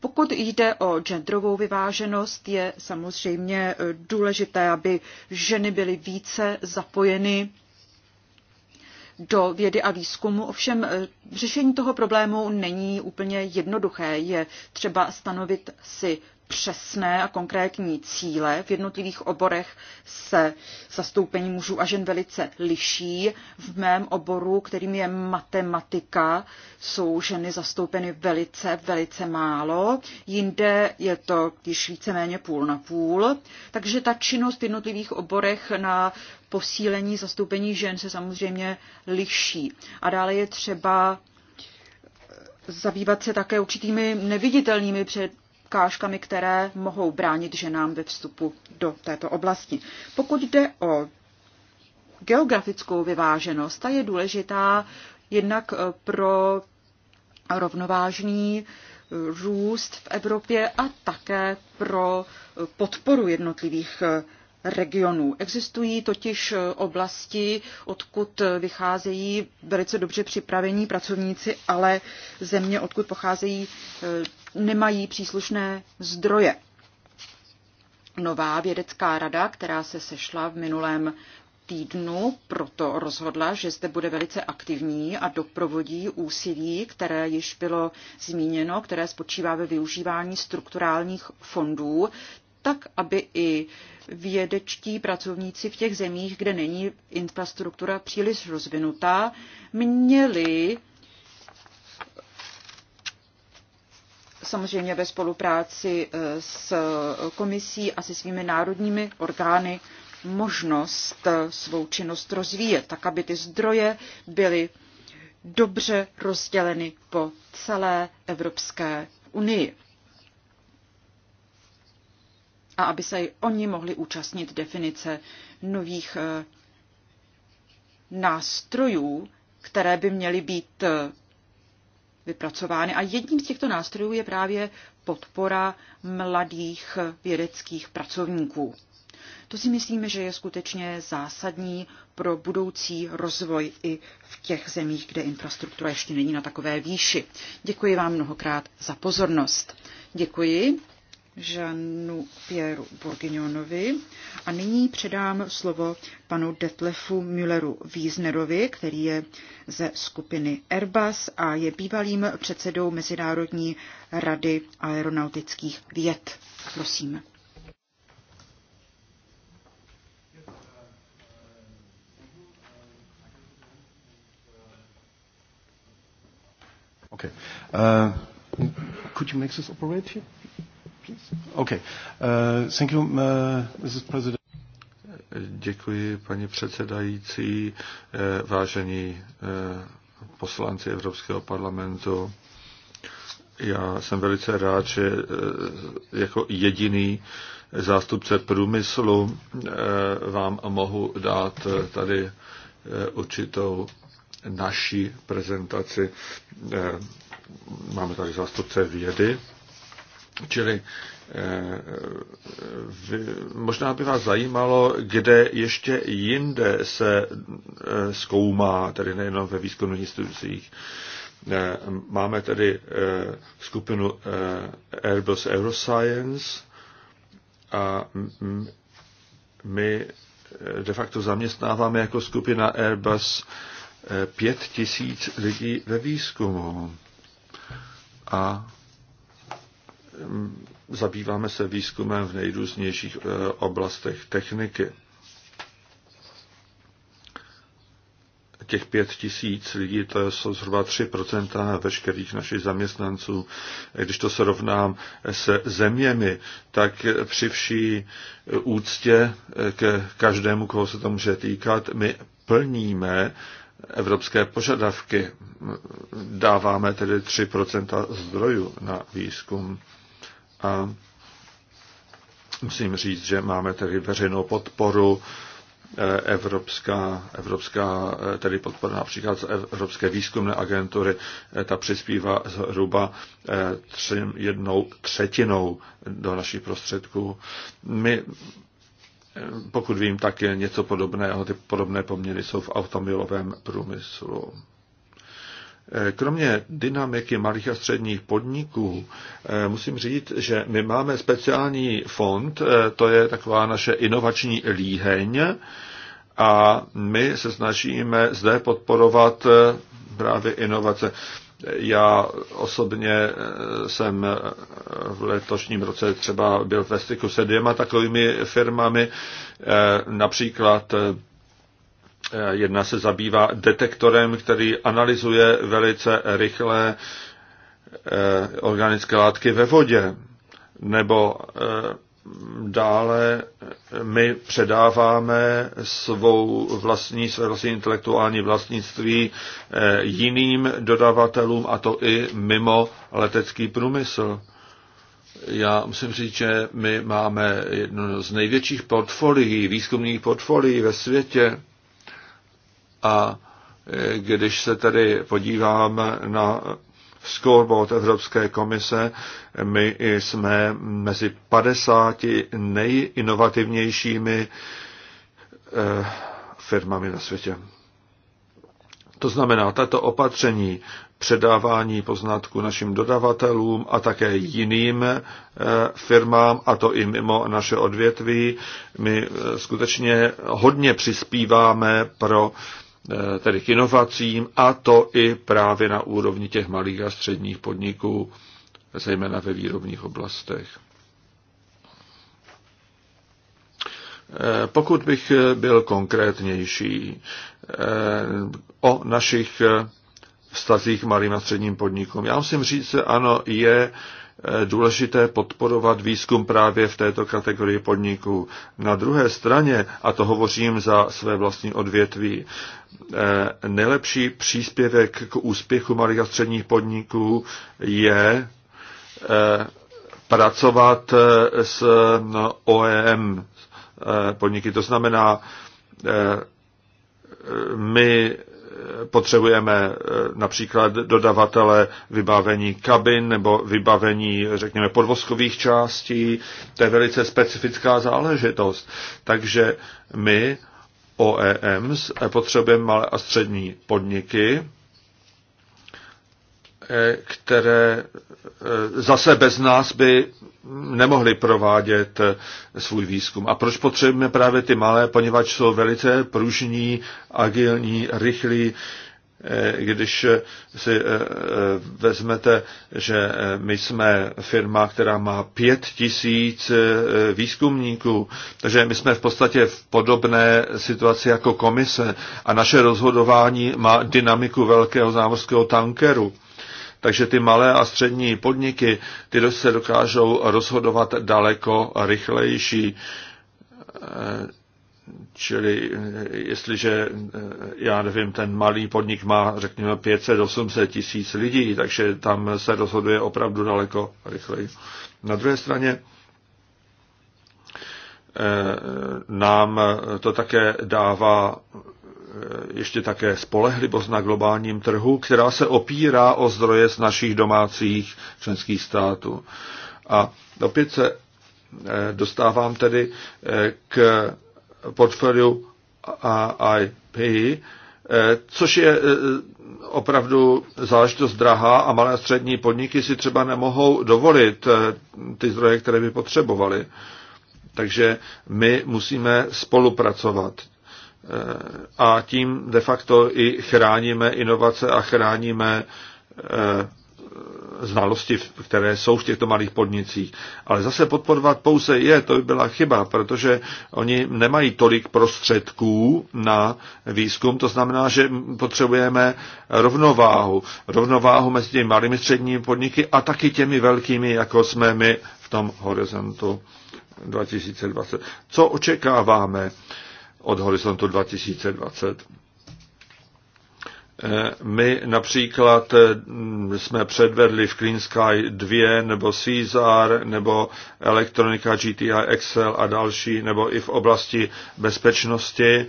Pokud jde o genderovou vyváženost, je samozřejmě eh, důležité, aby ženy byly více zapojeny do vědy a výzkumu. Ovšem eh, řešení toho problému není úplně jednoduché. Je třeba stanovit si přesné a konkrétní cíle. V jednotlivých oborech se zastoupení mužů a žen velice liší. V mém oboru, kterým je matematika, jsou ženy zastoupeny velice, velice málo. Jinde je to již víceméně půl na půl. Takže ta činnost v jednotlivých oborech na posílení zastoupení žen se samozřejmě liší. A dále je třeba zabývat se také určitými neviditelnými před, překážkami, které mohou bránit ženám ve vstupu do této oblasti. Pokud jde o geografickou vyváženost, ta je důležitá jednak eh, pro rovnovážný eh, růst v Evropě a také pro eh, podporu jednotlivých regionů. Existují totiž oblasti, odkud vycházejí velice dobře připravení pracovníci, ale země, odkud pocházejí nemají příslušné zdroje. Nová vědecká rada, která se sešla v minulém týdnu, proto rozhodla, že zde bude velice aktivní a doprovodí úsilí, které již bylo zmíněno, které spočívá ve využívání strukturálních fondů, tak, aby i vědečtí pracovníci v těch zemích, kde není infrastruktura příliš rozvinutá, měli samozřejmě ve spolupráci e, s komisí a se svými národními orgány možnost e, svou činnost rozvíjet, tak aby ty zdroje byly dobře rozděleny po celé Evropské unii. A aby se i oni mohli účastnit definice nových e, nástrojů, které by měly být vypracovány. A jedním z těchto nástrojů je právě podpora mladých vědeckých pracovníků. To si myslíme, že je skutečně zásadní pro budoucí rozvoj i v těch zemích, kde infrastruktura ještě není na takové výši. Děkuji vám mnohokrát za pozornost. Děkuji. Žanu Pieru Burginionovi. A nyní předám slovo panu Detlefu Mülleru Wiesnerovi, který je ze skupiny Airbus a je bývalým předsedou Mezinárodní rady aeronautických věd. Prosím. Okay. Uh, could you make this operate here? Okay. Uh, thank you, uh, Mrs. President. Děkuji, paní předsedající, eh, vážení eh, poslanci Evropského parlamentu. Já jsem velice rád, že eh, jako jediný zástupce průmyslu vám mohu dát tady určitou naší prezentaci. Máme tady zástupce vědy Čili eh, možná by vás zajímalo, kde ještě jinde se eh, zkoumá, tedy nejenom ve výzkumných institucích. Eh, máme tedy skupinu Airbus Euroscience a my de facto zaměstnáváme jako skupina Airbus pět tisíc lidí ve výzkumu. A Mm, zabýváme se výzkumem v nejrůznějších eh, oblastech techniky. těch pět tisíc lidí, to jsou zhruba 3% veškerých našich zaměstnanců. Když to se rovnám se zeměmi, tak při vší eh, úctě eh, k každému, koho se to může týkat, my plníme evropské požadavky. Dáváme tedy 3% zdrojů na výzkum. A musím říct, že máme tedy veřejnou podporu eh, evropská, evropská eh, tedy podpora například z Evropské výzkumné agentury, eh, ta přispívá zhruba tři, jednou třetinou do našich prostředků. My, pokud vím, tak je něco podobného, ty podobné poměry jsou v automobilovém průmyslu. Eh, kromě dynamiky malých a středních podniků eh, musím říct, že my máme speciální fond, eh, to je taková naše inovační líheň a my se snažíme zde podporovat právě inovace. Já osobně jsem v letošním roce třeba byl ve styku se dvěma takovými firmami, například Eh, jedna se zabývá detektorem, který analyzuje velice rychle eh, organické látky ve vodě. Nebo eh, dále my předáváme svou vlastní, své vlastní intelektuální vlastnictví jiným dodavatelům, a to i mimo letecký průmysl. Já musím říct, že my máme jedno z největších portfolií, výzkumných portfolií ve světě a e, když se tedy podíváme na scoreboard Evropské komise, my jsme mezi 50 nejinovativnějšími e, firmami na světě. To znamená, tato opatření předávání poznatku našim dodavatelům a také jiným e, firmám, a to i mimo naše odvětví. My skutečně hodně přispíváme pro Eh, tedy k inovacím, a to i právě na úrovni těch malých a středních podniků, zejména ve výrobních oblastech. Eh, pokud bych eh, byl konkrétnější o našich vztazích malým a středním podnikům, já musím říct, že ano, je důležité podporovat výzkum právě v této kategorii podniků. Na druhé straně, a to hovořím za své vlastní odvětví, eh, nejlepší příspěvek k úspěchu malých a středních podniků je eh, pracovat eh, s OEM no, podniky. To znamená, my potřebujeme eh, například dodavatele vybavení kabin nebo vybavení, řekněme, podvozkových částí. To je velice specifická záležitost. Takže my OEMs potřebujeme malé a střední podniky, které eh, zase bez nás by nemohly provádět eh, svůj výzkum. A proč potřebujeme právě ty malé, poněvadž jsou velice pružní, agilní, rychlí, eh, když si vezmete, že my jsme firma, která má pět tisíc výzkumníků, takže my jsme v podstatě v podobné situaci jako komise a naše rozhodování má dynamiku velkého závorského tankeru. Takže ty malé a střední podniky, ty se dokážou rozhodovat daleko rychlejší. Eh, čili eh, jestliže, eh, já nevím, ten malý podnik má, řekněme, 500-800 tisíc lidí, takže tam se rozhoduje opravdu daleko rychleji. Na druhé straně nám to také dává Eh, ještě také spolehlivost na globálním trhu, která se opírá o zdroje z našich domácích členských států. A opět se eh, dostávám tedy eh, k portfoliu AIP, což je opravdu záležitost drahá a malé a střední podniky si třeba nemohou dovolit ty zdroje, které by potřebovali. Takže my musíme spolupracovat a tím de facto i chráníme inovace a chráníme e, znalosti, které jsou v těchto malých podnicích. Ale zase podporovat pouze je, to by byla chyba, protože oni nemají tolik prostředků na výzkum, to znamená, že potřebujeme rovnováhu. Rovnováhu mezi těmi malými středními podniky a taky těmi velkými, jako jsme my v tom horizontu 2020. Co očekáváme? od horizontu 2020. Eh, my například eh, jsme předvedli v Clean Sky 2 nebo Caesar, nebo elektronika GTI Excel a další, nebo i v oblasti bezpečnosti.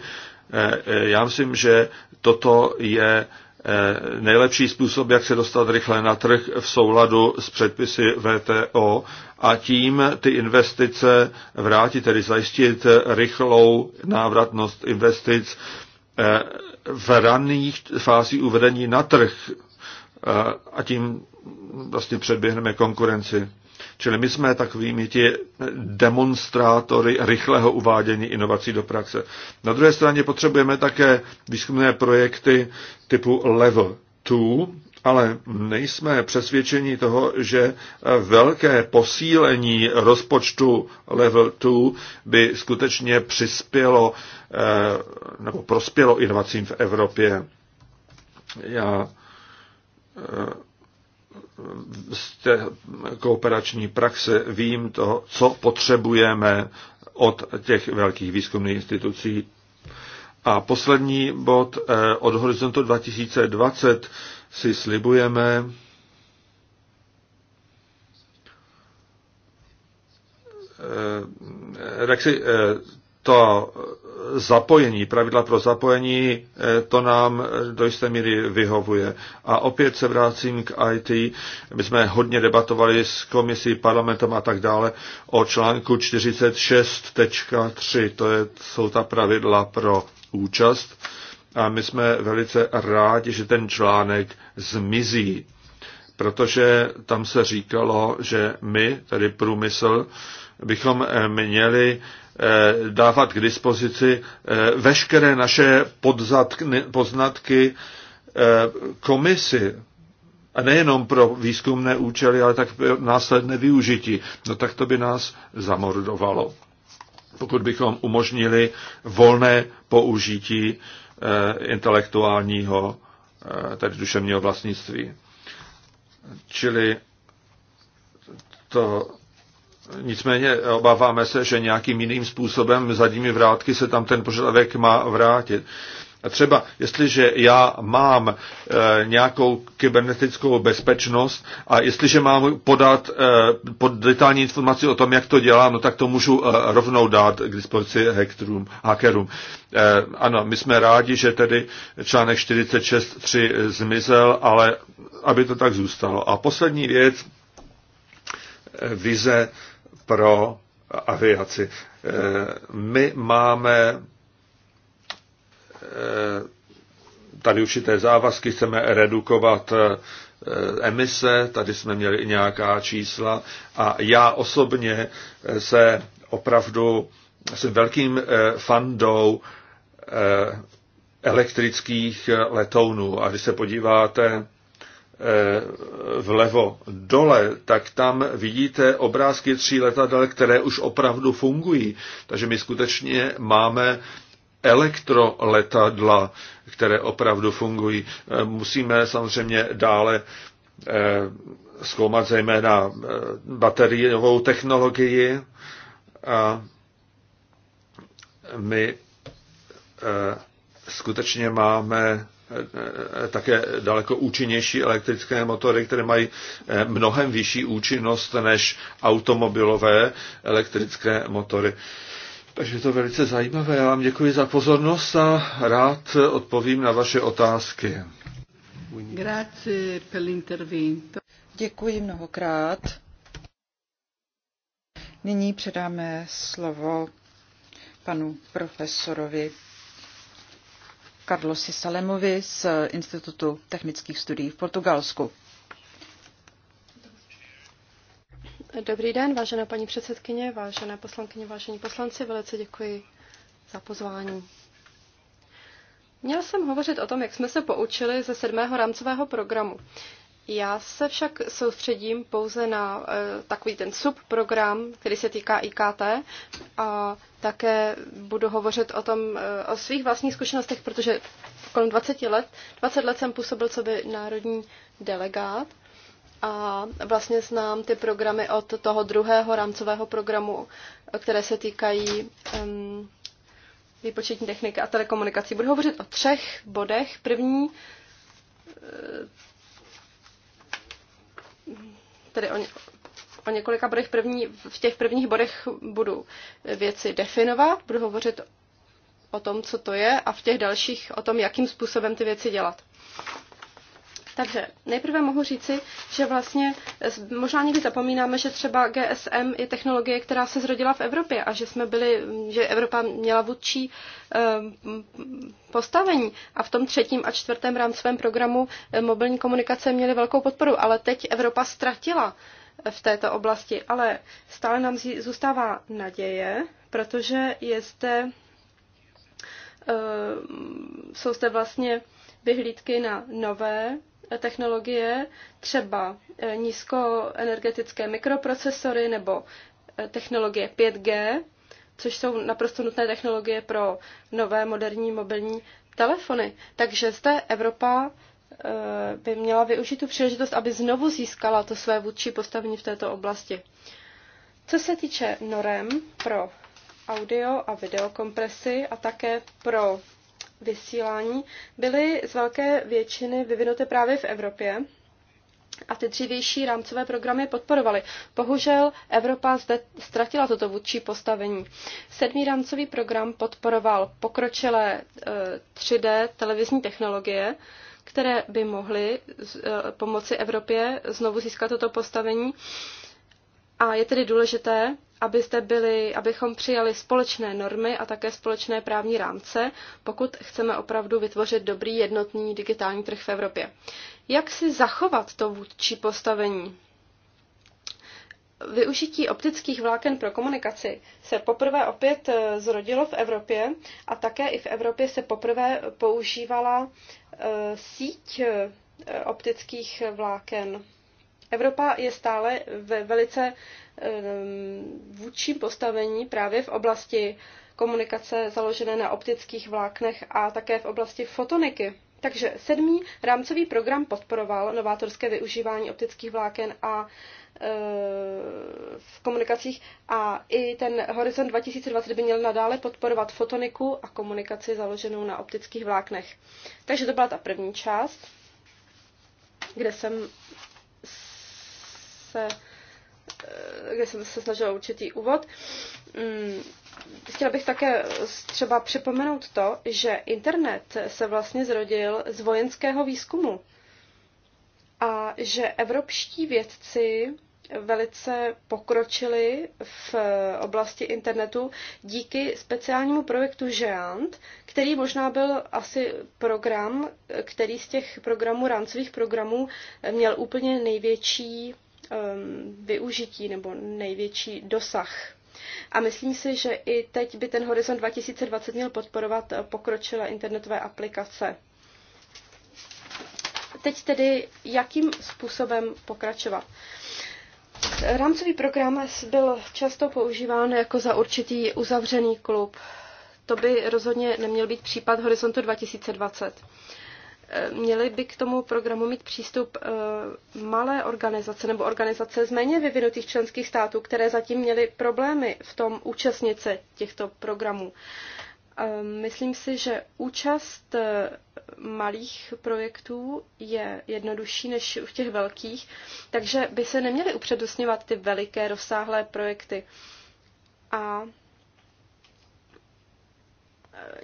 Eh, já myslím, že toto je Eh, nejlepší způsob, jak se dostat rychle na trh v souladu s předpisy VTO a tím ty investice vrátit, tedy zajistit rychlou návratnost investic eh, v raných fází uvedení na trh eh, a tím vlastně předběhneme konkurenci. Čili my jsme takovými ti demonstrátory rychlého uvádění inovací do praxe. Na druhé straně potřebujeme také výzkumné projekty typu Level 2, ale nejsme přesvědčeni toho, že velké posílení rozpočtu level 2 by skutečně přispělo eh, nebo prospělo inovacím v Evropě. Já eh, z té kooperační praxe vím to, co potřebujeme od těch velkých výzkumných institucí. A poslední bod eh, od horizontu 2020 si slibujeme, tak eh, si eh, to zapojení, pravidla pro zapojení, eh, to nám eh, do jisté míry vyhovuje. A opět se vracím k IT. My jsme hodně debatovali s komisí, parlamentem a tak dále o článku 46.3, to je, jsou ta pravidla pro účast. A my jsme velice rádi, že ten článek zmizí, protože tam se říkalo, že my, tedy průmysl, bychom eh, měli Eh, dávat k dispozici eh, veškeré naše poznatky eh, komisi, a nejenom pro výzkumné účely, ale tak pro následné využití, no tak to by nás zamordovalo. Pokud bychom umožnili volné použití intelektuálního, tedy duševního vlastnictví. Čili to Nicméně obáváme se, že nějakým jiným způsobem zadními vrátky se tam ten požadavek má vrátit. A třeba jestliže já mám e, nějakou kybernetickou bezpečnost a jestliže mám podat e, pod detailní informaci o tom, jak to dělám, no tak to můžu e, rovnou dát k dispozici hackerům. hackerům. E, ano, my jsme rádi, že tedy článek 46.3 zmizel, ale aby to tak zůstalo. A poslední věc, vize pro aviaci. Eh, my máme eh, tady určité závazky, chceme redukovat eh, emise, tady jsme měli i nějaká čísla a já osobně se opravdu jsem velkým fandou elektrických letounů a když se podíváte Eh, vlevo dole, tak tam vidíte obrázky tří letadel, které už opravdu fungují. Takže my skutečně máme elektroletadla, které opravdu fungují. Eh, musíme samozřejmě dále eh, zkoumat zejména bateriovou technologii a my skutečně máme také daleko účinnější elektrické motory, které mají eh, mnohem vyšší účinnost než automobilové elektrické motory. Takže je to velice zajímavé. Já vám děkuji za pozornost a rád odpovím na vaše otázky. Děkuji mnohokrát. Nyní předáme slovo panu profesorovi Carlosi Salemovi z Institutu technických studií v Portugalsku. Dobrý den, vážená paní předsedkyně, vážené poslankyně, vážení poslanci, velice děkuji za pozvání. Měl jsem hovořit o tom, jak jsme se poučili ze sedmého rámcového programu. Já se však soustředím pouze na eh, takový ten subprogram, který se týká IKT a také budu hovořit o tom, eh, o svých vlastních zkušenostech, protože kolem 20 let, 20 let jsem působil co by národní delegát a vlastně znám ty programy od toho druhého rámcového programu, které se týkají um, výpočetní techniky a telekomunikací. Budu hovořit o třech bodech. První tedy o, o několika bodech první, v těch prvních bodech budu věci definovat, budu hovořit o tom, co to je a v těch dalších o tom, jakým způsobem ty věci dělat. Takže nejprve mohu říci, že vlastně možná někdy zapomínáme, že třeba GSM je technologie, která se zrodila v Evropě a že jsme byli, že Evropa měla vůdčí ehm, postavení a v tom třetím a čtvrtém rámcovém programu eh, mobilní komunikace měly velkou podporu, ale teď Evropa ztratila eh, v této oblasti, ale stále nám zůstává naděje, protože je zde, ehm, jsou zde vlastně vyhlídky na nové technologie, třeba eh, nízkoenergetické mikroprocesory nebo eh, technologie 5G, což jsou naprosto nutné technologie pro nové moderní mobilní telefony. Takže zde Evropa eh, by měla využít tu příležitost, aby znovu získala to své vůdčí postavení v této oblasti. Co se týče norem pro audio a videokompresy a také pro vysílání byly z velké většiny vyvinuty právě v Evropě a ty dřívější rámcové programy podporovaly. Bohužel Evropa zde ztratila toto vůdčí postavení. Sedmý rámcový program podporoval pokročilé 3D eh, televizní technologie, které by mohly eh, pomoci Evropě znovu získat toto postavení. A je tedy důležité, abyste byli, abychom přijali společné normy a také společné právní rámce, pokud chceme opravdu vytvořit dobrý jednotný digitální trh v Evropě. Jak si zachovat to vůdčí postavení? Využití optických vláken pro komunikaci se poprvé opět eh, zrodilo v Evropě a také i v Evropě se poprvé používala eh, síť eh, optických vláken. Evropa je stále ve velice eh, vůdčím postavení právě v oblasti komunikace založené na optických vláknech a také v oblasti fotoniky. Takže sedmý rámcový program podporoval novátorské využívání optických vláken a e, v komunikacích a i ten Horizont 2020 by měl nadále podporovat fotoniku a komunikaci založenou na optických vláknech. Takže to byla ta první část, kde jsem se, eh, kde jsem se snažila určitý úvod. Mm, chtěla bych také třeba připomenout to, že internet se vlastně zrodil z vojenského výzkumu a že evropští vědci velice pokročili v oblasti internetu díky speciálnímu projektu Žeant, který možná byl asi program, který z těch programů, rámcových programů, měl úplně největší Um, využití nebo největší dosah. A myslím si, že i teď by ten Horizont 2020 měl podporovat eh, pokročilé internetové aplikace. Teď tedy, jakým způsobem pokračovat? Rámcový program byl často používán jako za určitý uzavřený klub. To by rozhodně neměl být případ Horizontu 2020 měly by k tomu programu mít přístup eh, malé organizace nebo organizace z méně vyvinutých členských států, které zatím měly problémy v tom účastnit se těchto programů. Eh, myslím si, že účast eh, malých projektů je jednodušší než u těch velkých, takže by se neměly upřednostňovat ty veliké rozsáhlé projekty. A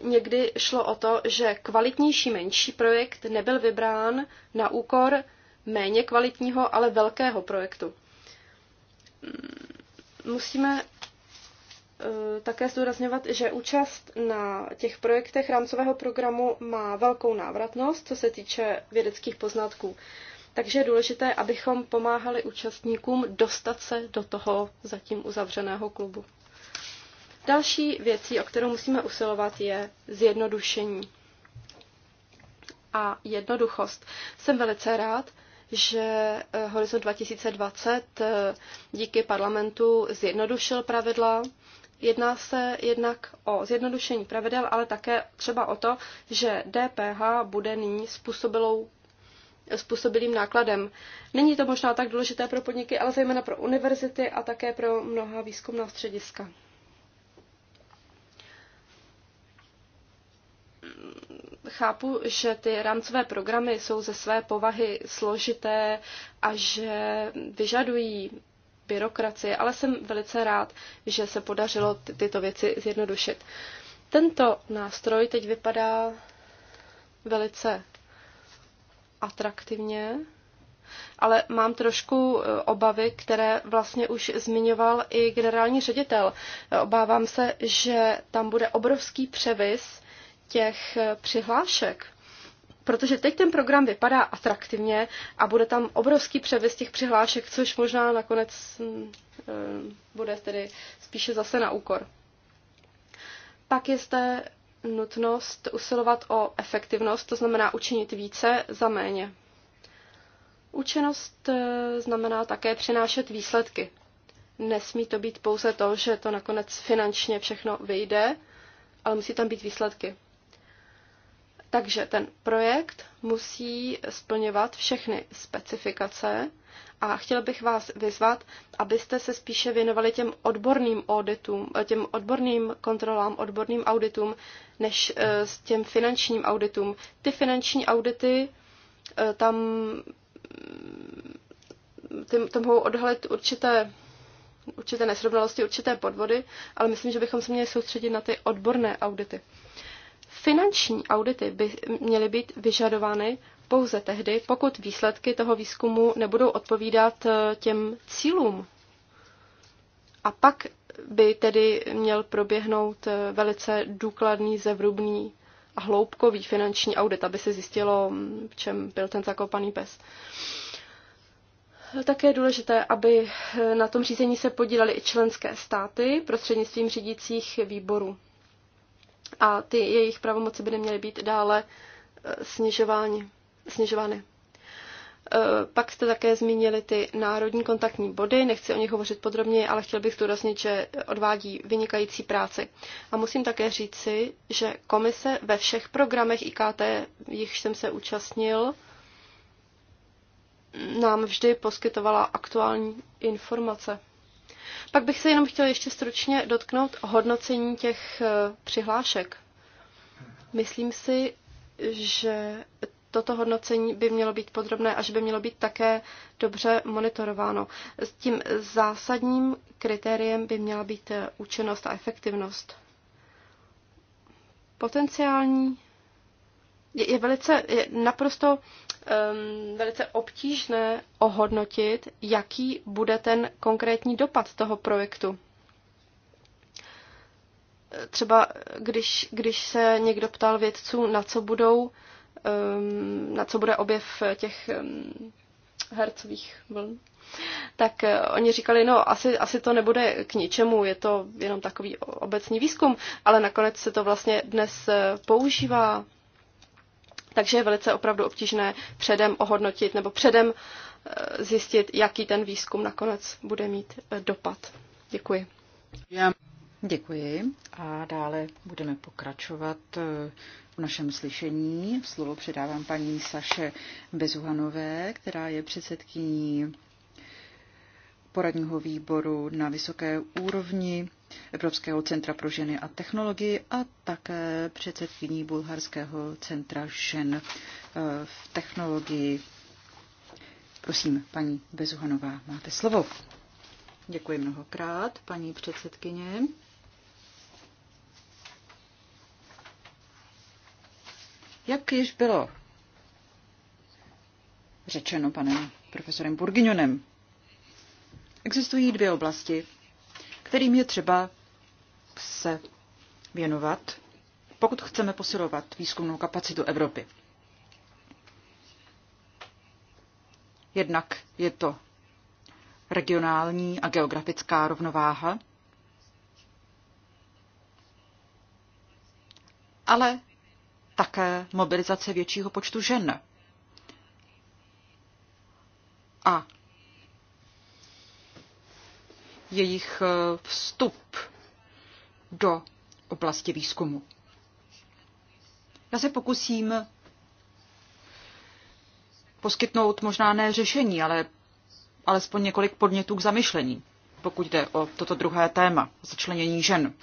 někdy šlo o to, že kvalitnější menší projekt nebyl vybrán na úkor méně kvalitního, ale velkého projektu. Mm, musíme e, také zdůrazňovat, že účast na těch projektech rámcového programu má velkou návratnost, co se týče vědeckých poznatků. Takže je důležité, abychom pomáhali účastníkům dostat se do toho zatím uzavřeného klubu. Další věcí, o kterou musíme usilovat, je zjednodušení a jednoduchost. Jsem velice rád, že eh, Horizon 2020 eh, díky parlamentu zjednodušil pravidla. Jedná se jednak o zjednodušení pravidel, ale také třeba o to, že DPH bude nyní způsobilou způsobilým nákladem. Není to možná tak důležité pro podniky, ale zejména pro univerzity a také pro mnoha výzkumná střediska. chápu, že ty rámcové programy jsou ze své povahy složité a že vyžadují byrokracie, ale jsem velice rád, že se podařilo ty, tyto věci zjednodušit. Tento nástroj teď vypadá velice atraktivně, ale mám trošku eh, obavy, které vlastně už zmiňoval i generální ředitel. Obávám se, že tam bude obrovský převis těch eh, přihlášek, protože teď ten program vypadá atraktivně a bude tam obrovský převis těch přihlášek, což možná nakonec mm, eh, bude tedy spíše zase na úkor. Pak je zde nutnost usilovat o efektivnost, to znamená učinit více za méně. Učenost eh, znamená také přinášet výsledky. Nesmí to být pouze to, že to nakonec finančně všechno vyjde, ale musí tam být výsledky. Takže ten projekt musí splňovat všechny specifikace a chtěl bych vás vyzvat, abyste se spíše věnovali těm odborným auditům, těm odborným kontrolám, odborným auditům, než eh, s těm finančním auditům. Ty finanční audity eh, tam mm, ty, to mohou odhalit určité, určité nesrovnalosti, určité podvody, ale myslím, že bychom se měli soustředit na ty odborné audity. Finanční audity by měly být vyžadovány pouze tehdy, pokud výsledky toho výzkumu nebudou odpovídat eh, těm cílům. A pak by tedy měl proběhnout eh, velice důkladný, zevrubný a hloubkový finanční audit, aby se zjistilo, mm, v čem byl ten zakopaný pes. Také je důležité, aby eh, na tom řízení se podílely i členské státy prostřednictvím řídících výborů a ty jejich pravomoci by neměly být dále eh, snižovány. snižovány. Eh, pak jste také zmínili ty národní kontaktní body, nechci o nich hovořit podrobně, ale chtěl bych zdůraznit, že odvádí vynikající práci. A musím také říci, že komise ve všech programech IKT, jich jsem se účastnil, nám vždy poskytovala aktuální informace. Pak bych se jenom chtěla ještě stručně dotknout hodnocení těch eh, přihlášek. Myslím si, že toto hodnocení by mělo být podrobné a že by mělo být také dobře monitorováno. S tím zásadním kritériem by měla být eh, účinnost a efektivnost. Potenciální je, je velice je naprosto um, velice obtížné ohodnotit, jaký bude ten konkrétní dopad toho projektu. Třeba když, když se někdo ptal vědců, na co budou, um, na co bude objev těch um, hercových vln, tak eh, oni říkali, no asi, asi to nebude k ničemu, je to jenom takový obecný výzkum, ale nakonec se to vlastně dnes eh, používá takže je velice opravdu obtížné předem ohodnotit nebo předem eh, zjistit, jaký ten výzkum nakonec bude mít eh, dopad. Děkuji. Já. Děkuji a dále budeme pokračovat eh, v našem slyšení. Slovo předávám paní Saše Bezuhanové, která je předsedkyní poradního výboru na vysoké úrovni Evropského centra pro ženy a technologii a také předsedkyní Bulharského centra žen eh, v technologii. Prosím, paní Bezuhanová, máte slovo. Děkuji mnohokrát, paní předsedkyně. Jak již bylo řečeno panem profesorem Burginionem, Existují dvě oblasti, kterým je třeba se věnovat, pokud chceme posilovat výzkumnou kapacitu Evropy. Jednak je to regionální a geografická rovnováha, ale také mobilizace většího počtu žen a jejich eh, vstup do oblasti výzkumu. Já se pokusím poskytnout možná ne řešení, ale alespoň několik podnětů k zamyšlení, pokud jde o toto druhé téma, začlenění žen.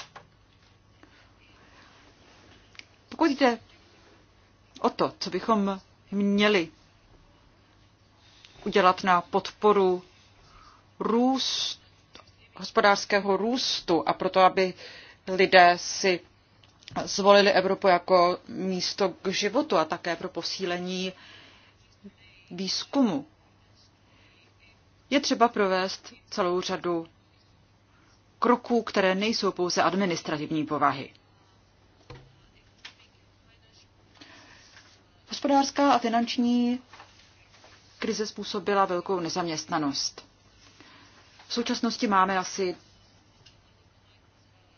Pokud jde o to, co bychom měli udělat na podporu růst hospodářského růstu a proto, aby lidé si zvolili Evropu jako místo k životu a také pro posílení výzkumu. Je třeba provést celou řadu kroků, které nejsou pouze administrativní povahy. Hospodářská a finanční krize způsobila velkou nezaměstnanost. V současnosti máme asi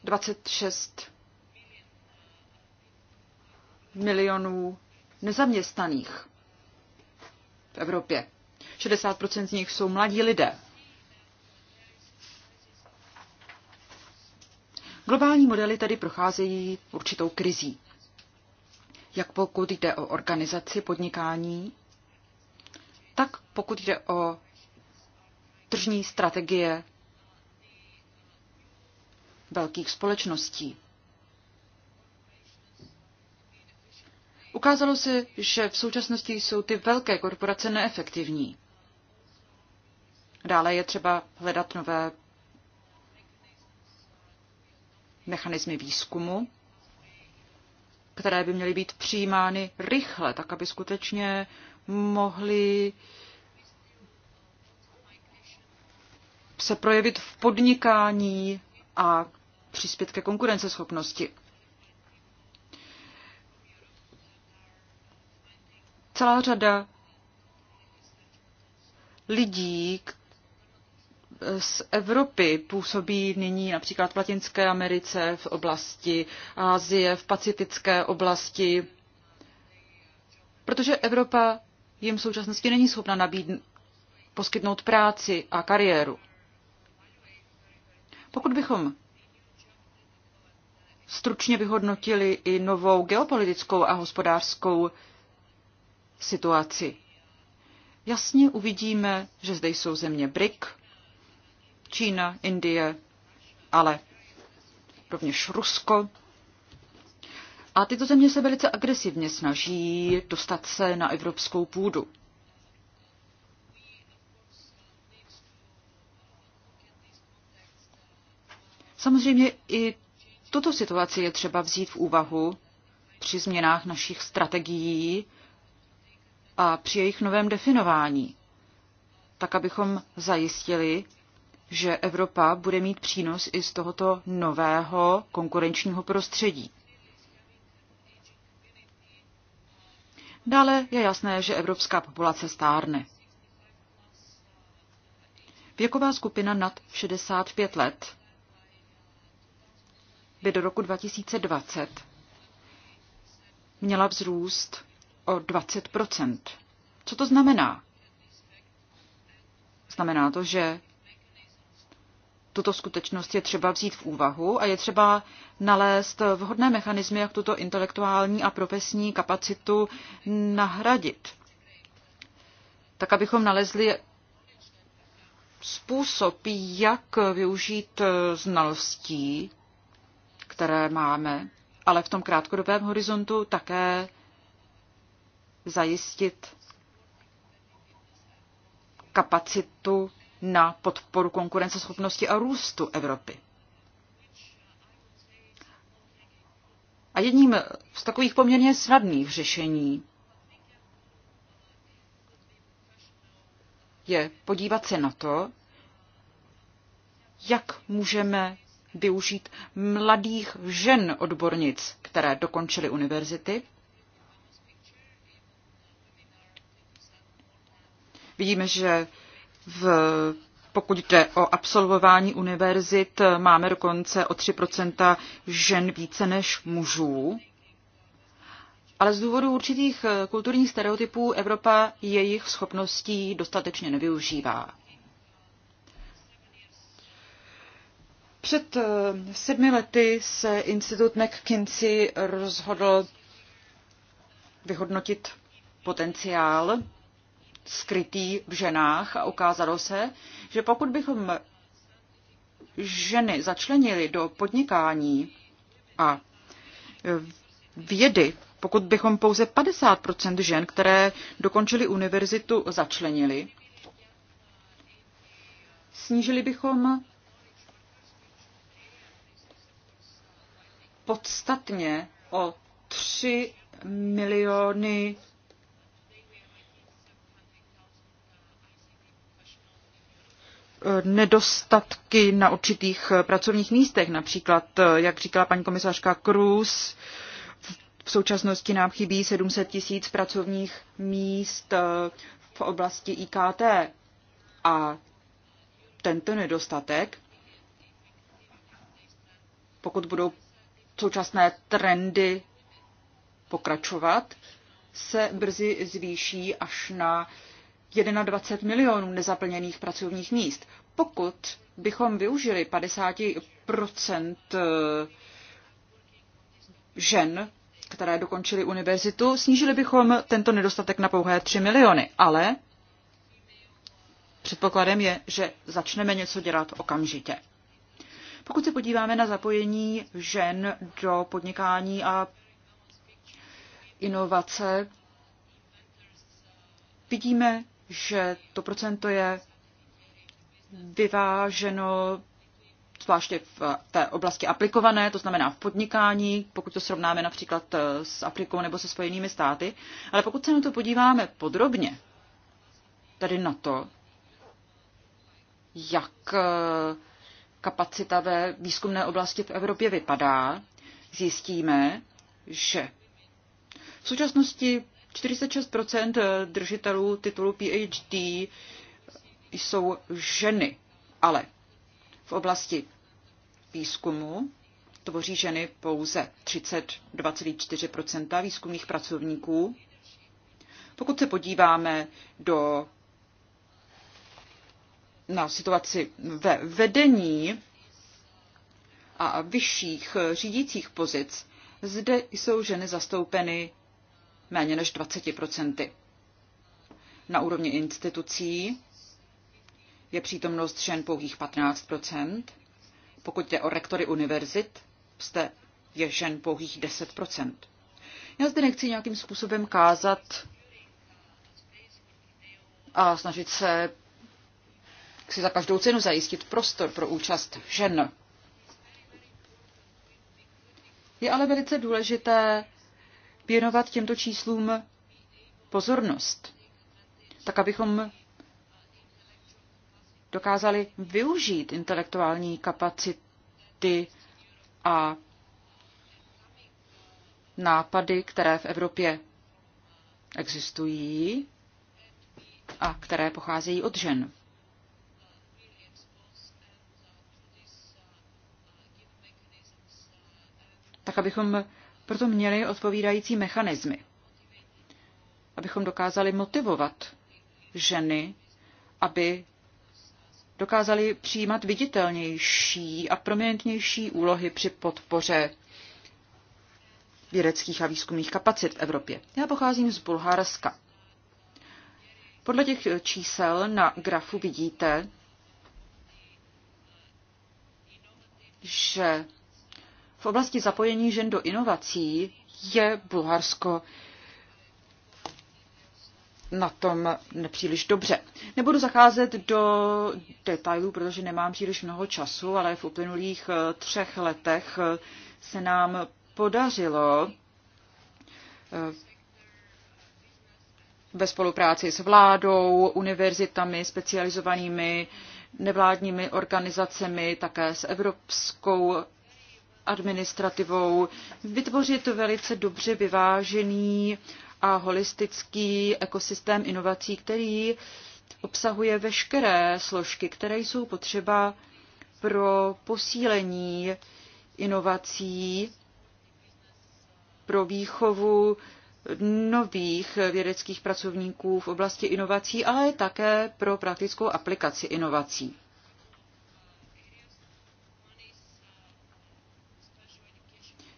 26 milionů nezaměstnaných v Evropě. 60% z nich jsou mladí lidé. Globální modely tedy procházejí určitou krizí. Jak pokud jde o organizaci podnikání, tak pokud jde o tržní strategie velkých společností. Ukázalo se, že v současnosti jsou ty velké korporace neefektivní. Dále je třeba hledat nové mechanismy výzkumu, které by měly být přijímány rychle, tak aby skutečně mohly se projevit v podnikání a přispět ke konkurenceschopnosti. Celá řada lidí z Evropy působí nyní například v Latinské Americe, v oblasti Asie, v pacifické oblasti, protože Evropa jim v současnosti není schopna nabídnout, poskytnout práci a kariéru. Pokud bychom stručně vyhodnotili i novou geopolitickou a hospodářskou situaci, jasně uvidíme, že zde jsou země BRIC, Čína, Indie, ale rovněž Rusko. A tyto země se velice agresivně snaží dostat se na evropskou půdu. Samozřejmě i tuto situaci je třeba vzít v úvahu při změnách našich strategií a při jejich novém definování, tak abychom zajistili, že Evropa bude mít přínos i z tohoto nového konkurenčního prostředí. Dále je jasné, že evropská populace stárne. Věková skupina nad 65 let by do roku 2020 měla vzrůst o 20 Co to znamená? Znamená to, že tuto skutečnost je třeba vzít v úvahu a je třeba nalézt vhodné mechanizmy, jak tuto intelektuální a profesní kapacitu nahradit. Tak, abychom nalezli způsob, jak využít znalostí které máme, ale v tom krátkodobém horizontu také zajistit kapacitu na podporu konkurenceschopnosti a růstu Evropy. A jedním z takových poměrně snadných řešení je podívat se na to, jak můžeme využít mladých žen odbornic, které dokončily univerzity. Vidíme, že v, pokud jde o absolvování univerzit, máme dokonce o 3 žen více než mužů. Ale z důvodu určitých kulturních stereotypů Evropa jejich schopností dostatečně nevyužívá. Před eh, sedmi lety se institut McKinsey rozhodl vyhodnotit potenciál skrytý v ženách a ukázalo se, že pokud bychom ženy začlenili do podnikání a eh, vědy, pokud bychom pouze 50 žen, které dokončily univerzitu, začlenili, snížili bychom podstatně o 3 miliony nedostatky na určitých pracovních místech. Například, jak říkala paní komisařka Cruz, v současnosti nám chybí 700 tisíc pracovních míst v oblasti IKT. A tento nedostatek, pokud budou současné trendy pokračovat, se brzy zvýší až na 21 milionů nezaplněných pracovních míst. Pokud bychom využili 50 eh, žen, které dokončily univerzitu, snížili bychom tento nedostatek na pouhé 3 miliony. Ale předpokladem je, že začneme něco dělat okamžitě. Pokud se podíváme na zapojení žen do podnikání a inovace, vidíme, že to procento je vyváženo zvláště v té oblasti aplikované, to znamená v podnikání, pokud to srovnáme například eh, s Afrikou nebo se Spojenými státy. Ale pokud se na to podíváme podrobně, tady na to, jak eh, kapacita ve výzkumné oblasti v Evropě vypadá, zjistíme, že v současnosti 46 držitelů titulu PhD jsou ženy, ale v oblasti výzkumu tvoří ženy pouze 32,4 výzkumných pracovníků. Pokud se podíváme do na situaci ve vedení a vyšších řídících pozic, zde jsou ženy zastoupeny méně než 20 Na úrovni institucí je přítomnost žen pouhých 15 Pokud jde o rektory univerzit, jste je žen pouhých 10 Já zde nechci nějakým způsobem kázat a snažit se si za každou cenu zajistit prostor pro účast žen. Je ale velice důležité věnovat těmto číslům pozornost, tak abychom dokázali využít intelektuální kapacity a nápady, které v Evropě existují a které pocházejí od žen. tak abychom proto měli odpovídající mechanismy. Abychom dokázali motivovat ženy, aby dokázali přijímat viditelnější a prominentnější úlohy při podpoře vědeckých a výzkumných kapacit v Evropě. Já pocházím z Bulharska. Podle těch čísel na grafu vidíte, že v oblasti zapojení žen do inovací je Bulharsko na tom nepříliš dobře. Nebudu zacházet do detailů, protože nemám příliš mnoho času, ale v uplynulých eh, třech letech eh, se nám podařilo eh, ve spolupráci s vládou, univerzitami, specializovanými nevládními organizacemi, také s Evropskou administrativou vytvořit velice dobře vyvážený a holistický ekosystém inovací, který obsahuje veškeré složky, které jsou potřeba pro posílení inovací, pro výchovu nových vědeckých pracovníků v oblasti inovací, ale také pro praktickou aplikaci inovací.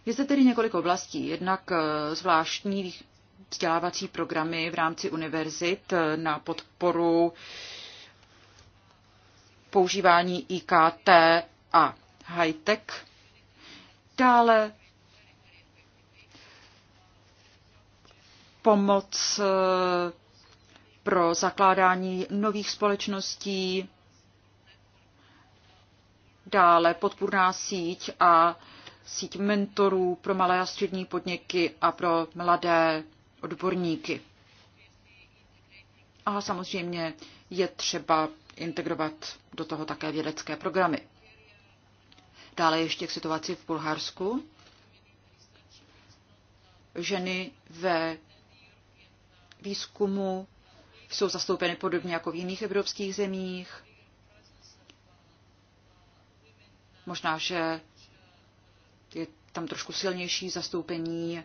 Je zde tedy několik oblastí. Jednak eh, zvláštní vzdělávací programy v rámci univerzit eh, na podporu používání IKT a high-tech. Dále pomoc eh, pro zakládání nových společností, dále podpůrná síť a síť mentorů pro malé a střední podniky a pro mladé odborníky. A samozřejmě je třeba integrovat do toho také vědecké programy. Dále ještě k situaci v Bulharsku. Ženy ve výzkumu jsou zastoupeny podobně jako v jiných evropských zemích. Možná, že tam trošku silnější zastoupení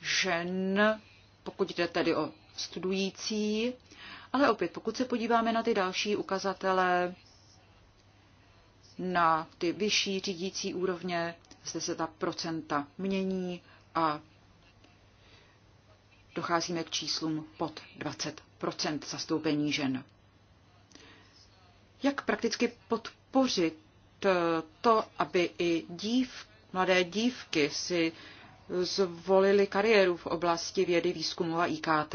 žen, pokud jde tedy o studující. Ale opět, pokud se podíváme na ty další ukazatele, na ty vyšší řídící úrovně, zde se ta procenta mění a docházíme k číslům pod 20 zastoupení žen. Jak prakticky podpořit Eh, to, aby i dív, mladé dívky si zvolili kariéru v oblasti vědy, výzkumu a IKT.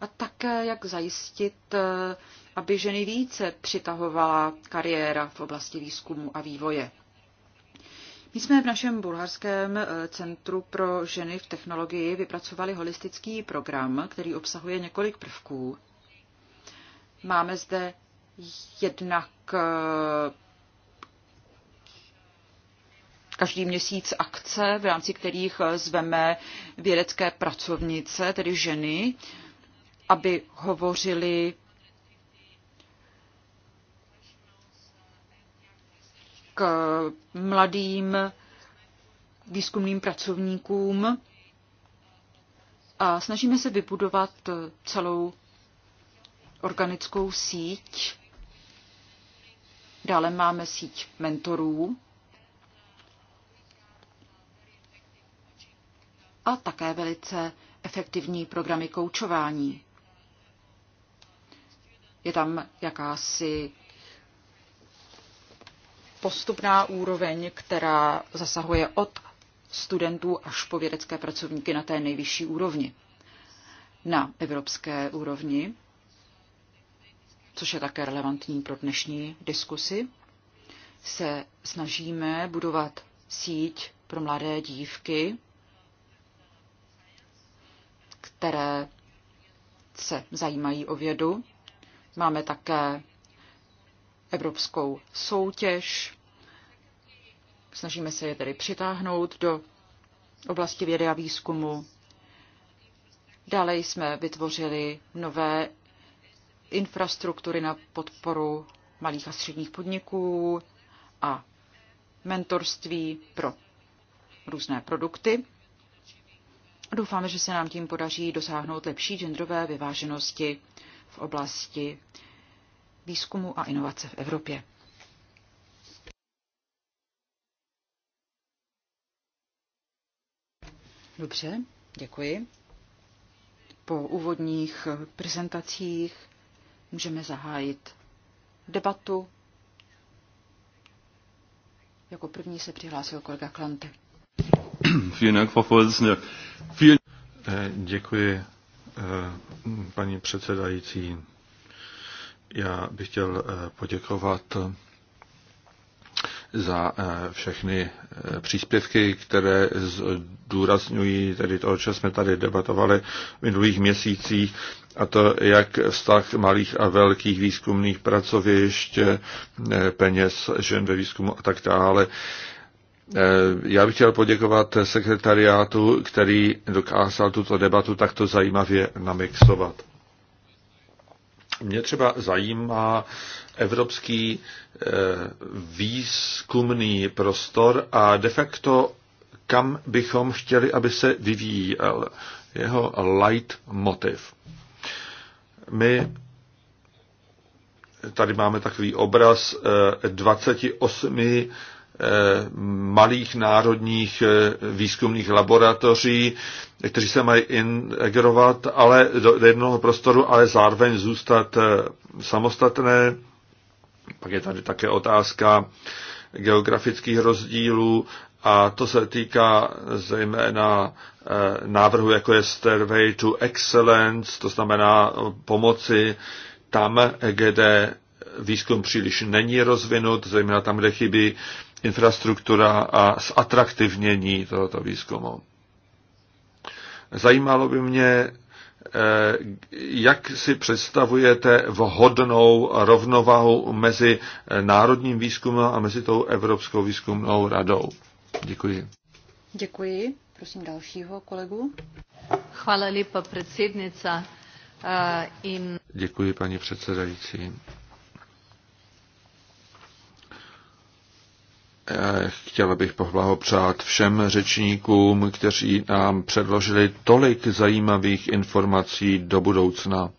A také, jak zajistit, eh, aby ženy více přitahovala kariéra v oblasti výzkumu a vývoje. My jsme v našem bulharském eh, centru pro ženy v technologii vypracovali holistický program, který obsahuje několik prvků. Máme zde jednak eh, každý měsíc akce, v rámci kterých eh, zveme vědecké pracovnice, tedy ženy, aby hovořili k mladým výzkumným pracovníkům a snažíme se vybudovat eh, celou organickou síť Dále máme síť mentorů a také velice efektivní programy koučování. Je tam jakási postupná úroveň, která zasahuje od studentů až po vědecké pracovníky na té nejvyšší úrovni. Na evropské úrovni což je také relevantní pro dnešní diskusi, se snažíme budovat síť pro mladé dívky, které se zajímají o vědu. Máme také evropskou soutěž. Snažíme se je tedy přitáhnout do oblasti vědy a výzkumu. Dále jsme vytvořili nové infrastruktury na podporu malých a středních podniků a mentorství pro různé produkty. Doufáme, že se nám tím podaří dosáhnout lepší genderové vyváženosti v oblasti výzkumu a inovace v Evropě. Dobře, děkuji. Po úvodních prezentacích Můžeme zahájit debatu. Jako první se přihlásil kolega Klante. Eh, děkuji, eh, paní předsedající. Já bych chtěl eh, poděkovat za eh, všechny eh, příspěvky, které zdůrazňují tedy to, o čem jsme tady debatovali v minulých měsících, a to jak vztah malých a velkých výzkumných pracovišť, eh, peněz žen ve výzkumu a tak dále. Já bych chtěl poděkovat sekretariátu, který dokázal tuto debatu takto zajímavě namixovat. Mě třeba zajímá evropský eh, výzkumný prostor a de facto kam bychom chtěli, aby se vyvíjel jeho light motiv. My tady máme takový obraz 28 eh, Eh, malých národních eh, výzkumných laboratoří, kteří se mají integrovat ale do jednoho prostoru, ale zároveň zůstat eh, samostatné. Pak je tady také otázka geografických rozdílů a to se týká zejména návrhu, jako je Stairway to Excellence, to znamená pomoci tam, kde výzkum příliš není rozvinut, zejména tam, kde chybí infrastruktura a zatraktivnění tohoto výzkumu. Zajímalo by mě, eh, jak si představujete vhodnou rovnováhu mezi národním výzkumem a mezi tou Evropskou výzkumnou radou? Děkuji. Děkuji. Prosím dalšího kolegu. Chvala lipa předsednica. Eh, in... Děkuji, paní předsedající. Chtěl bych poblahopřát všem řečníkům, kteří nám předložili tolik zajímavých informací do budoucna.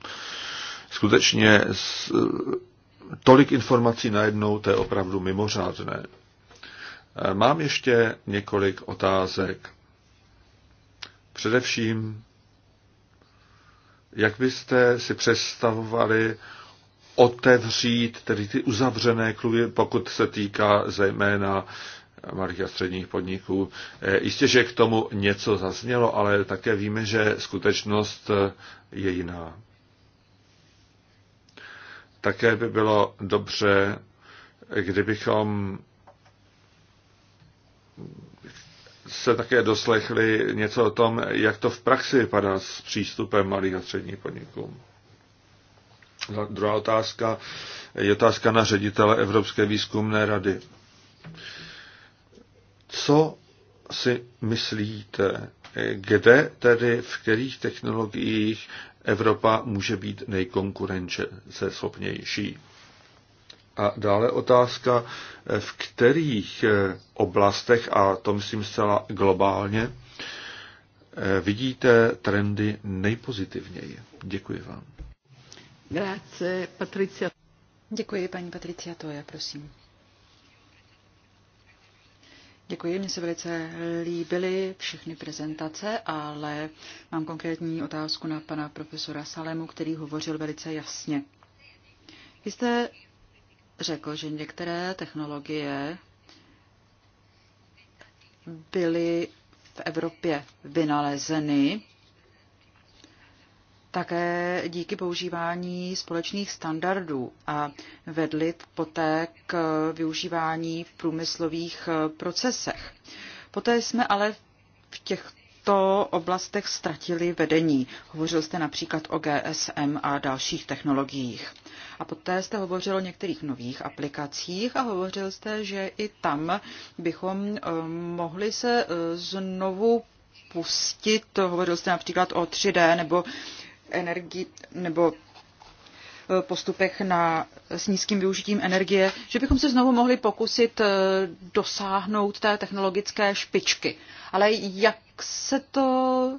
Skutečně tolik informací najednou, to je opravdu mimořádné. Mám ještě několik otázek. Především, jak byste si představovali otevřít, tedy ty uzavřené kluby, pokud se týká zejména malých a středních podniků. E, jistě, že k tomu něco zaznělo, ale také víme, že skutečnost e, je jiná. Také by bylo dobře, kdybychom se také doslechli něco o tom, jak to v praxi vypadá s přístupem malých a středních podniků druhá otázka je otázka na ředitele Evropské výzkumné rady. Co si myslíte, kde tedy, v kterých technologiích Evropa může být schopnější? A dále otázka, v kterých eh, oblastech, a to myslím zcela globálně, eh, vidíte trendy nejpozitivněji? Děkuji vám. Děkuji, paní Patricia je prosím. Děkuji, mně se velice líbily všechny prezentace, ale mám konkrétní otázku na pana profesora Salemu, který hovořil velice jasně. Vy jste řekl, že některé technologie byly v Evropě vynalezeny také díky používání společných standardů a vedli poté k využívání v průmyslových eh, procesech. Poté jsme ale v těchto oblastech ztratili vedení. Hovořil jste například o GSM a dalších technologiích. A poté jste hovořil o některých nových aplikacích a hovořil jste, že i tam bychom eh, mohli se eh, znovu pustit. Hovořil jste například o 3D nebo energii nebo e, postupech na, s nízkým využitím energie, že bychom se znovu mohli pokusit e, dosáhnout té technologické špičky. Ale jak se to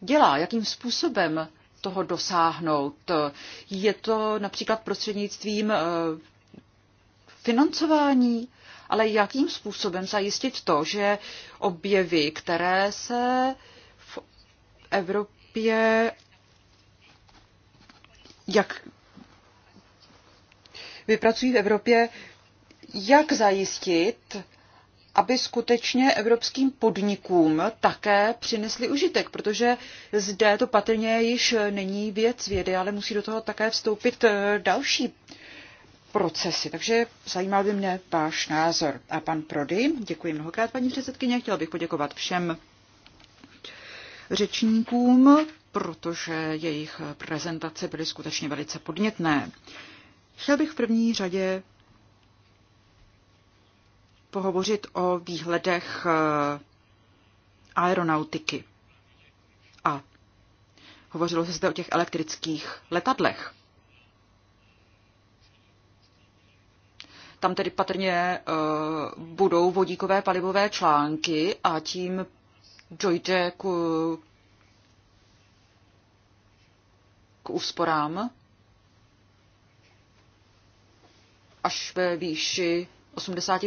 dělá? Jakým způsobem toho dosáhnout? Je to například prostřednictvím e, financování? Ale jakým způsobem zajistit to, že objevy, které se v Evropě jak vypracují v Evropě, jak zajistit, aby skutečně evropským podnikům také přinesli užitek, protože zde to patrně již není věc vědy, ale musí do toho také vstoupit eh, další procesy. Takže zajímal by mě váš názor. A pan Prody, děkuji mnohokrát, paní předsedkyně, chtěla bych poděkovat všem řečníkům protože jejich prezentace byly skutečně velice podnětné. Chtěl bych v první řadě pohovořit o výhledech eh, aeronautiky. A hovořilo se zde o těch elektrických letadlech. Tam tedy patrně uh, budou vodíkové palivové články a tím dojde k úsporám až ve výši 80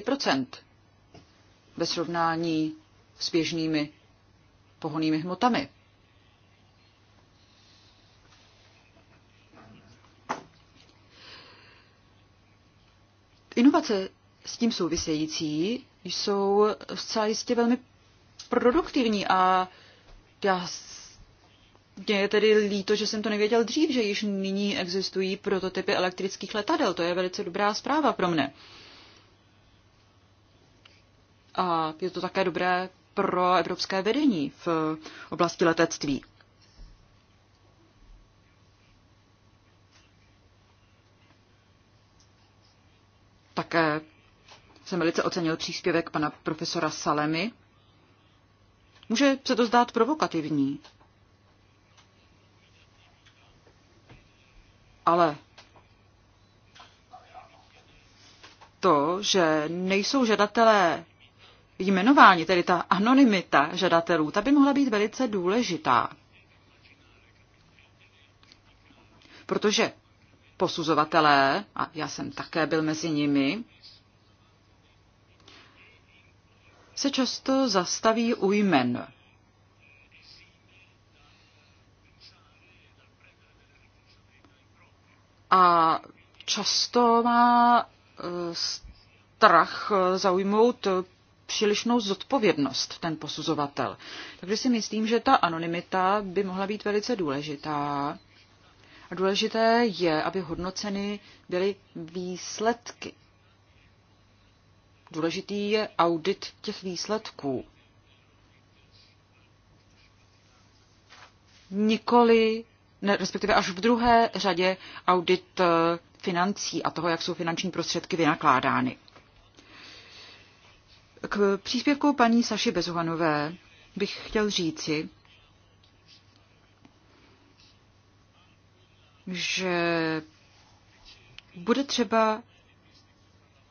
ve srovnání s běžnými pohonými hmotami. Inovace s tím související jsou zcela jistě velmi produktivní a já mně je tedy líto, že jsem to nevěděl dřív, že již nyní existují prototypy elektrických letadel. To je velice dobrá zpráva pro mne. A je to také dobré pro evropské vedení v oblasti letectví. Také jsem velice ocenil příspěvek pana profesora Salemy. Může se to zdát provokativní, Ale to, že nejsou žadatelé jmenování, tedy ta anonymita žadatelů, ta by mohla být velice důležitá. Protože posuzovatelé, a já jsem také byl mezi nimi, se často zastaví u jmen a často má e, strach e, zaujmout přílišnou zodpovědnost ten posuzovatel. Takže si myslím, že ta anonymita by mohla být velice důležitá. A důležité je, aby hodnoceny byly výsledky. Důležitý je audit těch výsledků. Nikoli ne, respektive až v druhé řadě audit eh, financí a toho, jak jsou finanční prostředky vynakládány. K příspěvku paní Saši Bezuhanové bych chtěl říci, že bude třeba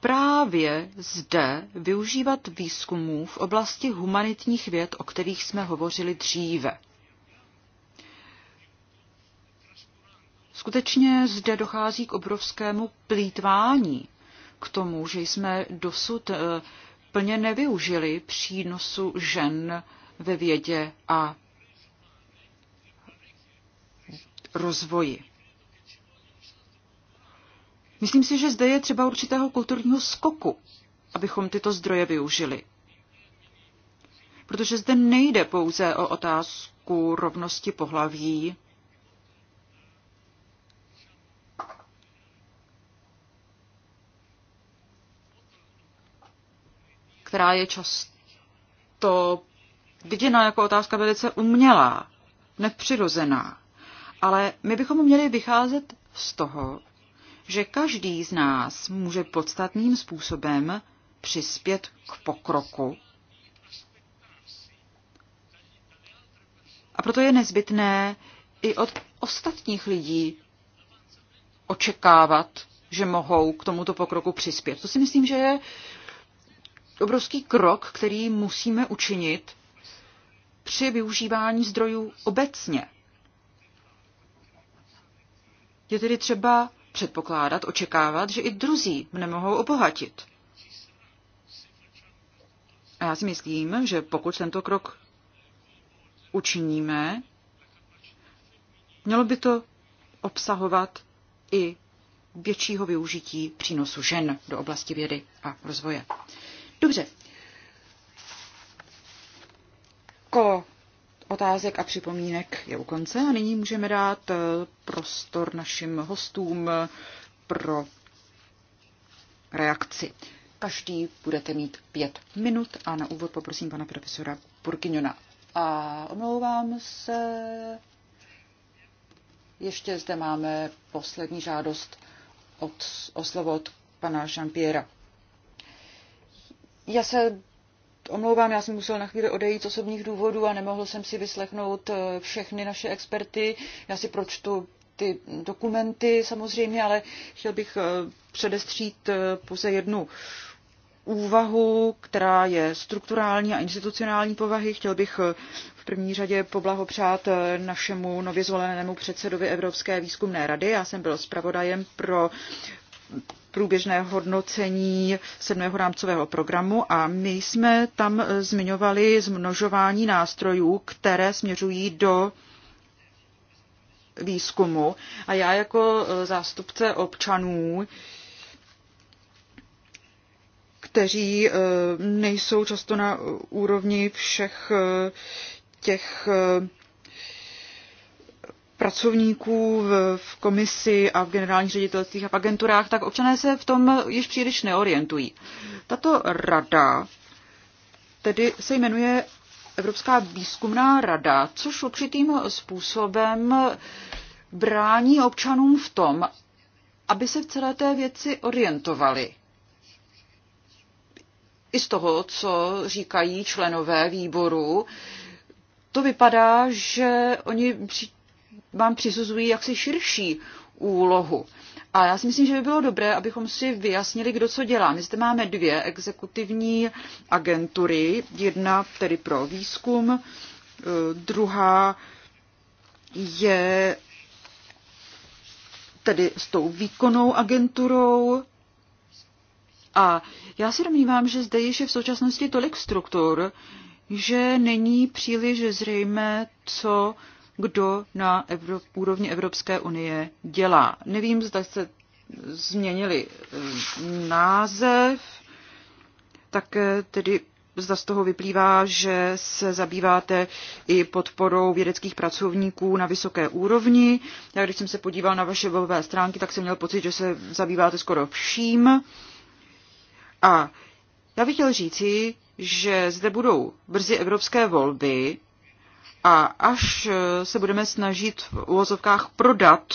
právě zde využívat výzkumů v oblasti humanitních věd, o kterých jsme hovořili dříve. Skutečně zde dochází k obrovskému plítvání, k tomu, že jsme dosud eh, plně nevyužili přínosu žen ve vědě a rozvoji. Myslím si, že zde je třeba určitého kulturního skoku, abychom tyto zdroje využili. Protože zde nejde pouze o otázku rovnosti pohlaví, která je často viděna jako otázka velice umělá, nepřirozená. Ale my bychom měli vycházet z toho, že každý z nás může podstatným způsobem přispět k pokroku. A proto je nezbytné i od ostatních lidí očekávat, že mohou k tomuto pokroku přispět. To si myslím, že je obrovský krok, který musíme učinit při využívání zdrojů obecně. Je tedy třeba předpokládat, očekávat, že i druzí mne mohou obohatit. A já si myslím, že pokud tento krok učiníme, mělo by to obsahovat i většího využití přínosu žen do oblasti vědy a rozvoje. Dobře. Kolo otázek a připomínek je u konce a nyní můžeme dát eh, prostor našim hostům eh, pro reakci. Každý budete mít pět minut a na úvod poprosím pana profesora Burkiňona. A omlouvám se, ještě zde máme poslední žádost od, o slovo od pana Jean-Pierre já se omlouvám, já jsem musel na chvíli odejít z osobních důvodů a nemohl jsem si vyslechnout eh, všechny naše experty. Já si pročtu ty dokumenty samozřejmě, ale chtěl bych eh, předestřít eh, pouze jednu úvahu, která je strukturální a institucionální povahy. Chtěl bych v první řadě poblahopřát našemu nově zvolenému předsedovi Evropské výzkumné rady. Já jsem byl zpravodajem pro průběžné hodnocení sedmého rámcového programu a my jsme tam eh, zmiňovali zmnožování nástrojů, které směřují do výzkumu. A já jako eh, zástupce občanů kteří eh, nejsou často na úrovni všech těch pracovníků v komisi a v generálních ředitelstvích a v agenturách, tak občané se v tom již příliš neorientují. Tato rada tedy se jmenuje Evropská výzkumná rada, což určitým způsobem brání občanům v tom, aby se v celé té věci orientovali. I z toho, co říkají členové výboru, to vypadá, že oni vám přisuzují jaksi širší úlohu. A já si myslím, že by bylo dobré, abychom si vyjasnili, kdo co dělá. My zde máme dvě exekutivní agentury, jedna tedy pro výzkum, e, druhá je tedy s tou výkonnou agenturou. A já si domnívám, že zde již je v současnosti tolik struktur, že není příliš zřejmé, co kdo na Evrop, úrovni Evropské unie dělá. Nevím, zda se změnili eh, název, Tak tedy zda z toho vyplývá, že se zabýváte i podporou vědeckých pracovníků na vysoké úrovni. Já když jsem se podíval na vaše webové stránky, tak jsem měl pocit, že se zabýváte skoro vším. A já bych chtěl říci, že zde budou brzy evropské volby a až eh, se budeme snažit v uvozovkách prodat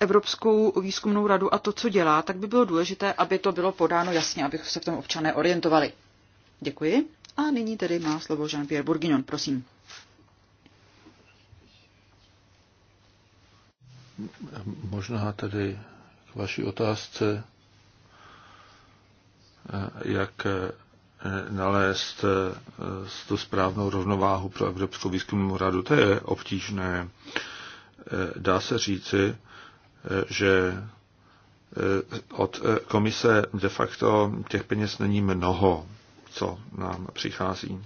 Evropskou výzkumnou radu a to, co dělá, tak by bylo důležité, aby to bylo podáno jasně, aby se v tom občané orientovali. Děkuji. A nyní tedy má slovo Jean-Pierre Bourguignon, prosím. Možná tedy k vaší otázce, eh, jak eh, Eh, nalézt eh, tu správnou rovnováhu pro Evropskou výzkumnou radu. To je obtížné. Eh, dá se říci, že od komise de facto těch peněz není mnoho, co nám přichází.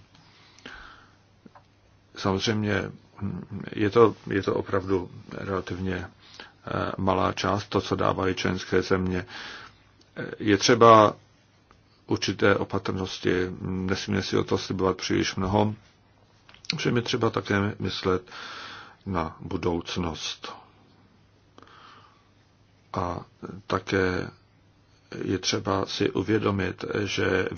Samozřejmě hm, je to, je to opravdu relativně malá část, to, co dávají členské země. Je třeba určité opatrnosti. Nesmíme si o to slibovat příliš mnoho. Všem je třeba také myslet na budoucnost. A také je třeba si uvědomit, že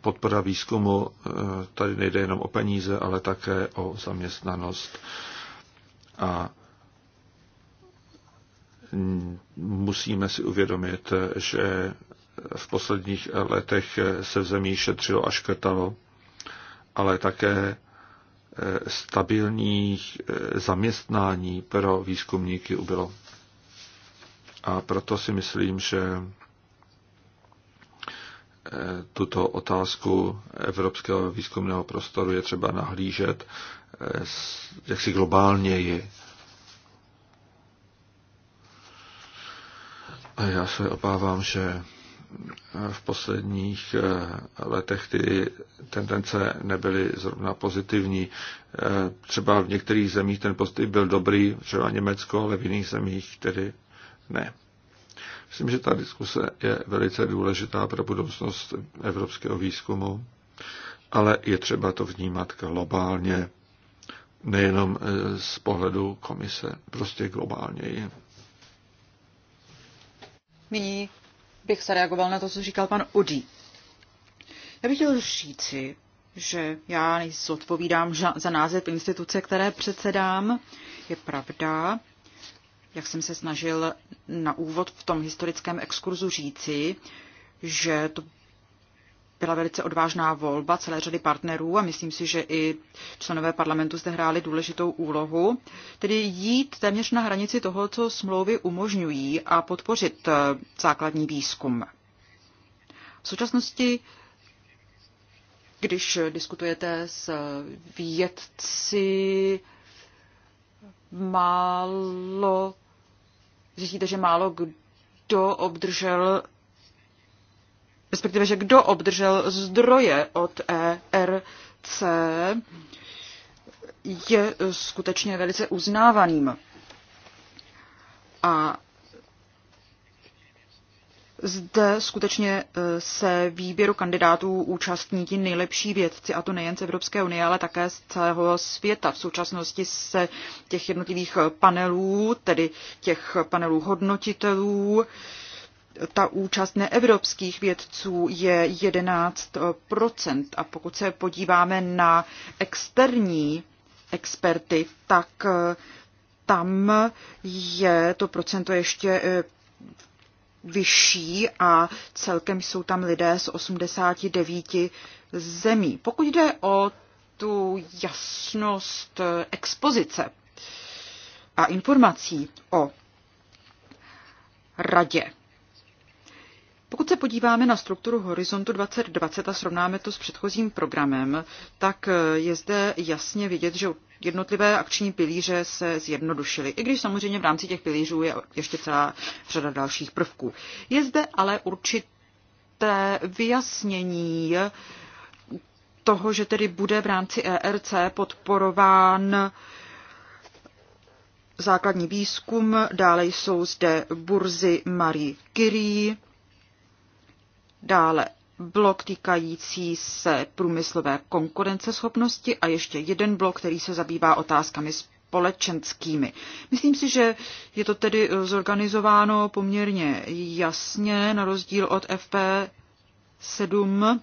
podpora výzkumu eh, tady nejde jenom o peníze, ale také o zaměstnanost. A musíme si uvědomit, že v posledních letech se v zemí šetřilo a škrtalo, ale také eh, stabilních eh, zaměstnání pro výzkumníky ubylo. A proto si myslím, že eh, tuto otázku evropského výzkumného prostoru je třeba nahlížet jaksi globálněji. A já se obávám, že v posledních eh, letech ty tendence nebyly zrovna pozitivní. Eh, třeba v některých zemích ten pozitiv byl dobrý, třeba Německo, ale v jiných zemích tedy ne. Myslím, že ta diskuse je velice důležitá pro budoucnost evropského výzkumu, ale je třeba to vnímat globálně, nejenom eh, z pohledu komise, prostě je. Nyní bych reagoval na to, co říkal pan Udí. Já bych chtěl říci, že já odpovídám za název instituce, které předsedám. Je pravda, jak jsem se snažil na úvod v tom historickém exkurzu říci, že to byla velice odvážná volba celé řady partnerů a myslím si, že i členové parlamentu zde hráli důležitou úlohu, tedy jít téměř na hranici toho, co smlouvy umožňují a podpořit eh, základní výzkum. V současnosti když diskutujete s vědci, málo, zjistíte, že málo kdo obdržel respektive, že kdo obdržel zdroje od ERC, je skutečně velice uznávaným. A zde skutečně e, se výběru kandidátů účastní ti nejlepší vědci, a to nejen z Evropské unie, ale také z celého světa. V současnosti se těch jednotlivých panelů, tedy těch panelů hodnotitelů, ta účast neevropských vědců je 11 A pokud se podíváme na externí experty, tak eh, tam je to procento ještě eh, vyšší a celkem jsou tam lidé z 89 zemí. Pokud jde o tu jasnost eh, expozice a informací o radě, pokud se podíváme na strukturu Horizontu 2020 a srovnáme to s předchozím programem, tak e, je zde jasně vidět, že jednotlivé akční pilíře se zjednodušily, i když samozřejmě v rámci těch pilířů je ještě celá řada dalších prvků. Je zde ale určité vyjasnění toho, že tedy bude v rámci ERC podporován základní výzkum, dále jsou zde burzy Marie Curie, dále blok týkající se průmyslové konkurenceschopnosti a ještě jeden blok, který se zabývá otázkami společenskými. Myslím si, že je to tedy eh, zorganizováno poměrně jasně, na rozdíl od FP7.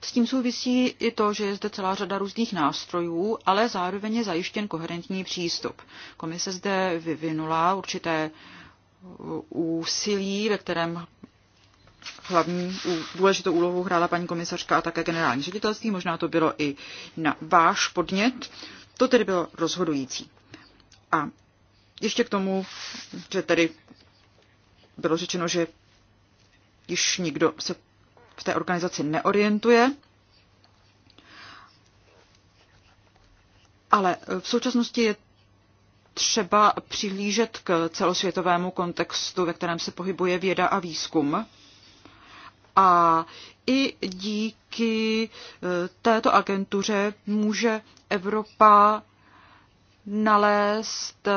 S tím souvisí i to, že je zde celá řada různých nástrojů, ale zároveň je zajištěn koherentní přístup. Komise zde vyvinula určité eh, úsilí, ve kterém hlavní důležitou úlohu hrála paní komisařka a také generální ředitelství, možná to bylo i na váš podnět. To tedy bylo rozhodující. A ještě k tomu, že tedy bylo řečeno, že již nikdo se v té organizaci neorientuje, ale v současnosti je třeba přihlížet k celosvětovému kontextu, ve kterém se pohybuje věda a výzkum. A i díky e, této agentuře může Evropa nalézt e,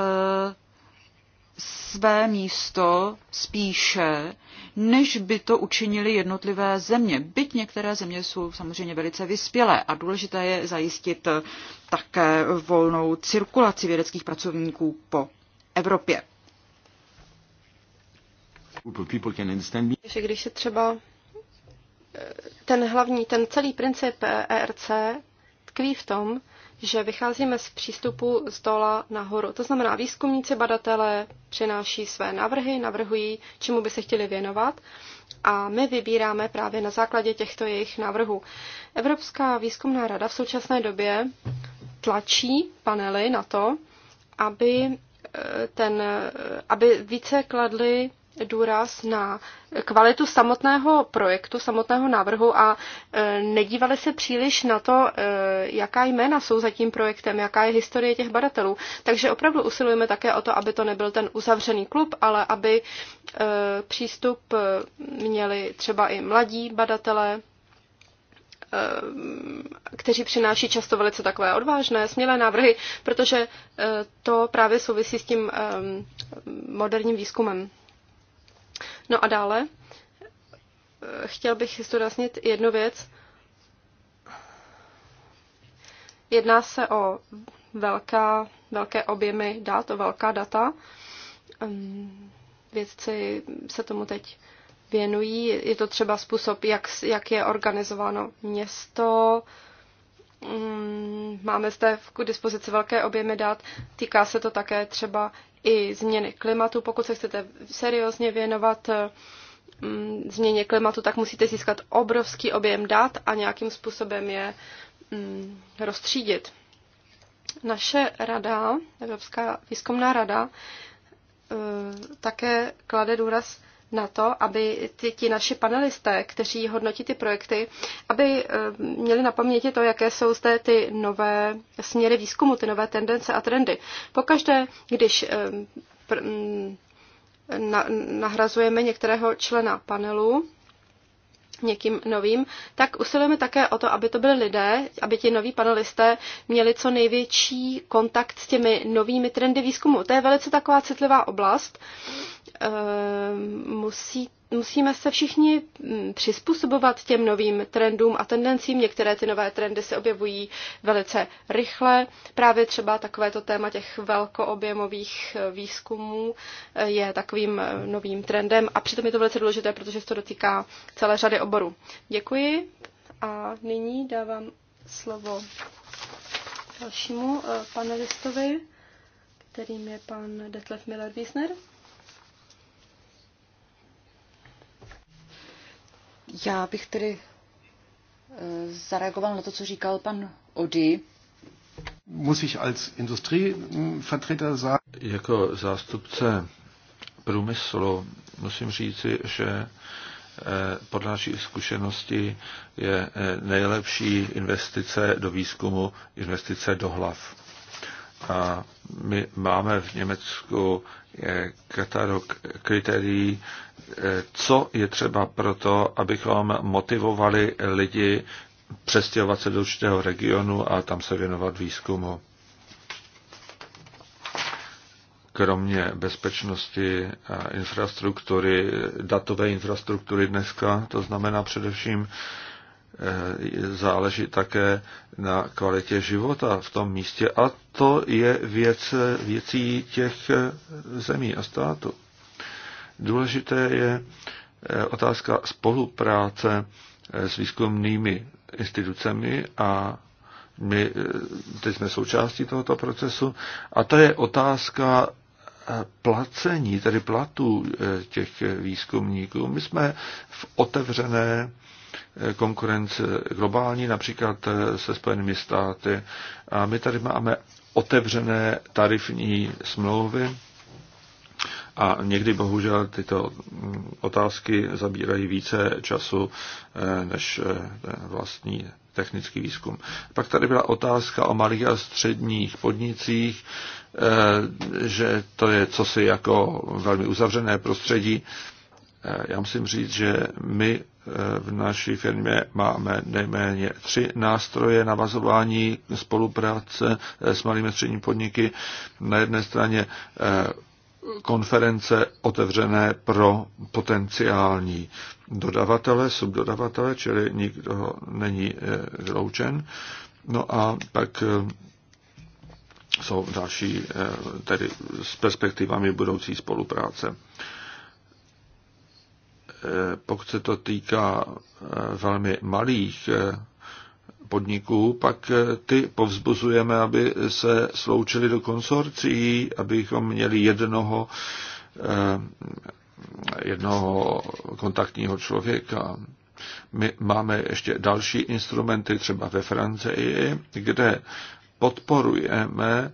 své místo spíše, než by to učinili jednotlivé země. Byť některé země jsou samozřejmě velice vyspělé a důležité je zajistit také volnou cirkulaci vědeckých pracovníků po Evropě. Když se třeba ten hlavní, ten celý princip ERC tkví v tom, že vycházíme z přístupu z dola nahoru. To znamená, výzkumníci, badatelé přináší své návrhy, navrhují, čemu by se chtěli věnovat a my vybíráme právě na základě těchto jejich návrhů. Evropská výzkumná rada v současné době tlačí panely na to, aby, eh, ten, eh, aby více kladly důraz na kvalitu samotného projektu, samotného návrhu a e, nedívali se příliš na to, e, jaká jména jsou za tím projektem, jaká je historie těch badatelů. Takže opravdu usilujeme také o to, aby to nebyl ten uzavřený klub, ale aby e, přístup měli třeba i mladí badatelé, kteří přináší často velice takové odvážné, smělé návrhy, protože to právě souvisí s tím moderním výzkumem. No a dále eh, chtěl bych zdůraznit jednu věc. Jedná se o velká, velké objemy dat, o velká data. Ehm, vědci se tomu teď věnují. Je to třeba způsob, jak, jak je organizováno město. Ehm, máme zde k dispozici velké objemy dat. Týká se to také třeba i změny klimatu. Pokud se chcete seriózně věnovat eh, mm, změně klimatu, tak musíte získat obrovský objem dat a nějakým způsobem je mm, rozstřídit. Naše rada, Evropská výzkumná rada, eh, také klade důraz na to, aby ti, ti naši panelisté, kteří hodnotí ty projekty, aby eh, měli na paměti to, jaké jsou zde ty nové směry výzkumu, ty nové tendence a trendy. Pokaždé, když eh, mm, nahrazujeme některého člena panelu, někým novým, tak usilujeme také o to, aby to byly lidé, aby ti noví panelisté měli co největší kontakt s těmi novými trendy výzkumu. To je velice taková citlivá oblast. Ehm, musí musíme se všichni mm, přizpůsobovat těm novým trendům a tendencím. Některé ty nové trendy se objevují velice rychle. Právě třeba takovéto téma těch velkoobjemových eh, výzkumů eh, je takovým eh, novým trendem a přitom je to velice důležité, protože se to dotýká celé řady oborů. Děkuji a nyní dávám slovo dalšímu panelistovi, kterým je pan Detlef Miller-Wiesner. Já bych tedy eh, zareagoval na to, co říkal pan Odi. Muss ich als Industrievertreter sagen? Jako zástupce průmyslu musím říci, že eh, podle naší zkušenosti je eh, nejlepší investice do výzkumu investice do hlav. A my máme v Německu eh, katalog kritérií, eh, co je třeba proto, abychom motivovali lidi přestěhovat se do určitého regionu a tam se věnovat výzkumu. Kromě bezpečnosti a infrastruktury, datové infrastruktury dneska, to znamená především Eh, záleží také na kvalitě života v tom místě a to je věc, věcí těch eh, zemí a států. Důležité je eh, otázka spolupráce s výzkumnými institucemi a my teď jsme součástí tohoto procesu a to je otázka placení, tedy platů těch výzkumníků. My jsme v otevřené Eh, konkurence globální, například eh, se Spojenými státy. A my tady máme otevřené tarifní smlouvy a někdy bohužel tyto mm, otázky zabírají více času eh, než vlastní technický výzkum. Pak tady byla otázka o malých a středních podnicích, že to je cosi jako velmi uzavřené prostředí. Já musím říct, že my eh, v naší firmě máme nejméně tři nástroje navazování spolupráce eh, s malými a středními podniky. Na jedné straně eh, konference otevřené pro potenciální dodavatele, subdodavatele, čili nikdo není vyloučen. No a pak jsou další tedy s perspektivami budoucí spolupráce pokud se to týká eh, velmi malých eh, podniků, pak eh, ty povzbuzujeme, aby se sloučili do konsorcí, abychom měli jednoho, jednoho kontaktního člověka. My máme ještě další instrumenty, třeba ve Francii, kde podporujeme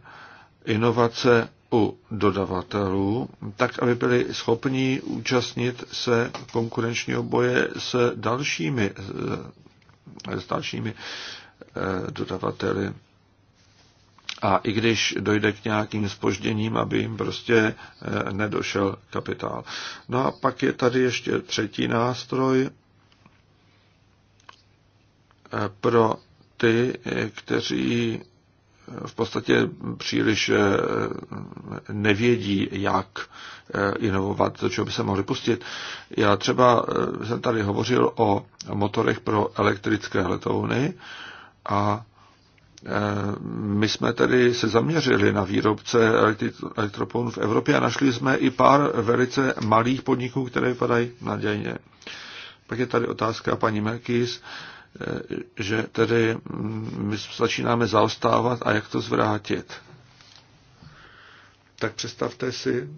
inovace u dodavatelů, tak aby byli schopni účastnit se konkurenčního boje s dalšími, eh, s dalšími eh, dodavateli. A i když dojde k nějakým spožděním, aby jim prostě eh, nedošel kapitál. No a pak je tady ještě třetí nástroj pro ty, kteří v podstatě příliš eh, nevědí, jak eh, inovovat, do čeho by se mohli pustit. Já třeba eh, jsem tady hovořil o motorech pro elektrické letouny a my jsme tedy se zaměřili na výrobce elektroponů v Evropě a našli jsme i pár velice malých podniků, které vypadají nadějně. Pak je tady otázka paní Merkis že tedy mm, my začínáme zaostávat a jak to zvrátit. Tak představte si,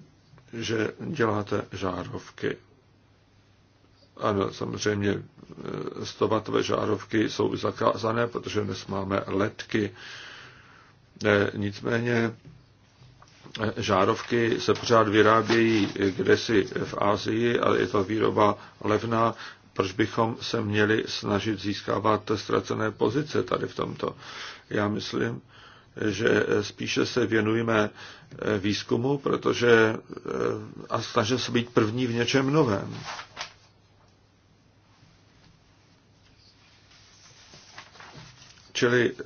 že děláte žárovky. Ano, samozřejmě e, stovatové žárovky jsou zakázané, protože dnes máme letky. E, nicméně e, žárovky se pořád vyrábějí kdesi v Ázii, ale je to výroba levná proč bychom se měli snažit získávat ztracené pozice tady v tomto. Já myslím, že spíše se věnujeme eh, výzkumu, protože eh, a snažíme se být první v něčem novém. Čili eh,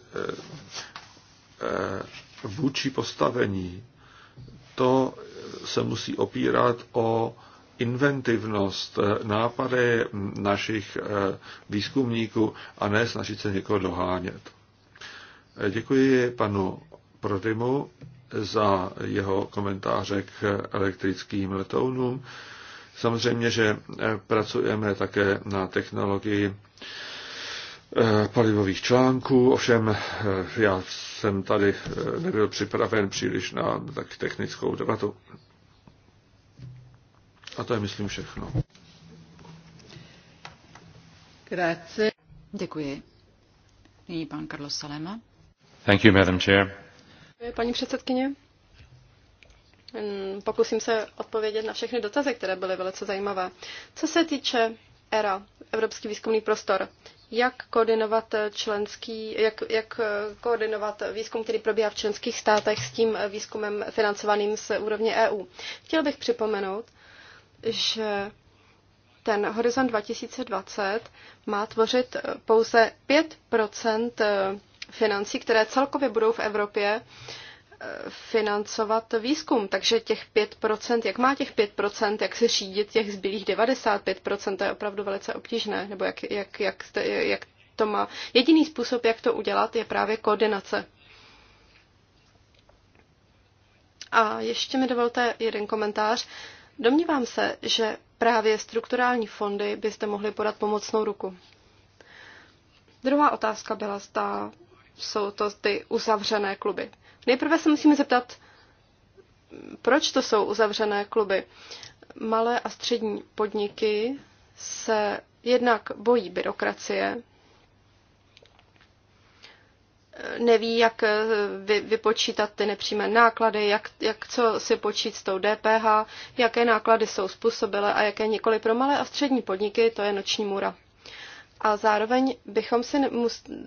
vůči postavení, to se musí opírat o inventivnost, eh, nápady našich eh, výzkumníků a ne snažit se někoho dohánět. Eh, děkuji panu Prodymu za jeho komentáře k elektrickým letounům. Samozřejmě, že pracujeme také na technologii palivových článků, ovšem já jsem tady nebyl připraven příliš na tak technickou debatu. A to je, myslím, všechno. Grazie. Děkuji. Nyní pan Carlos Salema. Thank you, Madam Chair. Paní předsedkyně, hm, pokusím se odpovědět na všechny dotazy, které byly velice zajímavé. Co se týče ERA, Evropský výzkumný prostor, jak koordinovat členský, jak, jak koordinovat výzkum, který probíhá v členských státech s tím výzkumem financovaným z úrovně EU. Chtěl bych připomenout, že ten Horizont 2020 má tvořit eh, pouze 5 eh, financí, které celkově budou v Evropě eh, financovat výzkum. Takže těch 5%, jak má těch 5%, jak se řídit těch zbylých 95%, to je opravdu velice obtížné, nebo jak, jak, jak, jak to má. Jediný způsob, jak to udělat, je právě koordinace. A ještě mi dovolte jeden komentář. Domnívám se, že právě strukturální fondy Byste mohli podat pomocnou ruku. Druhá otázka byla, zda jsou to ty uzavřené kluby. Nejprve se musíme zeptat, proč to jsou uzavřené kluby. Malé a střední podniky se jednak bojí byrokracie, neví, jak eh, vy, vypočítat ty nepřímé náklady, jak, jak co si počít s tou DPH, jaké náklady jsou způsobile a jaké nikoli pro malé a střední podniky, to je noční můra. A zároveň, bychom si,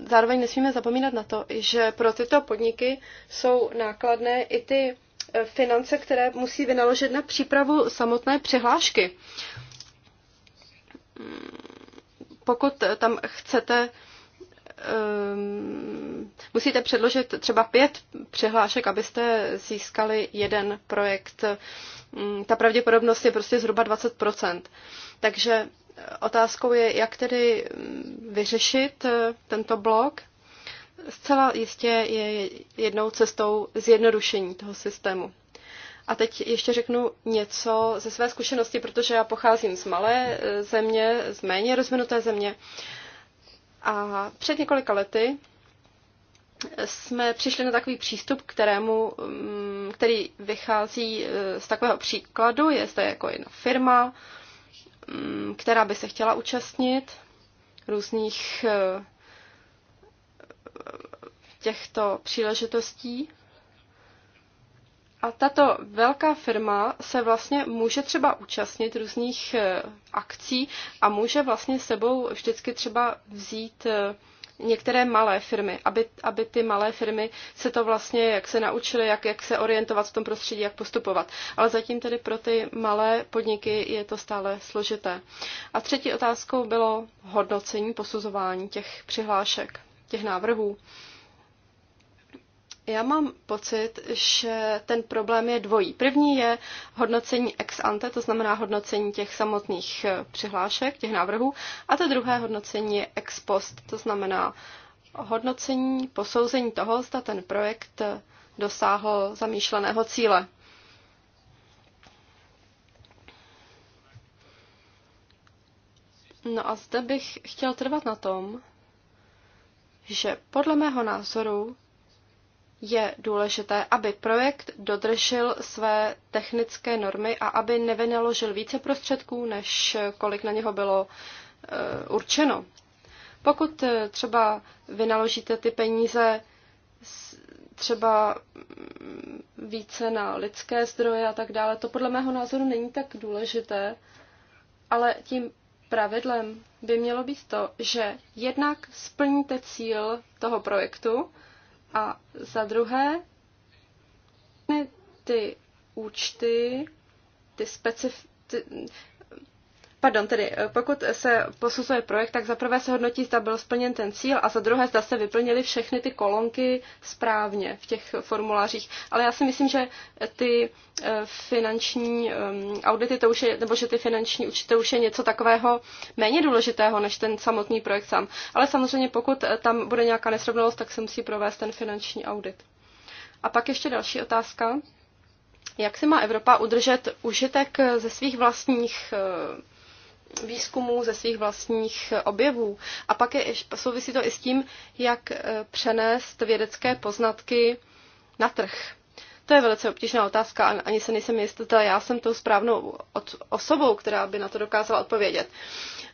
zároveň nesmíme zapomínat na to, že pro tyto podniky jsou nákladné i ty eh, finance, které musí vynaložit na přípravu samotné přihlášky. Hmm, pokud tam chcete um, musíte předložit třeba pět přihlášek, abyste získali jeden projekt. Mm, ta pravděpodobnost je prostě zhruba 20%. Takže otázkou je, jak tedy mm, vyřešit eh, tento blok. Zcela jistě je jednou cestou zjednodušení toho systému. A teď ještě řeknu něco ze své zkušenosti, protože já pocházím z malé eh, země, z méně rozvinuté země. Uh, a před několika lety jsme přišli na takový přístup, kterému, mm, který vychází e, z takového příkladu. Je zde jako jedna firma, mm, která by se chtěla účastnit různých e, e, těchto příležitostí a tato velká firma se vlastně může třeba účastnit různých eh, akcí a může vlastně sebou vždycky třeba vzít eh, některé malé firmy, aby, aby ty malé firmy se to vlastně, jak se naučily, jak, jak se orientovat v tom prostředí, jak postupovat. Ale zatím tedy pro ty malé podniky je to stále složité. A třetí otázkou bylo hodnocení, posuzování těch přihlášek, těch návrhů. Já mám pocit, že ten problém je dvojí. První je hodnocení ex ante, to znamená hodnocení těch samotných eh, přihlášek, těch návrhů, a to druhé hodnocení je ex post, to znamená hodnocení, posouzení toho, zda ten projekt eh, dosáhl zamýšleného cíle. No a zde bych chtěl trvat na tom, že podle mého názoru je důležité, aby projekt dodržel své technické normy a aby nevynaložil více prostředků, než kolik na něho bylo eh, určeno. Pokud eh, třeba vynaložíte ty peníze třeba mm, více na lidské zdroje a tak dále, to podle mého názoru není tak důležité, ale tím pravidlem by mělo být to, že jednak splníte cíl toho projektu, a za druhé, ty účty, ty specif, ty, Pardon, tedy eh, pokud se posuzuje projekt, tak za prvé se hodnotí, zda byl splněn ten cíl a za druhé, zda se vyplnily všechny ty kolonky správně v těch formulářích. Ale já si myslím, že ty eh, finanční ehm, audity, to už je, nebo že ty finanční účty už je něco takového méně důležitého než ten samotný projekt sám. Ale samozřejmě, pokud eh, tam bude nějaká nesrovnalost, tak se musí provést ten finanční audit. A pak ještě další otázka. Jak si má Evropa udržet užitek ze svých vlastních výzkumů, ze svých vlastních eh, objevů. A pak je, souvisí to i s tím, jak eh, přenést vědecké poznatky na trh. To je velice obtížná otázka, ani se nejsem jistá, já jsem tou správnou osobou, která by na to dokázala odpovědět.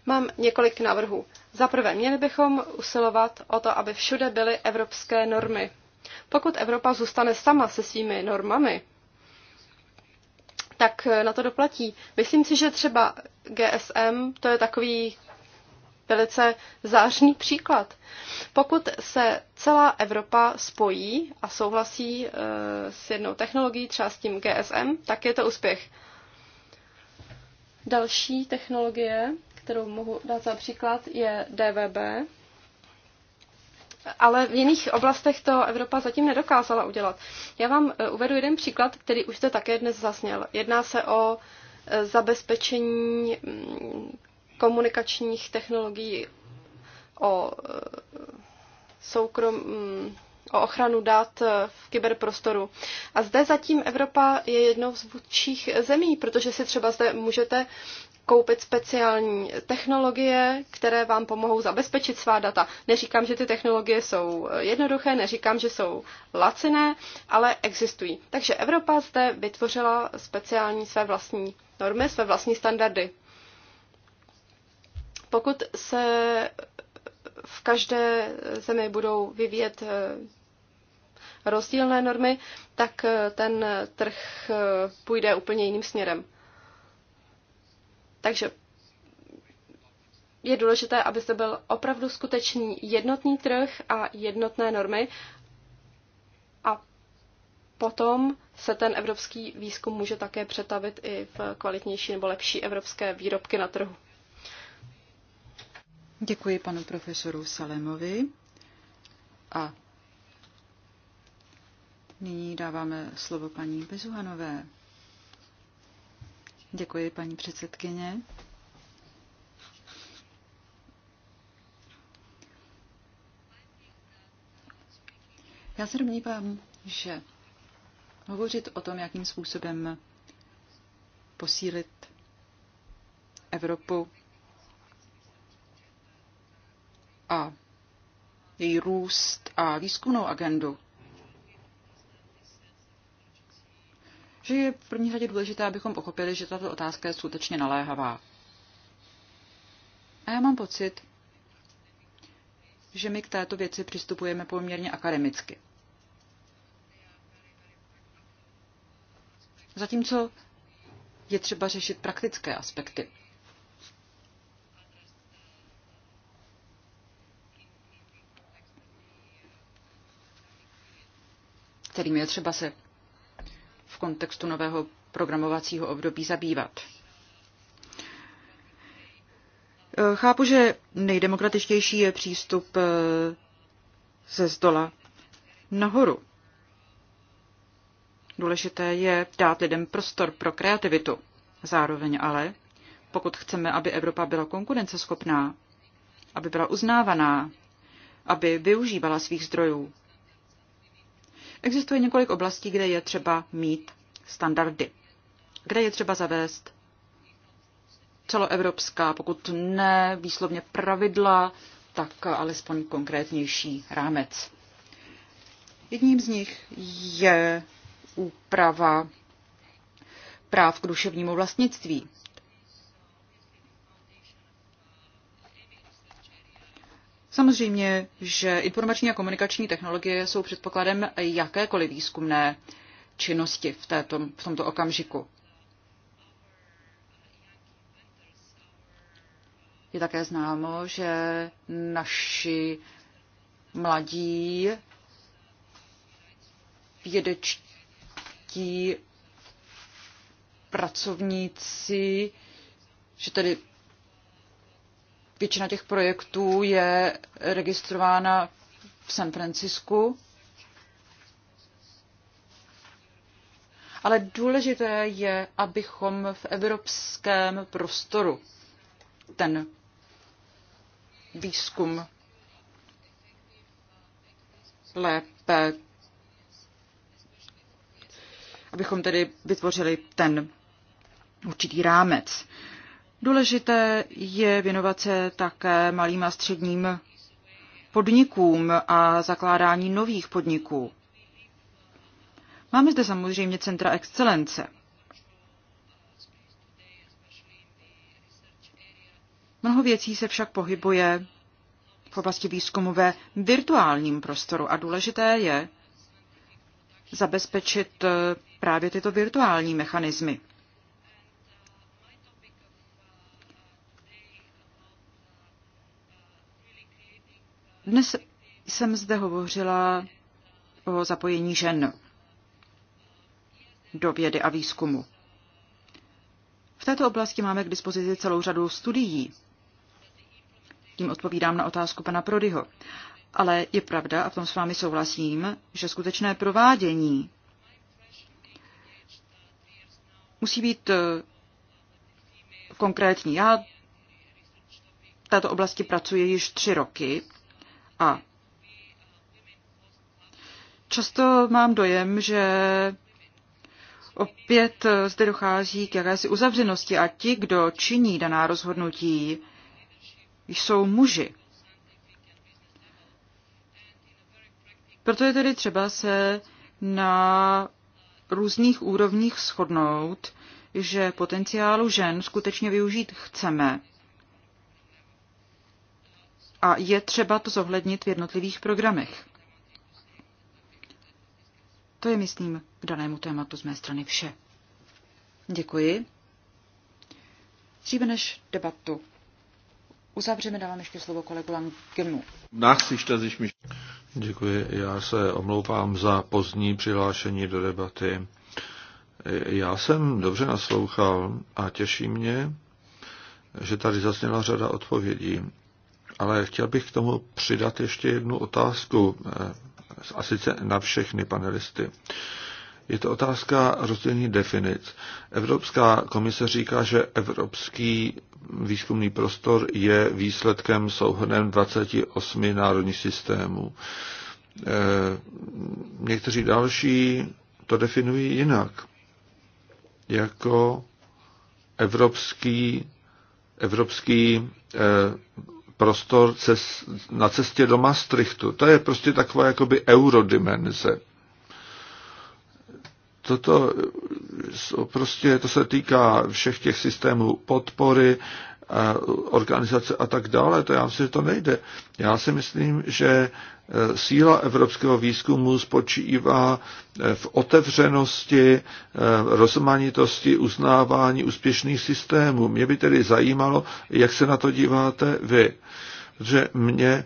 Mám několik návrhů. Za prvé, měli bychom usilovat o to, aby všude byly evropské normy. Pokud Evropa zůstane sama se svými normami, tak eh, na to doplatí. Myslím si, že třeba GSM, to je takový velice zářný příklad. Pokud se celá Evropa spojí a souhlasí eh, s jednou technologií, třeba s tím GSM, tak je to úspěch. Další technologie, kterou mohu dát za příklad, je DVB, ale v jiných oblastech to Evropa zatím nedokázala udělat. Já vám eh, uvedu jeden příklad, který už jste také dnes zasněl. Jedná se o eh, zabezpečení mm, komunikačních technologií, o eh, soukrom, mm, o ochranu dat v kyberprostoru. A zde zatím Evropa je jednou z vůdčích zemí, protože si třeba zde můžete koupit speciální technologie, které vám pomohou zabezpečit svá data. Neříkám, že ty technologie jsou jednoduché, neříkám, že jsou laciné, ale existují. Takže Evropa zde vytvořila speciální své vlastní normy, své vlastní standardy. Pokud se v každé zemi budou vyvíjet eh, rozdílné normy, tak eh, ten trh eh, půjde úplně jiným směrem. Takže je důležité, aby se byl opravdu skutečný jednotný trh a jednotné normy a potom se ten evropský výzkum může také přetavit i v kvalitnější nebo lepší evropské výrobky na trhu. Děkuji panu profesoru Salemovi a nyní dáváme slovo paní Bezuhanové. Děkuji, paní předsedkyně. Já se domnívám, že hovořit o tom, jakým způsobem posílit Evropu a její růst a výzkumnou agendu, že je v první řadě důležité, abychom pochopili, že tato otázka je skutečně naléhavá. A já mám pocit, že my k této věci přistupujeme poměrně akademicky. Zatímco je třeba řešit praktické aspekty. kterým je třeba se kontextu nového programovacího období zabývat. Chápu, že nejdemokratičtější je přístup eh, ze zdola nahoru. Důležité je dát lidem prostor pro kreativitu. Zároveň ale, pokud chceme, aby Evropa byla konkurenceschopná, aby byla uznávaná, aby využívala svých zdrojů, Existuje několik oblastí, kde je třeba mít standardy, kde je třeba zavést celoevropská, pokud ne výslovně pravidla, tak alespoň konkrétnější rámec. Jedním z nich je úprava práv k duševnímu vlastnictví. Samozřejmě, že informační a komunikační technologie jsou předpokladem jakékoliv výzkumné činnosti v, této, v tomto okamžiku. Je také známo, že naši mladí vědečtí pracovníci, že tedy Většina těch projektů je registrována v San Francisku. Ale důležité je, abychom v evropském prostoru ten výzkum lépe, abychom tedy vytvořili ten určitý rámec. Důležité je věnovat se také malým a středním podnikům a zakládání nových podniků. Máme zde samozřejmě centra excelence. Mnoho věcí se však pohybuje v oblasti výzkumu ve virtuálním prostoru a důležité je zabezpečit eh, právě tyto virtuální mechanismy. Dnes jsem zde hovořila o zapojení žen do vědy a výzkumu. V této oblasti máme k dispozici celou řadu studií. Tím odpovídám na otázku pana Prodyho. Ale je pravda, a v tom s vámi souhlasím, že skutečné provádění musí být eh, konkrétní. Já v této oblasti pracuji již tři roky a často mám dojem, že opět zde dochází k jakési uzavřenosti a ti, kdo činí daná rozhodnutí, jsou muži. Proto je tedy třeba se na různých úrovních shodnout, že potenciálu žen skutečně využít chceme a je třeba to zohlednit v jednotlivých programech. To je, myslím, k danému tématu z mé strany vše. Děkuji. Dříve než debatu uzavřeme, dávám ještě slovo kolegu Langemu. Děkuji. Já se omlouvám za pozdní přihlášení do debaty. Já jsem dobře naslouchal a těší mě, že tady zazněla řada odpovědí ale chtěl bych k tomu přidat ještě jednu otázku, eh, a sice na všechny panelisty. Je to otázka rozdělení definic. Evropská komise říká, že evropský výzkumný prostor je výsledkem souhrnem 28 národních systémů. Eh, někteří další to definují jinak, jako evropský, evropský eh, prostor cest, na cestě do Maastrichtu. To je prostě taková jakoby eurodimenze. Toto prostě, to se týká všech těch systémů podpory, organizace a tak dále. To já myslím, že to nejde. Já si myslím, že e, síla evropského výzkumu spočívá e, v otevřenosti, e, rozmanitosti, uznávání úspěšných systémů. Mě by tedy zajímalo, jak se na to díváte vy. Protože mě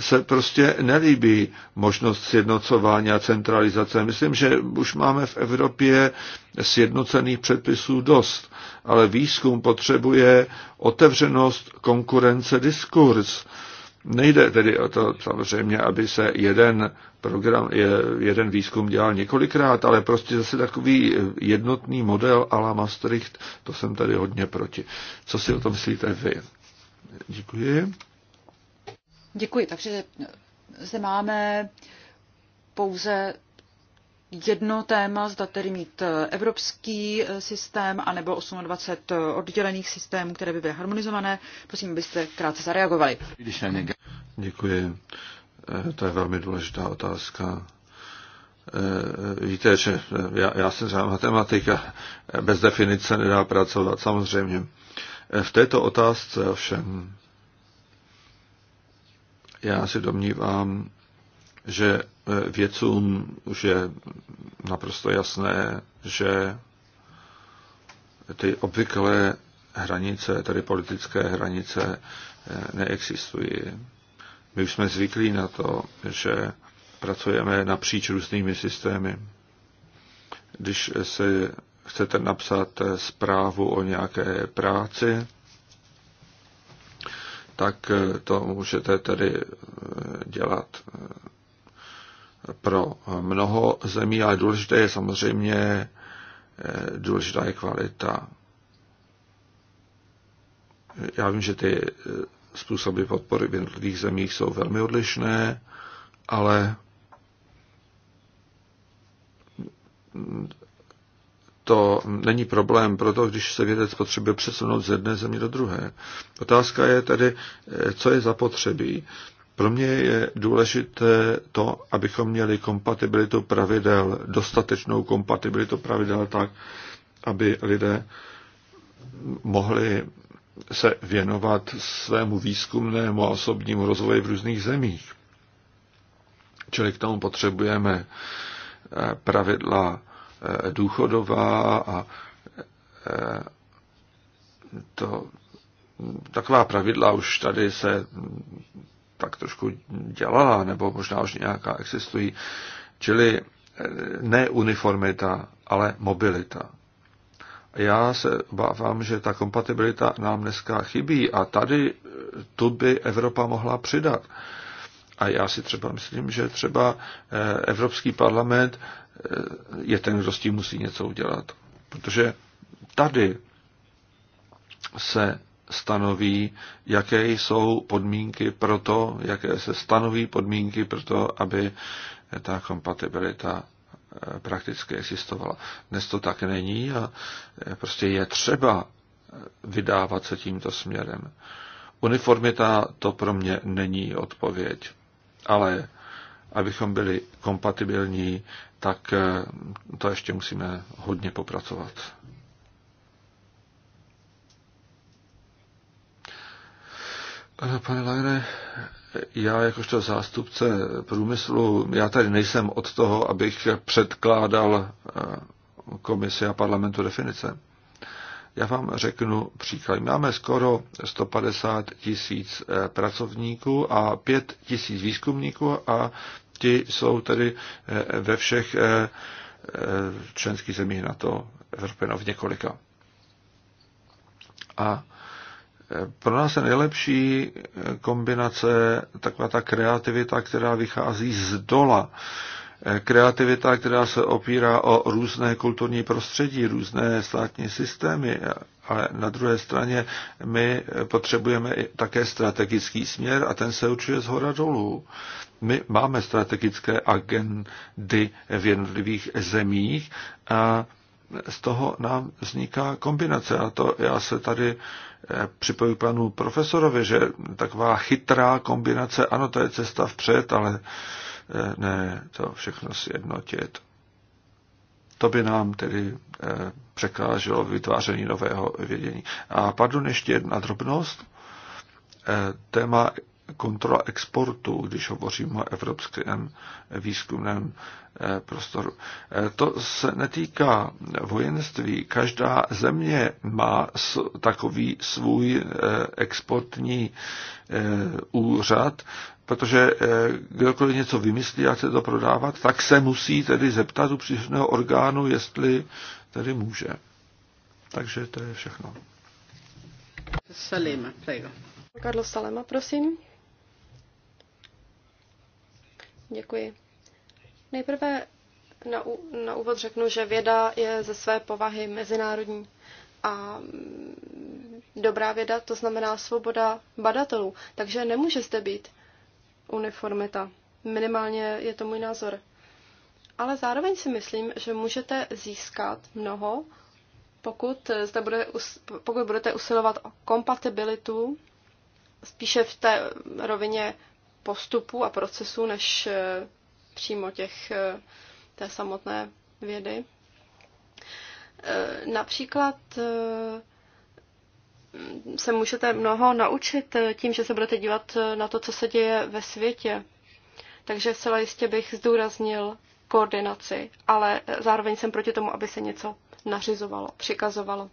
se prostě nelíbí možnost sjednocování a centralizace. Myslím, že už máme v Evropě sjednocených předpisů dost, ale výzkum potřebuje otevřenost, konkurence, diskurs. Nejde tedy o to samozřejmě, aby se jeden program, jeden výzkum dělal několikrát, ale prostě zase takový jednotný model a la Maastricht, to jsem tady hodně proti. Co si o tom myslíte vy? Děkuji. Děkuji. Takže zde máme pouze jedno téma, zda tedy mít evropský eh, systém anebo 28 eh, oddělených systémů, které by byly harmonizované. Prosím, byste krátce zareagovali. Děkuji. Eh, to je velmi důležitá otázka. Víte, že já, já jsem říkal matematika, bez definice nedá pracovat, samozřejmě. V této otázce ovšem já si domnívám, že eh, vědcům už je naprosto jasné, že ty obvyklé hranice, tedy politické hranice, eh, neexistují. My už jsme zvyklí na to, že pracujeme napříč různými systémy. Když si chcete napsat eh, zprávu o nějaké práci, tak eh, to můžete tedy eh, dělat eh, pro mnoho zemí, ale důležité je samozřejmě důležitá je kvalita. Já vím, že ty způsoby podpory v jednotlivých zemích jsou velmi odlišné, ale to není problém pro to, když se vědec potřebuje přesunout z jedné země do druhé. Otázka je tedy, co je zapotřebí. Pro mě je důležité to, abychom měli kompatibilitu pravidel, dostatečnou kompatibilitu pravidel tak, aby lidé mohli se věnovat svému výzkumnému a osobnímu rozvoji v různých zemích. Čili k tomu potřebujeme eh, pravidla důchodová a eh, to, taková pravidla už tady se tak trošku dělala, nebo možná už nějaká existují, čili eh, ne uniformita, ale mobilita. Já se obávám, že ta kompatibilita nám dneska chybí a tady tu by Evropa mohla přidat. A já si třeba myslím, že třeba eh, Evropský parlament eh, je ten, kdo s tím musí něco udělat. Protože tady se stanoví, jaké jsou podmínky pro to, jaké se stanoví podmínky pro to, aby ta kompatibilita eh, prakticky existovala. Dnes to tak není a prostě je třeba vydávat se tímto směrem. Uniformita to pro mě není odpověď ale abychom byli kompatibilní, tak eh, to ještě musíme hodně popracovat. Eh, pane Lajne, já jakožto zástupce průmyslu, já tady nejsem od toho, abych předkládal eh, komisi a parlamentu definice. Já vám řeknu příklad. Máme skoro 150 tisíc eh, pracovníků a 5 tisíc výzkumníků a ti jsou tedy eh, ve všech eh, členských zemích to vrpeno v několika. A pro nás je nejlepší kombinace taková ta kreativita, která vychází z dola. Eh, kreativita, která se opírá o různé kulturní prostředí, různé státní systémy, ale na druhé straně my potřebujeme také strategický směr a ten se určuje z hora dolů. My máme strategické agendy v jednotlivých zemích a z toho nám vzniká kombinace. A to já se tady eh, připoju panu profesorovi, že taková chytrá kombinace, ano, to je cesta vpřed, ale ne to všechno sjednotit. To by nám tedy eh, překáželo vytváření nového vědění. A pardon, ještě jedna drobnost. Eh, téma kontrola exportu, když hovoříme o evropském výzkumném eh, prostoru. To se netýká vojenství. Každá země má takový svůj exportní úřad, Protože eh, kdokoliv něco vymyslí a chce to prodávat, tak se musí tedy zeptat u příslušného orgánu, jestli tedy může. Takže to je všechno. Salima, prego. Karlo Salema, prosím. Děkuji. Nejprve na, na úvod řeknu, že věda je ze své povahy mezinárodní a mm, dobrá věda to znamená svoboda badatelů, takže nemůže zde být uniformita. Minimálně je to můj názor. Ale zároveň si myslím, že můžete získat mnoho, pokud, zde bude, pokud budete usilovat o kompatibilitu spíše v té rovině postupu a procesu, než eh, přímo těch, eh, té samotné vědy. Eh, například se můžete mnoho naučit tím, že se budete dívat na to, co se děje ve světě. Takže zcela jistě bych zdůraznil koordinaci, ale zároveň jsem proti tomu, aby se něco nařizovalo, přikazovalo.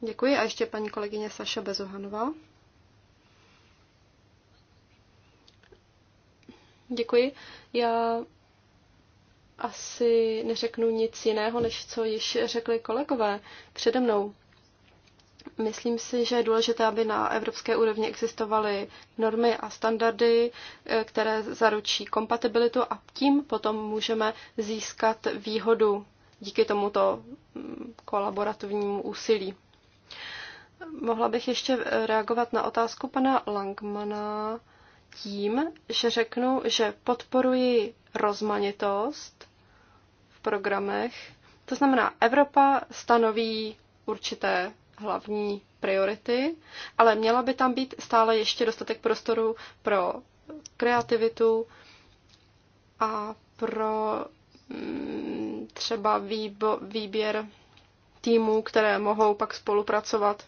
Děkuji a ještě paní kolegyně Saša Bezohanová. Děkuji. Já asi neřeknu nic jiného, než co již řekli kolegové přede mnou. Myslím si, že je důležité, aby na evropské úrovni existovaly normy a standardy, eh, které zaručí kompatibilitu a tím potom můžeme získat výhodu díky tomuto mm, kolaborativnímu úsilí. Mohla bych ještě eh, reagovat na otázku pana Langmana tím, že řeknu, že podporuji rozmanitost v programech. To znamená, Evropa stanoví určité hlavní priority, ale měla by tam být stále ještě dostatek prostoru pro kreativitu a pro mm, třeba výbo, výběr týmů, které mohou pak spolupracovat.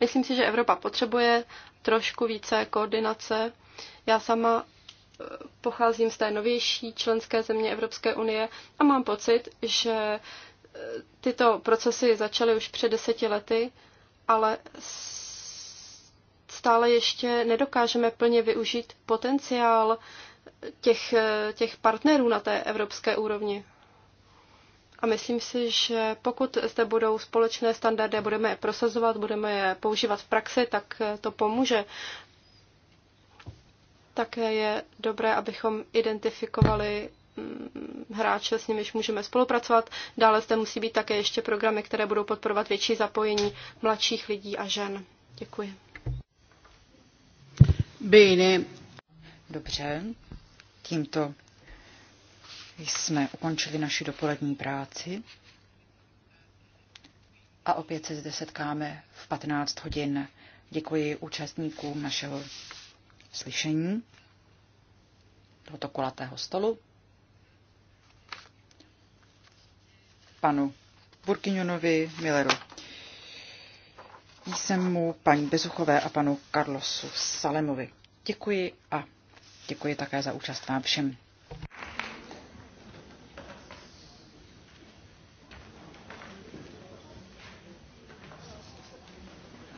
Myslím si, že Evropa potřebuje trošku více koordinace. Já sama e, pocházím z té novější členské země Evropské unie a mám pocit, že tyto procesy začaly už před deseti lety, ale stále ještě nedokážeme plně využít potenciál těch, těch partnerů na té evropské úrovni. A myslím si, že pokud zde budou společné standardy a budeme je prosazovat, budeme je používat v praxi, tak to pomůže. Také je dobré, abychom identifikovali Mm, hráče, s nimiž můžeme spolupracovat. Dále zde musí být také ještě programy, které budou podporovat větší zapojení mladších lidí a žen. Děkuji. Bene. Dobře, tímto jsme ukončili naši dopolední práci a opět se zde setkáme v 15 hodin. Děkuji účastníkům našeho slyšení tohoto kulatého stolu. panu Burkiňonovi Milleru. Jsem mu paní Bezuchové a panu Carlosu Salemovi. Děkuji a děkuji také za účast vám všem.